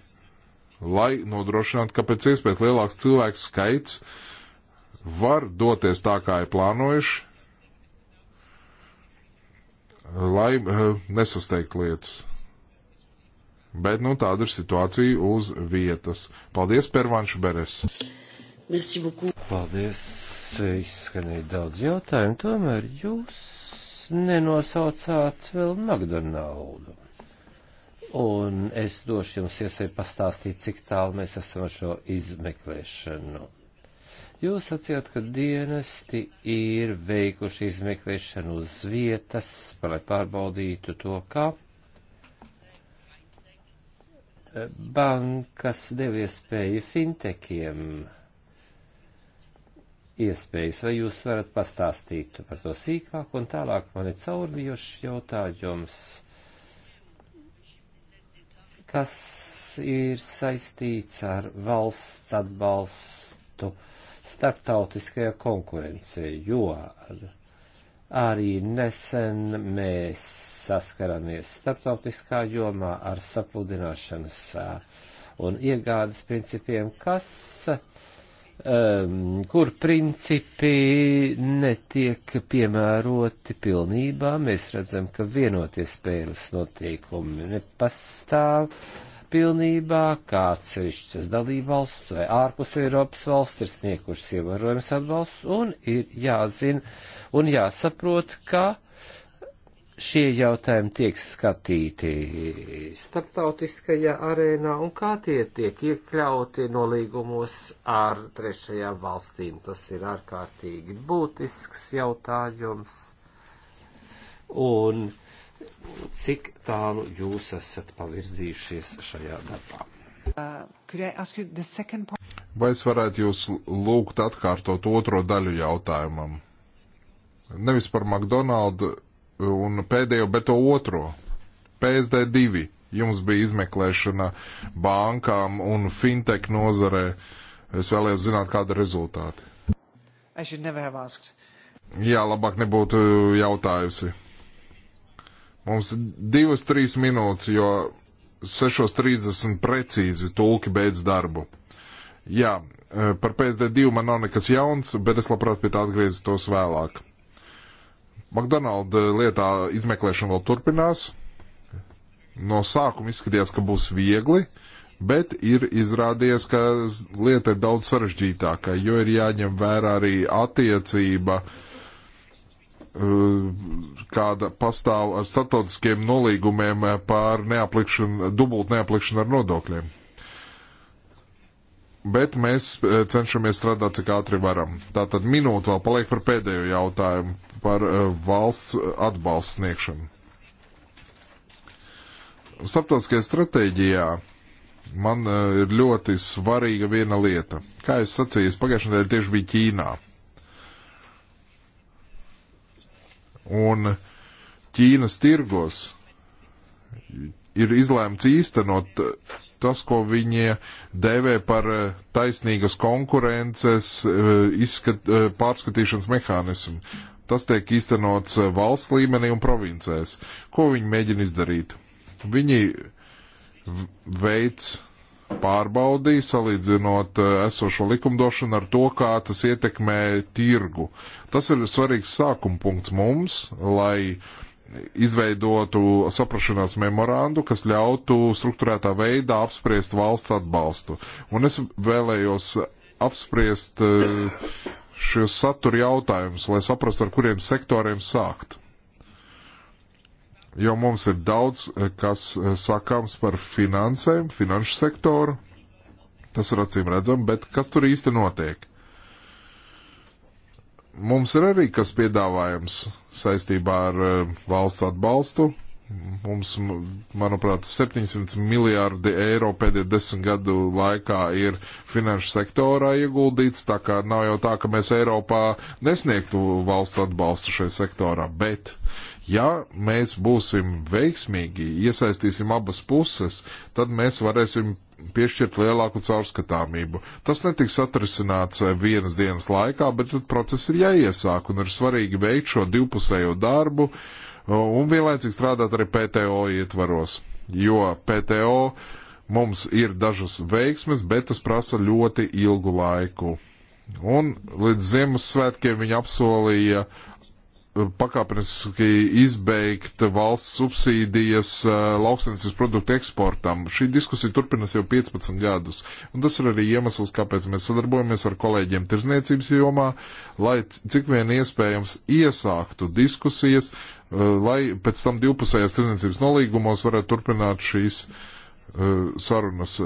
lai nodrošinātu, ka pēc iespējas lielāks cilvēks skaits var doties tā, kā ir plānojuši, lai eh, nesasteigt lietas. Bet, nu, tāda ir situācija uz vietas. Paldies, Pervanš Beres! Merci beaucoup! Paldies! Izskanēja daudz jautājumu, tomēr jūs nenosaucāt vēl Magdonaldu. Un es došu jums iespēju pastāstīt, cik tālu mēs esam ar šo izmeklēšanu. Jūs sacījāt, ka dienesti ir veikuši izmeklēšanu uz vietas, lai pārbaudītu to, kā eh, bankas deva iespēju fintekiem iespējas, vai jūs varat pastāstīt par to sīkāk, un tālāk man ir caurvijošs jautājums, kas ir saistīts ar valsts atbalstu. Uh, starptautiskajā konkurencē, jo arī nesen mēs saskaramies starptautiskā jomā ar sapludināšanas un iegādes principiem, kas, um, kur principi netiek piemēroti pilnībā. Mēs redzam, ka vienoties spēles notiekumi nepastāv pilnībā, kā atsevišķas dalībvalsts vai ārpus Eiropas valsts ir sniegušas ievērojams atbalsts, un ir jāzina un jāsaprot, ka šie jautājumi tiek skatīti starptautiskajā arēnā un kā tie tiek iekļauti nolīgumos ar trešajām valstīm. Tas ir ārkārtīgi būtisks jautājums. Un uh, cik tālu jūs esat pavirzījušies šajā darbā. Vai es varētu jūs lūgt atkārtot otro daļu jautājumam? Nevis par McDonaldu un pēdējo, bet to otro. PSD2. Jums bija izmeklēšana bankām un fintech nozarē. Es vēlējos zināt, kāda ir rezultāti. Jā, labāk nebūtu jautājusi. Mums divas, trīs minūtes, jo 6.30 precīzi tulki beidz darbu. Jā, e, par PSD2 man nav nekas jauns, bet es labprāt pie tā atgriezītos vēlāk. McDonalda lietā izmeklēšana vēl turpinās. No sākuma izskatījās, ka būs viegli, bet ir izrādījies, ka lieta ir daudz sarežģītāka, jo ir jāņem vērā arī attiecība uh, Eh, kāda pastāv ar startautiskiem nolīgumiem eh, pār neaplikšanu, dubult neaplikšanu ar nodokļiem. Bet mēs eh, cenšamies strādāt, cik ātri varam. Tātad minūte vēl paliek par pēdējo jautājumu par valsts atbalsts sniegšanu. Starptautiskajā stratēģijā man ir ļoti svarīga viena lieta. Kā es sacīju, es pagājušajā nedēļā tieši biju Ķīnā un Ķīnas tirgos ir izlēmts īstenot tas, ko viņi dēvē par eh, taisnīgas konkurences eh, izskat, eh, pārskatīšanas mehānismu. Tas tiek īstenots valsts līmenī un provincēs. Ko viņi mēģina izdarīt? Viņi veids pārbaudīja, salīdzinot eh, esošo likumdošanu ar to, kā tas ietekmē tirgu. Tas ir svarīgs sākuma punkts mums, lai izveidotu saprašanās memorandu, kas ļautu struktūrētā veidā apspriest valsts atbalstu. Un es vēlējos apspriest eh, šos satura jautājumus, lai saprastu, ar kuriem sektoriem sākt jo mums ir daudz, eh, kas eh, sakāms par finansēm, finanšu sektoru. Tas ir acīm redzam, bet kas tur īsti notiek? Mums ir arī kas piedāvājams saistībā ar eh, valsts atbalstu, Mums, manuprāt, 700 miljārdi eiro pēdējo desmit gadu laikā ir finanšu sektorā ieguldīts, tā kā nav jau tā, ka mēs Eiropā nesniegtu valsts atbalstu šai sektorā, bet ja mēs būsim veiksmīgi, iesaistīsim abas puses, tad mēs varēsim piešķirt lielāku caurskatāmību. Tas netiks atrisināts eh, vienas dienas laikā, bet tad process ir jāiesāk un ir svarīgi veikt šo divpusējo darbu, uh, un vienlaicīgi strādāt arī PTO ietvaros, jo PTO mums ir dažas veiksmes, bet tas prasa ļoti ilgu laiku. Un līdz Ziemassvētkiem viņi apsolīja uh, pakāpeniski izbeigt valsts subsīdijas eh, lauksaimniecības produktu eksportam. Šī diskusija turpinās jau 15 gadus, un tas ir arī iemesls, kāpēc mēs sadarbojamies ar kolēģiem tirzniecības jomā, lai cik vien iespējams iesāktu diskusijas, eh, lai pēc tam divpusējās tirzniecības nolīgumos varētu turpināt šīs eh, sarunas.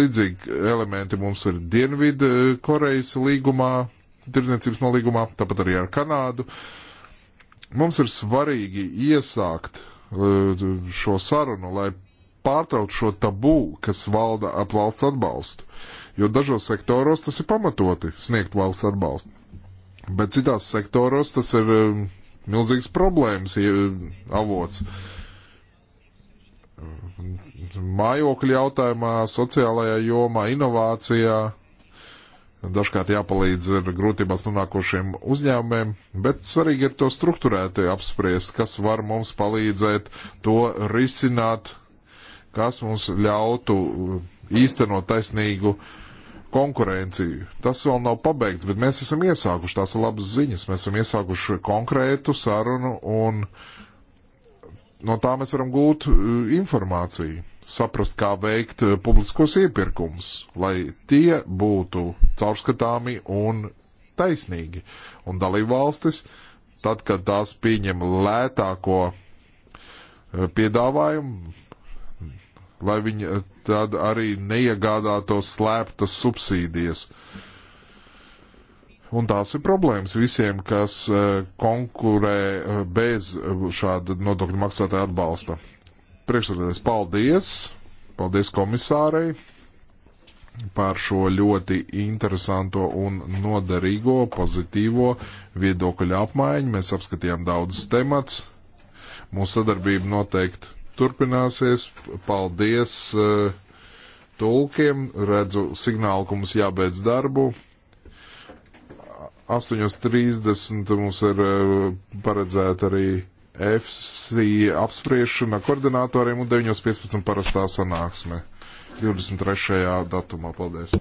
Līdzīgi elementi mums ir Dienvidu Korejas līgumā, tirdzniecības nolīgumā, tāpat arī ar Kanādu. Uh, Mums ir svarīgi iesākt e, šo sarunu, lai pārtraukt šo tabu, kas valda ap valsts atbalstu. Jo dažos sektoros tas ir pamatoti sniegt valsts atbalstu. Bet citās sektoros tas ir e, milzīgs problēmas avots. Mājokļu jautājumā, sociālajā jomā, inovācijā, Dažkārt jāpalīdz ir grūtībās nonākošiem uzņēmumiem, bet svarīgi ir to struktūrēti apspriest, kas var mums palīdzēt to risināt, kas mums ļautu uh, īstenot taisnīgu konkurenciju. Tas vēl nav pabeigts, bet mēs esam iesākuši, tās ir labas ziņas, mēs esam iesākuši konkrētu sarunu un uh, no tā mēs varam gūt uh, informāciju, saprast, kā veikt uh, publiskos iepirkumus, lai tie būtu caurskatāmi un taisnīgi. Un dalībvalstis, tad, kad tās pieņem lētāko uh, piedāvājumu, lai viņi tad arī neiegādātos slēptas subsīdijas. Uh, Un tās ir problēmas visiem, kas eh, konkurē eh, bez eh, šāda nodokļu maksātāja atbalsta. Priekšsēdētājs, paldies! Paldies komisārei par šo ļoti interesanto un noderīgo pozitīvo viedokļu apmaiņu. Mēs apskatījām daudzas temats. Mūsu sadarbība noteikti turpināsies. Paldies uh, tulkiem. Redzu signālu, ka mums jābeidz darbu. 8.30 mums ir eh, paredzēta arī FC apspriešana koordinatoriem un 9.15 parastā sanāksme 23. datumā. Paldies!